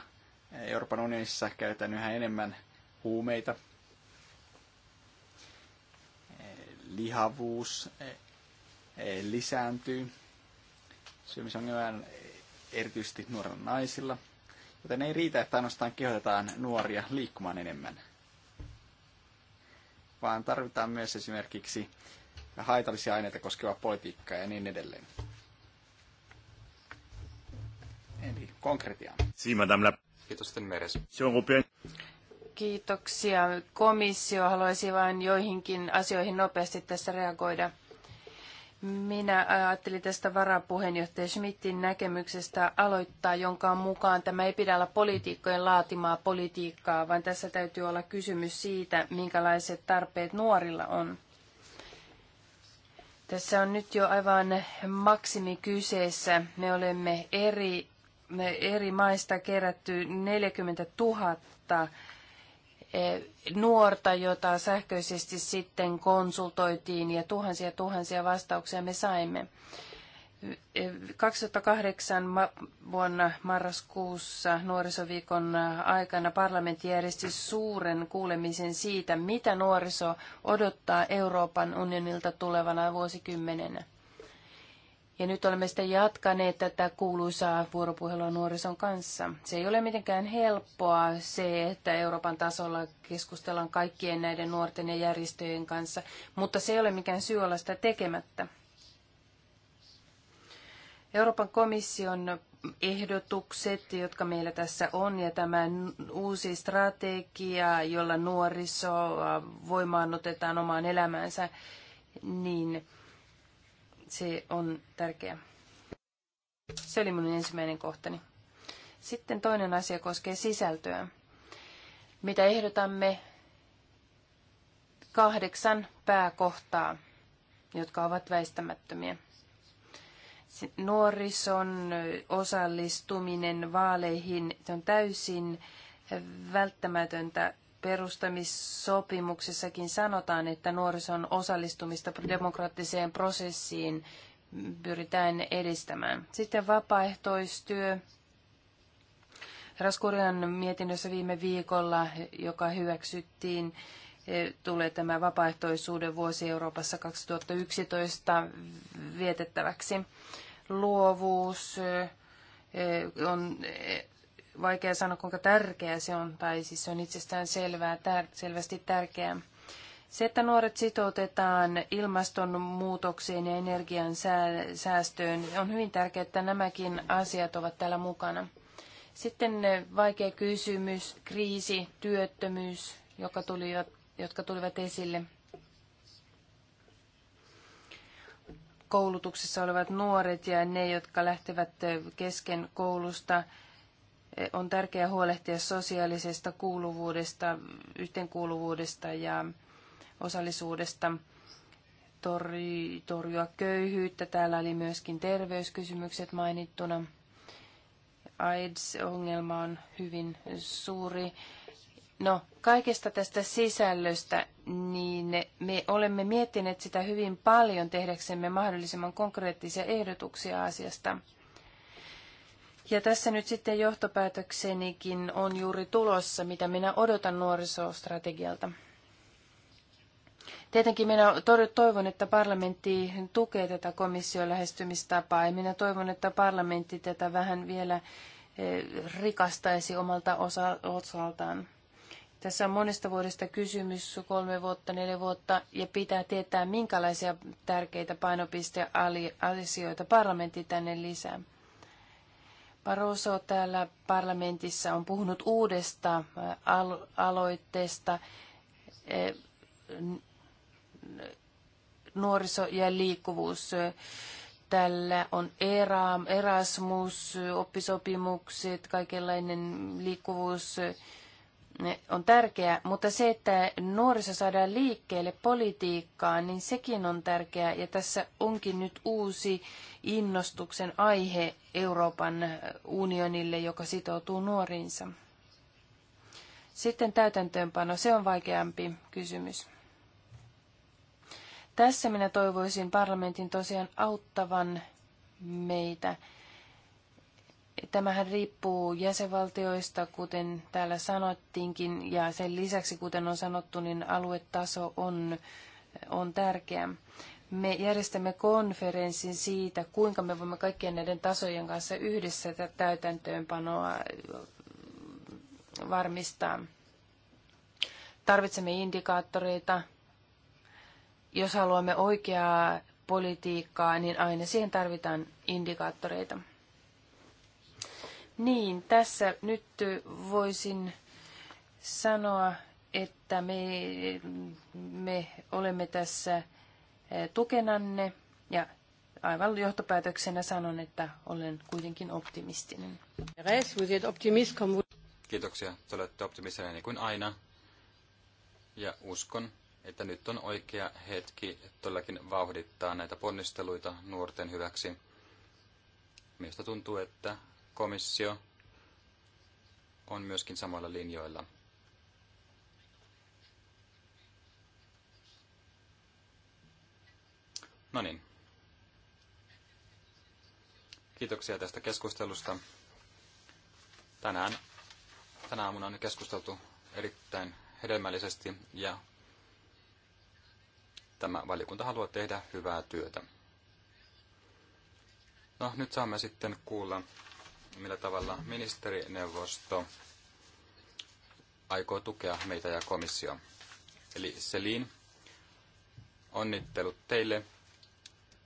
Euroopan unionissa käytetään yhä enemmän huumeita. Lihavuus eh, eh, lisääntyy. Syömisongelma on eh, erityisesti nuorilla naisilla. Joten ei riitä, että ainoastaan kehotetaan nuoria liikkumaan enemmän – vaan tarvitaan myös esimerkiksi haitallisia aineita koskeva politiikkaa ja niin edelleen. Eli konkretiaan. Kiitos sitten Meres. Kiitoksia. Komissio haluaisi vain joihinkin asioihin nopeasti tässä reagoida. Minä ajattelin tästä varapuheenjohtaja Schmidtin näkemyksestä aloittaa, jonka mukaan tämä ei pidä olla poliitikkojen laatimaa politiikkaa, vaan tässä täytyy olla kysymys siitä, minkälaiset tarpeet nuorilla on. Tässä on nyt jo aivan maksimi kyseessä. Me olemme eri, me eri maista kerätty 40 000 nuorta, jota sähköisesti sitten konsultoitiin ja tuhansia tuhansia vastauksia me saimme. 2008 vuonna marraskuussa nuorisoviikon aikana parlamentti järjesti suuren kuulemisen siitä, mitä nuoriso odottaa Euroopan unionilta tulevana vuosikymmenenä. Ja nyt olemme sitten jatkaneet tätä kuuluisaa vuoropuhelua nuorison kanssa. Se ei ole mitenkään helppoa se, että Euroopan tasolla keskustellaan kaikkien näiden nuorten ja järjestöjen kanssa, mutta se ei ole mikään syy olla sitä tekemättä. Euroopan komission ehdotukset, jotka meillä tässä on, ja tämä uusi strategia, jolla nuoriso voimaannutetaan omaan elämäänsä, niin – se on tärkeä. Se oli minun ensimmäinen kohtani. Sitten toinen asia koskee sisältöä. Mitä ehdotamme? Kahdeksan pääkohtaa, jotka ovat väistämättömiä. nuorison osallistuminen vaaleihin se on täysin välttämätöntä perustamissopimuksessakin sanotaan, että nuorison osallistumista demokraattiseen prosessiin pyritään edistämään. Sitten vapaaehtoistyö. Raskurian mietinnössä viime viikolla, joka hyväksyttiin, e, tulee tämä vapaaehtoisuuden vuosi Euroopassa 2011 vietettäväksi. Luovuus e, on e, vaikea sanoa, kuinka tärkeää se on, tai siis se on itsestään selvää, tär, selvästi tärkeää. Se, että nuoret sitoutetaan ilmastonmuutokseen ja energian säästöön, on hyvin tärkeää, että nämäkin asiat ovat täällä mukana. Sitten vaikea kysymys, kriisi, työttömyys, joka tuli, jotka tulivat esille. Koulutuksessa olevat nuoret ja ne, jotka lähtevät kesken koulusta – on tärkeää huolehtia sosiaalisesta kuuluvuudesta, yhteenkuuluvuudesta ja osallisuudesta, torjua köyhyyttä. Täällä oli myöskin terveyskysymykset mainittuna. AIDS-ongelma on hyvin suuri. No, kaikesta tästä sisällöstä, niin me olemme miettineet sitä hyvin paljon tehdäksemme mahdollisimman konkreettisia ehdotuksia asiasta. Ja tässä nyt sitten johtopäätöksenikin on juuri tulossa, mitä minä odotan nuorisostrategialta. Tietenkin minä toivon, että parlamentti tukee tätä komission lähestymistapaa ja minä toivon, että parlamentti tätä vähän vielä eh, rikastaisi omalta osa- osaltaan. Tässä on monesta vuodesta kysymys, kolme vuotta, neljä vuotta, ja pitää tietää, minkälaisia tärkeitä painopisteasioita parlamentti tänne lisää. Barroso täällä parlamentissa on puhunut uudesta aloitteesta nuoriso- ja liikkuvuus. Tällä on Erasmus, oppisopimukset, kaikenlainen liikkuvuus on tärkeää, mutta se, että nuoriso saadaan liikkeelle politiikkaan, niin sekin on tärkeää. Ja tässä onkin nyt uusi innostuksen aihe Euroopan unionille, joka sitoutuu nuoriinsa. Sitten täytäntöönpano, se on vaikeampi kysymys. Tässä minä toivoisin parlamentin tosiaan auttavan meitä Tämähän riippuu jäsenvaltioista, kuten täällä sanottiinkin, ja sen lisäksi, kuten on sanottu, niin aluetaso on, on tärkeä. Me järjestämme konferenssin siitä, kuinka me voimme kaikkien näiden tasojen kanssa yhdessä tätä täytäntöönpanoa varmistaa. Tarvitsemme indikaattoreita. Jos haluamme oikeaa politiikkaa, niin aina siihen tarvitaan indikaattoreita. Niin, tässä nyt voisin sanoa, että me, me olemme tässä tukenanne ja aivan johtopäätöksenä sanon, että olen kuitenkin optimistinen. Kiitoksia. Te olette optimistinen niin kuin aina. Ja uskon, että nyt on oikea hetki todellakin vauhdittaa näitä ponnisteluita nuorten hyväksi. Minusta tuntuu, että komissio on myöskin samoilla linjoilla. No niin. Kiitoksia tästä keskustelusta. Tänään, tänä aamuna on keskusteltu erittäin hedelmällisesti ja tämä valiokunta haluaa tehdä hyvää työtä. No, nyt saamme sitten kuulla millä tavalla ministerineuvosto aikoo tukea meitä ja komissio. Eli Selin, onnittelut teille.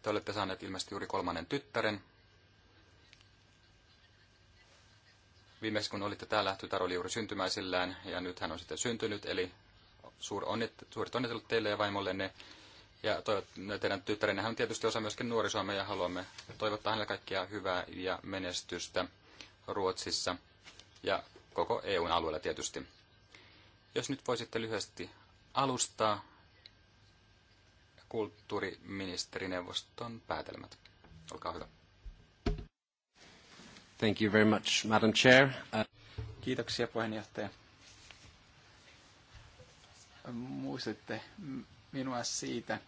Te olette saaneet ilmeisesti juuri kolmannen tyttären. Viimeksi kun olitte täällä, tytär oli juuri syntymäisillään ja nyt hän on sitten syntynyt, eli suur onnit, suuret onnittelut teille ja vaimollenne ja toivot, teidän tyttärinähän on tietysti osa myöskin nuorisoamme ja haluamme toivottaa hänelle kaikkia hyvää ja menestystä Ruotsissa ja koko EUn alueella tietysti. Jos nyt voisitte lyhyesti alustaa kulttuuriministerineuvoston päätelmät. Olkaa hyvä. Thank you very much, Madam Chair. Uh, Kiitoksia puheenjohtaja. Muistitte minua siitä,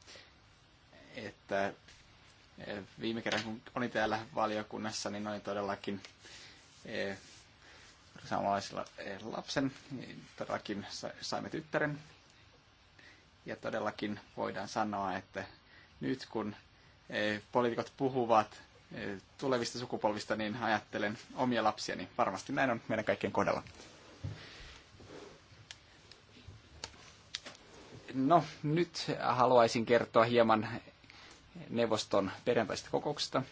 että eh, viime kerran kun olin täällä valiokunnassa, niin olin todellakin eh, samanlaisella eh, lapsen, niin todellakin saimme tyttären. Ja todellakin voidaan sanoa, että nyt kun poliitikot puhuvat tulevista sukupolvista, niin ajattelen omia lapsiani. Varmasti näin on meidän kaikkien kohdalla. No, nyt haluaisin kertoa hieman neuvoston perjantaisesta kokouksesta,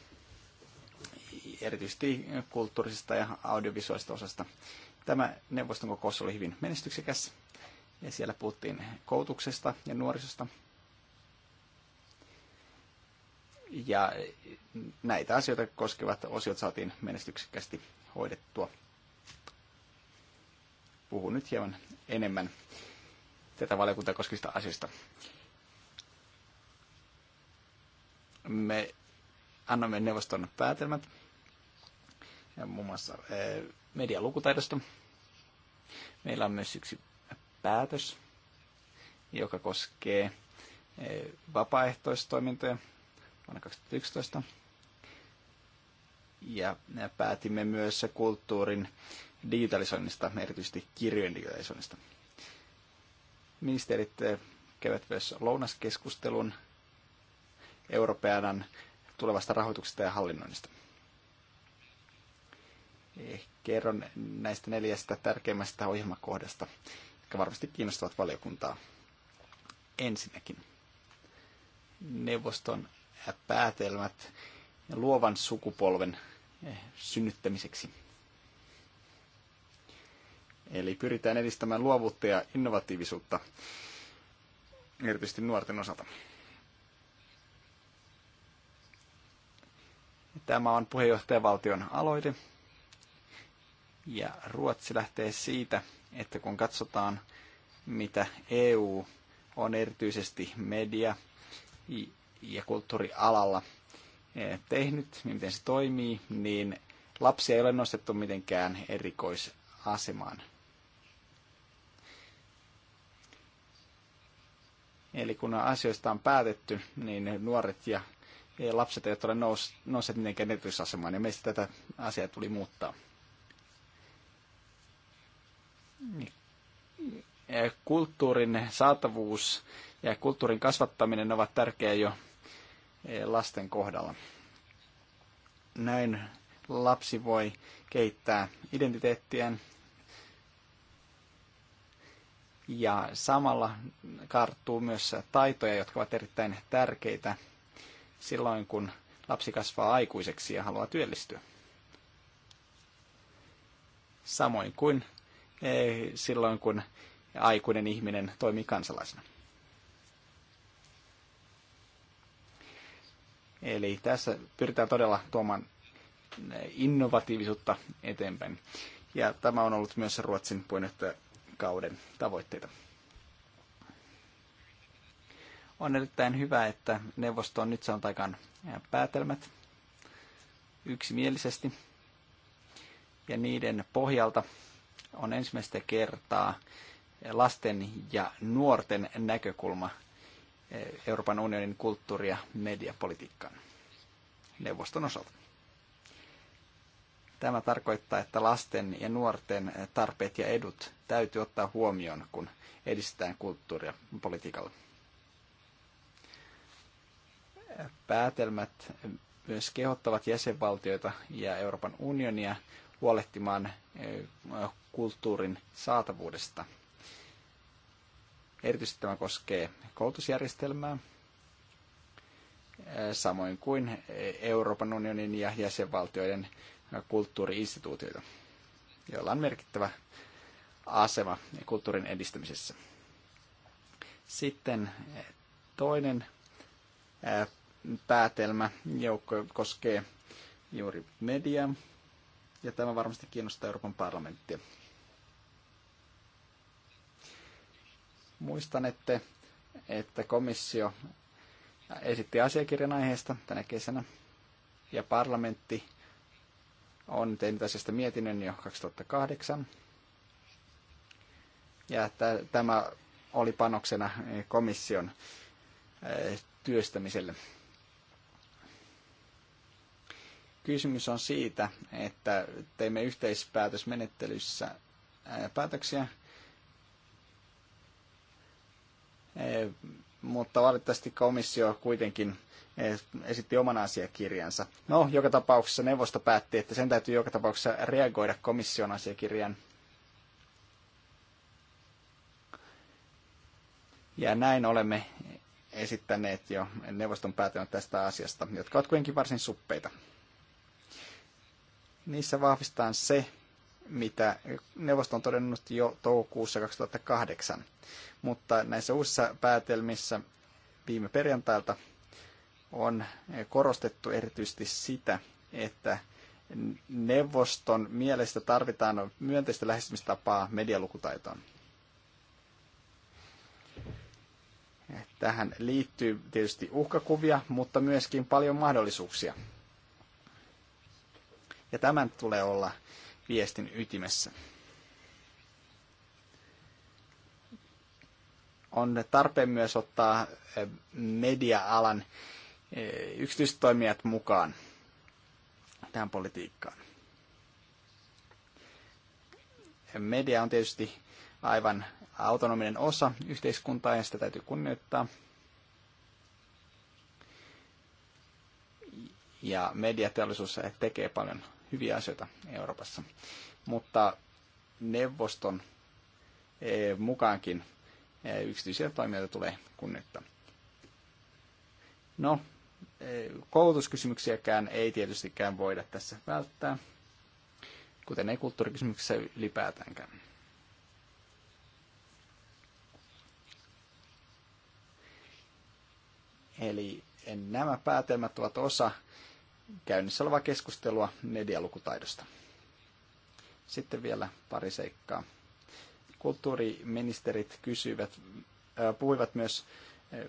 erityisesti kulttuurisesta ja audiovisuaalista osasta. Tämä neuvoston kokous oli hyvin menestyksekäs ja siellä puhuttiin koulutuksesta ja nuorisosta. Ja näitä asioita koskevat osiot saatiin menestyksekkästi hoidettua. Puhun nyt hieman enemmän tätä valiokunta koskista asioista. Me annamme neuvoston päätelmät ja muun muassa medialukutaidosta. Meillä on myös yksi päätös, joka koskee vapaaehtoistoimintoja vuonna 2011. Ja päätimme myös kulttuurin digitalisoinnista, erityisesti kirjojen digitalisoinnista. Ministerit kävivät myös lounaskeskustelun Euroopanan tulevasta rahoituksesta ja hallinnoinnista. Eh, kerron näistä neljästä tärkeimmästä ohjelmakohdasta, jotka varmasti kiinnostavat valiokuntaa. Ensinnäkin neuvoston päätelmät luovan sukupolven eh, synnyttämiseksi Eli pyritään edistämään luovuutta ja innovatiivisuutta, erityisesti nuorten osalta. Tämä on puheenjohtajavaltion aloite. Ja Ruotsi lähtee siitä, että kun katsotaan, mitä EU on erityisesti media- ja kulttuurialalla eh, tehnyt, niin miten se toimii, niin lapsia ei ole nostettu mitenkään erikoisasemaan. Eli kun asioista on päätetty, niin nuoret ja lapset eivät ole nousseet mitenkään erityisasemaan, ja meistä tätä asiaa tuli muuttaa. Kulttuurin saatavuus ja kulttuurin kasvattaminen ovat tärkeä jo e, lasten kohdalla. Näin lapsi voi kehittää identiteettiään ja samalla karttuu myös taitoja, jotka ovat erittäin tärkeitä silloin, kun lapsi kasvaa aikuiseksi ja haluaa työllistyä. Samoin kuin eh, silloin, kun aikuinen ihminen toimii kansalaisena. Eli tässä pyritään todella tuomaan innovatiivisuutta eteenpäin. Ja tämä on ollut myös Ruotsin puheenjohtaja kauden tavoitteita. On erittäin hyvä, että neuvosto on nyt saanut aikaan päätelmät yksimielisesti. Ja niiden pohjalta on ensimmäistä kertaa lasten ja nuorten näkökulma Euroopan unionin kulttuuri- ja mediapolitiikkaan neuvoston osalta. Tämä tarkoittaa, että lasten ja nuorten tarpeet ja edut täytyy ottaa huomioon, kun edistetään kulttuuria politiikalla. Päätelmät myös kehottavat jäsenvaltioita ja Euroopan unionia huolehtimaan eh, kulttuurin saatavuudesta. Erityisesti tämä koskee koulutusjärjestelmää, eh, samoin kuin Euroopan unionin ja jäsenvaltioiden kulttuuriinstituutioita, joilla on merkittävä asema kulttuurin edistämisessä. Sitten eh, toinen eh, päätelmä joukko koskee juuri mediaa, ja tämä varmasti kiinnostaa Euroopan parlamenttia. Muistan, että, että komissio esitti asiakirjan aiheesta tänä kesänä, ja parlamentti on tehnyt asiasta mietinnön jo 2008. Ja tämä oli panoksena komission eh, työstämiselle. Kysymys on siitä, että teimme yhteispäätösmenettelyssä eh, päätöksiä, eh, mutta valitettavasti komissio kuitenkin esitti oman asiakirjansa. No, joka tapauksessa neuvosto päätti, että sen täytyy joka tapauksessa reagoida komission asiakirjan. Ja näin olemme esittäneet jo neuvoston päätelmät tästä asiasta, jotka ovat kuitenkin varsin suppeita. Niissä vahvistetaan se, mitä neuvosto on todennut jo toukokuussa 2008. Mutta näissä uusissa päätelmissä viime perjantailta on korostettu erityisesti sitä, että neuvoston mielestä tarvitaan myönteistä lähestymistapaa medialukutaitoon. Tähän liittyy tietysti uhkakuvia, mutta myöskin paljon mahdollisuuksia. Ja tämän tulee olla viestin ytimessä. On tarpeen myös ottaa media-alan Eh, yksityistoimijat mukaan tähän politiikkaan. Media on tietysti aivan autonominen osa yhteiskuntaa ja sitä täytyy kunnioittaa. Ja mediateollisuus tekee paljon hyviä asioita Euroopassa. Mutta neuvoston eh, mukaankin eh, yksityisiä toimijoita tulee kunnioittaa. No, koulutuskysymyksiäkään ei tietystikään voida tässä välttää, kuten ei kulttuurikysymyksissä ylipäätäänkään. Eli nämä päätelmät ovat osa käynnissä olevaa keskustelua medialukutaidosta. Sitten vielä pari seikkaa. Kulttuuriministerit kysyivät, äh, puhuivat myös äh,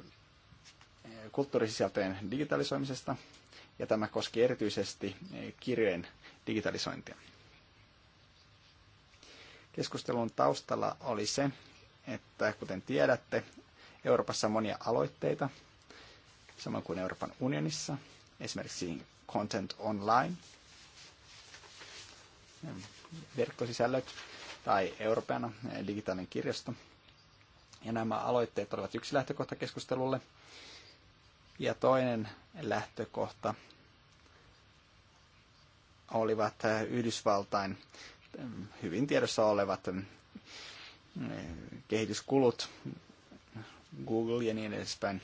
kulttuurisisältöjen digitalisoimisesta, ja tämä koski erityisesti eh, kirjojen digitalisointia. Keskustelun taustalla oli se, että kuten tiedätte, Euroopassa on monia aloitteita, samoin kuin Euroopan unionissa, esimerkiksi Content Online, eh, verkkosisällöt tai Euroopan eh, digitaalinen kirjasto. Ja nämä aloitteet olivat yksi lähtökohta keskustelulle. Ja toinen lähtökohta olivat äh, Yhdysvaltain ähm, hyvin tiedossa olevat ähm, kehityskulut, Google ja niin edespäin,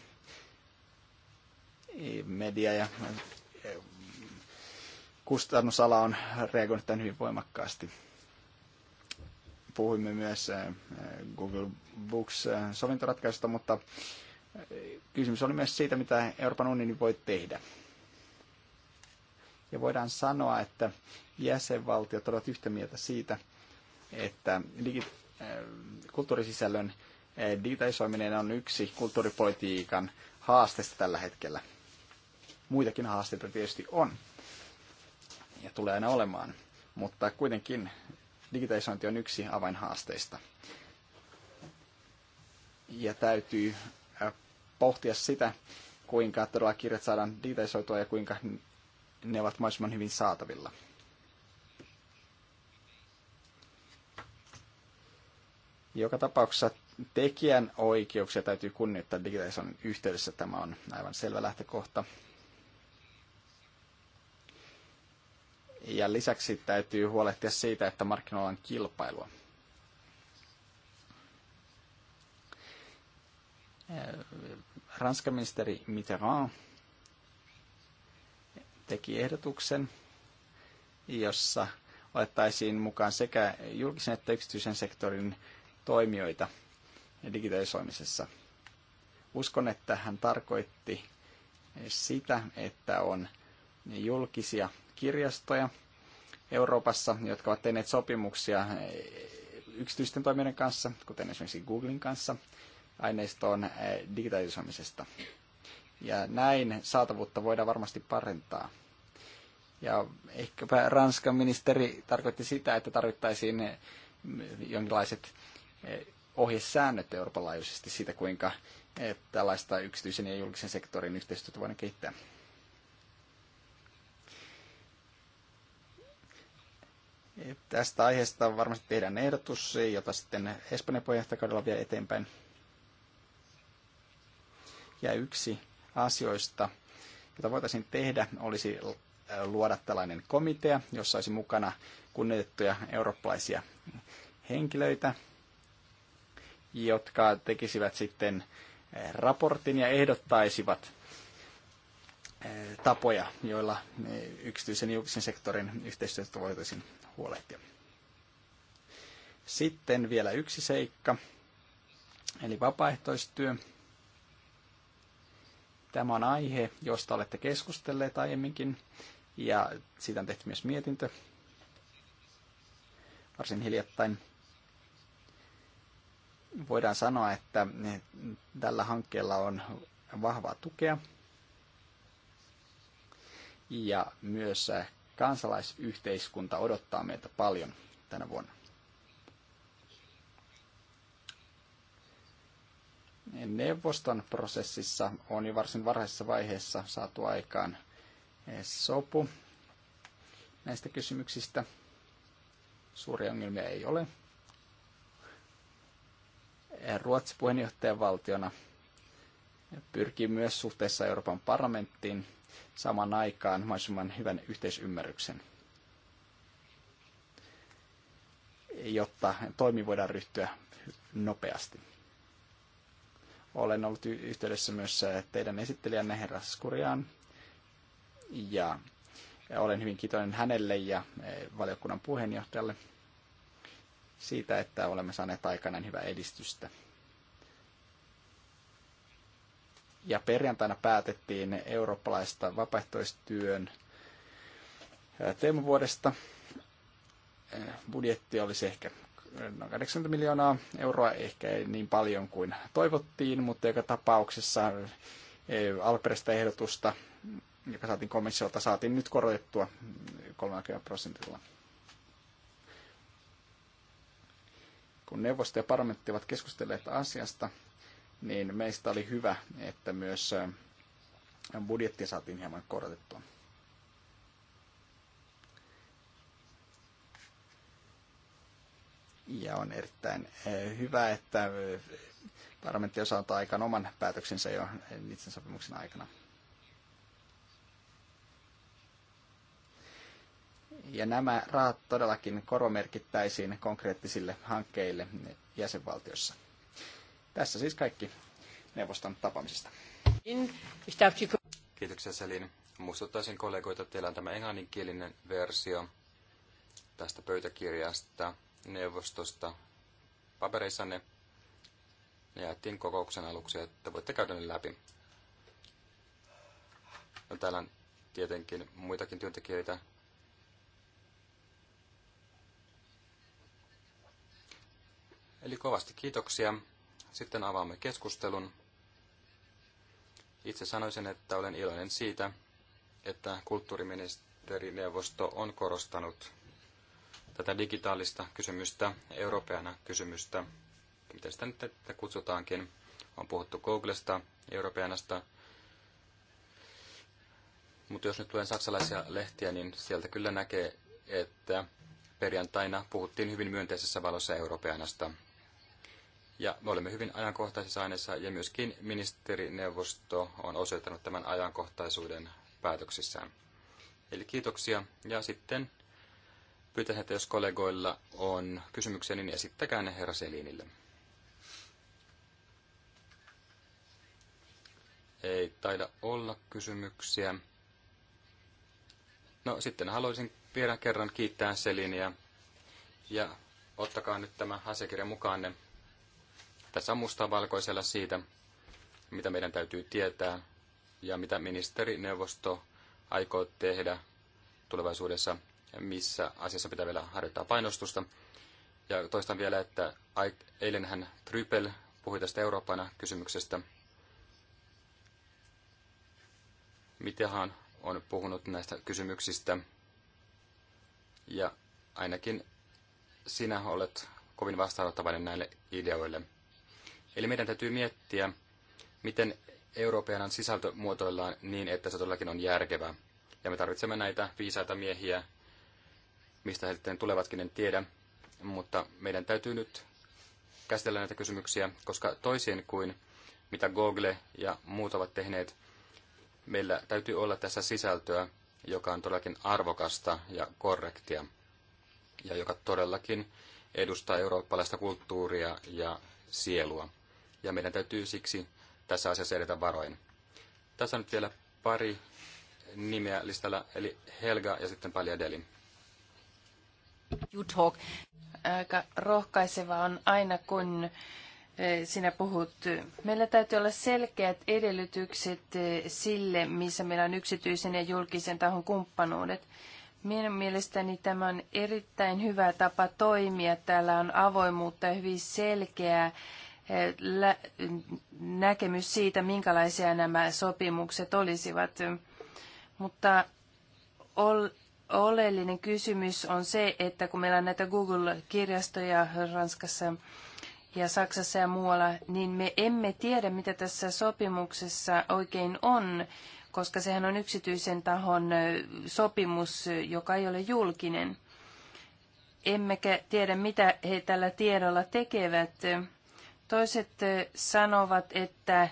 media ja äh, kustannusala on reagoinut tämän hyvin voimakkaasti. Puhuimme myös äh, Google Books sovintoratkaisusta, mutta kysymys oli myös siitä, mitä Euroopan unioni voi tehdä. Ja voidaan sanoa, että jäsenvaltiot ovat yhtä mieltä siitä, että digi- äh, kulttuurisisällön äh, digitalisoiminen on yksi kulttuuripolitiikan haasteista tällä hetkellä. Muitakin haasteita tietysti on ja tulee aina olemaan, mutta kuitenkin digitalisointi on yksi avainhaasteista. Ja täytyy pohtia sitä, kuinka todella kirjat saadaan digitalisoitua ja kuinka ne ovat mahdollisimman hyvin saatavilla. Joka tapauksessa tekijän oikeuksia täytyy kunnioittaa digitalisoinnin yhteydessä. Tämä on aivan selvä lähtökohta. Ja lisäksi täytyy huolehtia siitä, että markkinoilla on kilpailua. Ranskan ministeri Mitterrand teki ehdotuksen, jossa otettaisiin mukaan sekä julkisen että yksityisen sektorin toimijoita digitalisoimisessa. Uskon, että hän tarkoitti sitä, että on julkisia kirjastoja Euroopassa, jotka ovat tehneet sopimuksia yksityisten toimijoiden kanssa, kuten esimerkiksi Googlen kanssa, aineistoon eh, digitalisoimisesta. Ja näin saatavuutta voidaan varmasti parantaa. Ja ehkäpä Ranskan ministeri tarkoitti sitä, että tarvittaisiin eh, jonkinlaiset eh, ohjesäännöt Euroopan laajuisesti siitä, kuinka tällaista yksityisen ja julkisen sektorin yhteistyötä voidaan kehittää. Tästä aiheesta varmasti tehdään ehdotus, jota sitten Espanjan puheenjohtajakaudella vie eteenpäin. Ja yksi asioista, jota voitaisiin tehdä, olisi luoda tällainen komitea, jossa olisi mukana kunnioitettuja eurooppalaisia henkilöitä, jotka tekisivät sitten eh, raportin ja ehdottaisivat eh, tapoja, joilla eh, yksityisen ja julkisen sektorin yhteistyöstä voitaisiin huolehtia. Sitten vielä yksi seikka, eli vapaaehtoistyö. Tämä on aihe, josta olette keskustelleet aiemminkin ja siitä on tehty myös mietintö varsin hiljattain. Voidaan sanoa, että tällä hankkeella on vahvaa tukea ja myös kansalaisyhteiskunta odottaa meitä paljon tänä vuonna. neuvoston prosessissa on jo varsin varhaisessa vaiheessa saatu aikaan sopu näistä kysymyksistä. Suuria ongelmia ei ole. Ruotsi puheenjohtajan valtiona pyrkii myös suhteessa Euroopan parlamenttiin saman aikaan mahdollisimman hyvän yhteisymmärryksen, jotta toimi voidaan ryhtyä nopeasti. Olen ollut yhteydessä myös eh, teidän esittelijänne herra Skuriaan ja eh, olen hyvin kiitollinen hänelle ja eh, valiokunnan puheenjohtajalle siitä, että olemme saaneet aikanaan hyvää edistystä. Ja perjantaina päätettiin eurooppalaista vapaaehtoistyön teemavuodesta. Budjetti olisi ehkä noin 80 miljoonaa euroa, ehkä ei niin paljon kuin toivottiin, mutta joka tapauksessa eh, alkuperäistä ehdotusta, joka saatiin komissiolta, saatiin nyt korotettua 30 prosentilla. Kun neuvosto ja parlamentti ovat keskustelleet asiasta, niin meistä oli hyvä, että myös eh, budjetti saatiin hieman korotettua. Ja on erittäin eh, hyvä, että eh, parlamentti on saanut aikaan oman päätöksensä jo eh, niiden sopimuksen aikana. Ja nämä rahat todellakin korvamerkittäisiin konkreettisille hankkeille jäsenvaltiossa. Tässä siis kaikki neuvoston tapaamisesta. Kiitoksia Selin. Muistuttaisin kollegoita, että teillä on tämä englanninkielinen versio tästä pöytäkirjasta neuvostosta papereissanne. Ne jaettiin kokouksen aluksi, että voitte käydä ne läpi. No, täällä on tietenkin muitakin työntekijöitä. Eli kovasti kiitoksia. Sitten avaamme keskustelun. Itse sanoisin, että olen iloinen siitä, että kulttuuriministerineuvosto on korostanut tätä digitaalista kysymystä, europeana kysymystä, miten sitä nyt että kutsutaankin. On puhuttu Googlesta, europeanasta. Mutta jos nyt luen saksalaisia lehtiä, niin sieltä kyllä näkee, että perjantaina puhuttiin hyvin myönteisessä valossa europeanasta. Ja me olemme hyvin ajankohtaisessa aineessa ja myöskin ministerineuvosto on osoittanut tämän ajankohtaisuuden päätöksissään. Eli kiitoksia ja sitten pyytän, että jos kollegoilla on kysymyksiä, niin esittäkää ne herra Selinille. Ei taida olla kysymyksiä. No sitten haluaisin vielä kerran kiittää Selinia. ja ottakaa nyt tämä asiakirja mukaanne. Tässä on mustaa valkoisella siitä, mitä meidän täytyy tietää ja mitä ministerineuvosto aikoo tehdä tulevaisuudessa missä asiassa pitää vielä harjoittaa painostusta. Ja toistan vielä, että eilenhän Trypel puhui tästä Euroopana kysymyksestä. Mitähän on puhunut näistä kysymyksistä. Ja ainakin sinä olet kovin vastaanottavainen näille ideoille. Eli meidän täytyy miettiä, miten Euroopan sisältö muotoillaan niin, että se todellakin on järkevää. Ja me tarvitsemme näitä viisaita miehiä, Mistä he sitten tulevatkin, en tiedä. Mutta meidän täytyy nyt käsitellä näitä kysymyksiä, koska toisin kuin mitä Google ja muut ovat tehneet, meillä täytyy olla tässä sisältöä, joka on todellakin arvokasta ja korrektia, ja joka todellakin edustaa eurooppalaista kulttuuria ja sielua. Ja meidän täytyy siksi tässä asiassa edetä varoin. Tässä on nyt vielä pari nimeä listalla, eli Helga ja sitten Paljadeli. You talk. Aika rohkaiseva on aina, kun eh, sinä puhut. Meillä täytyy olla selkeät edellytykset eh, sille, missä meillä on yksityisen ja julkisen tahon kumppanuudet. Minun mielestäni tämä on erittäin hyvä tapa toimia. Täällä on avoimuutta ja hyvin selkeää eh, näkemys siitä, minkälaisia nämä sopimukset olisivat. Mutta oleellinen kysymys on se, että kun meillä on näitä Google-kirjastoja Ranskassa ja Saksassa ja muualla, niin me emme tiedä, mitä tässä sopimuksessa oikein on, koska sehän on yksityisen tahon sopimus, joka ei ole julkinen. Emmekä tiedä, mitä he tällä tiedolla tekevät. Toiset sanovat, että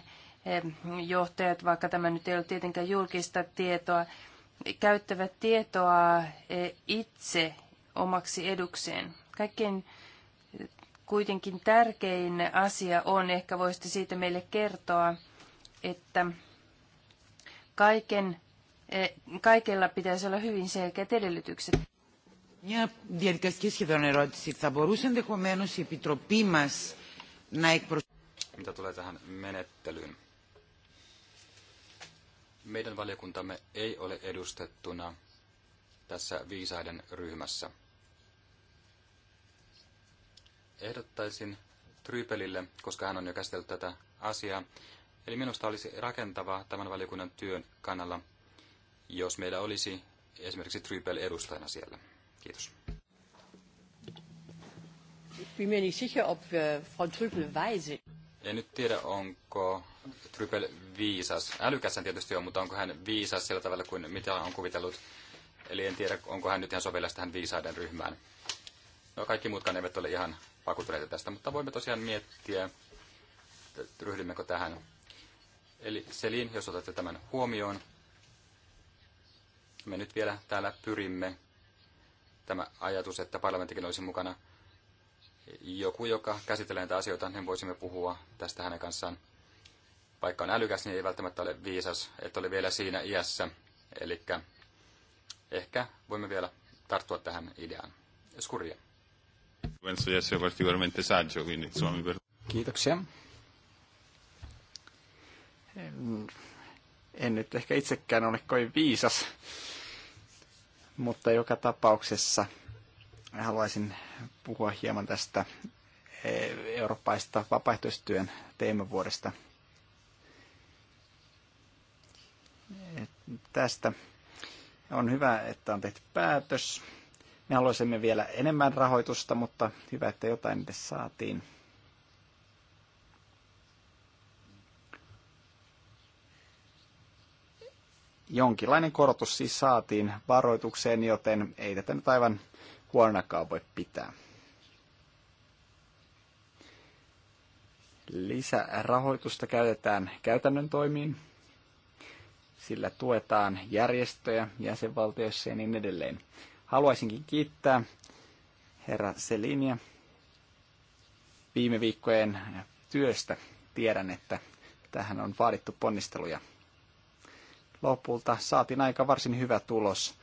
johtajat, vaikka tämä nyt ei ole tietenkään julkista tietoa, käyttävät tietoa e, itse omaksi edukseen. Kaikkein e, kuitenkin tärkein asia on, ehkä voisitte siitä meille kertoa, että kaiken, e, kaikella pitäisi olla hyvin selkeät edellytykset. Μια διαδικαστική σχεδόν ερώτηση. Θα μπορούσε ενδεχομένω η Επιτροπή μα να εκπροσωπήσει. tulee tähän menettelyyn, meidän valiokuntamme ei ole edustettuna tässä viisaiden ryhmässä. Ehdottaisin Trypelille, koska hän on jo käsitellyt tätä asiaa, eli minusta olisi rakentavaa tämän valiokunnan työn kannalla, jos meillä olisi esimerkiksi Trypel edustajana siellä. Kiitos. Äh, en nyt tiedä, onko Trypel viisas. Älykäs hän tietysti on, mutta onko hän viisas sillä tavalla kuin mitä on kuvitellut? Eli en tiedä, onko hän nyt ihan sovellas tähän viisaiden ryhmään. No kaikki muutkaan eivät ole ihan vakuuttuneita tästä, mutta voimme tosiaan miettiä, ryhdymmekö tähän. Eli Selin, jos otatte tämän huomioon, me nyt vielä täällä pyrimme tämä ajatus, että parlamenttikin olisi mukana joku, joka käsittelee näitä asioita, niin voisimme puhua tästä hänen kanssaan vaikka on älykäs, niin ei välttämättä ole viisas, että oli vielä siinä iässä. Eli ehkä voimme vielä tarttua tähän ideaan. Skuria. Kiitoksia. En, en nyt ehkä itsekään ole kovin viisas, mutta joka tapauksessa haluaisin puhua hieman tästä eh, eurooppaista vapaaehtoistyön teemavuodesta – tästä. On hyvä, että on tehty päätös. Me haluaisimme vielä enemmän rahoitusta, mutta hyvä, että jotain edes saatiin. Jonkinlainen korotus siis saatiin varoitukseen, joten ei tätä nyt aivan huonakaan voi pitää. Lisärahoitusta käytetään käytännön toimiin, sillä tuetaan järjestöjä jäsenvaltioissa ja niin edelleen. Haluaisinkin kiittää herra Selinia viime viikkojen työstä. Tiedän, että tähän on vaadittu ponnisteluja. Lopulta saatiin aika varsin hyvä tulos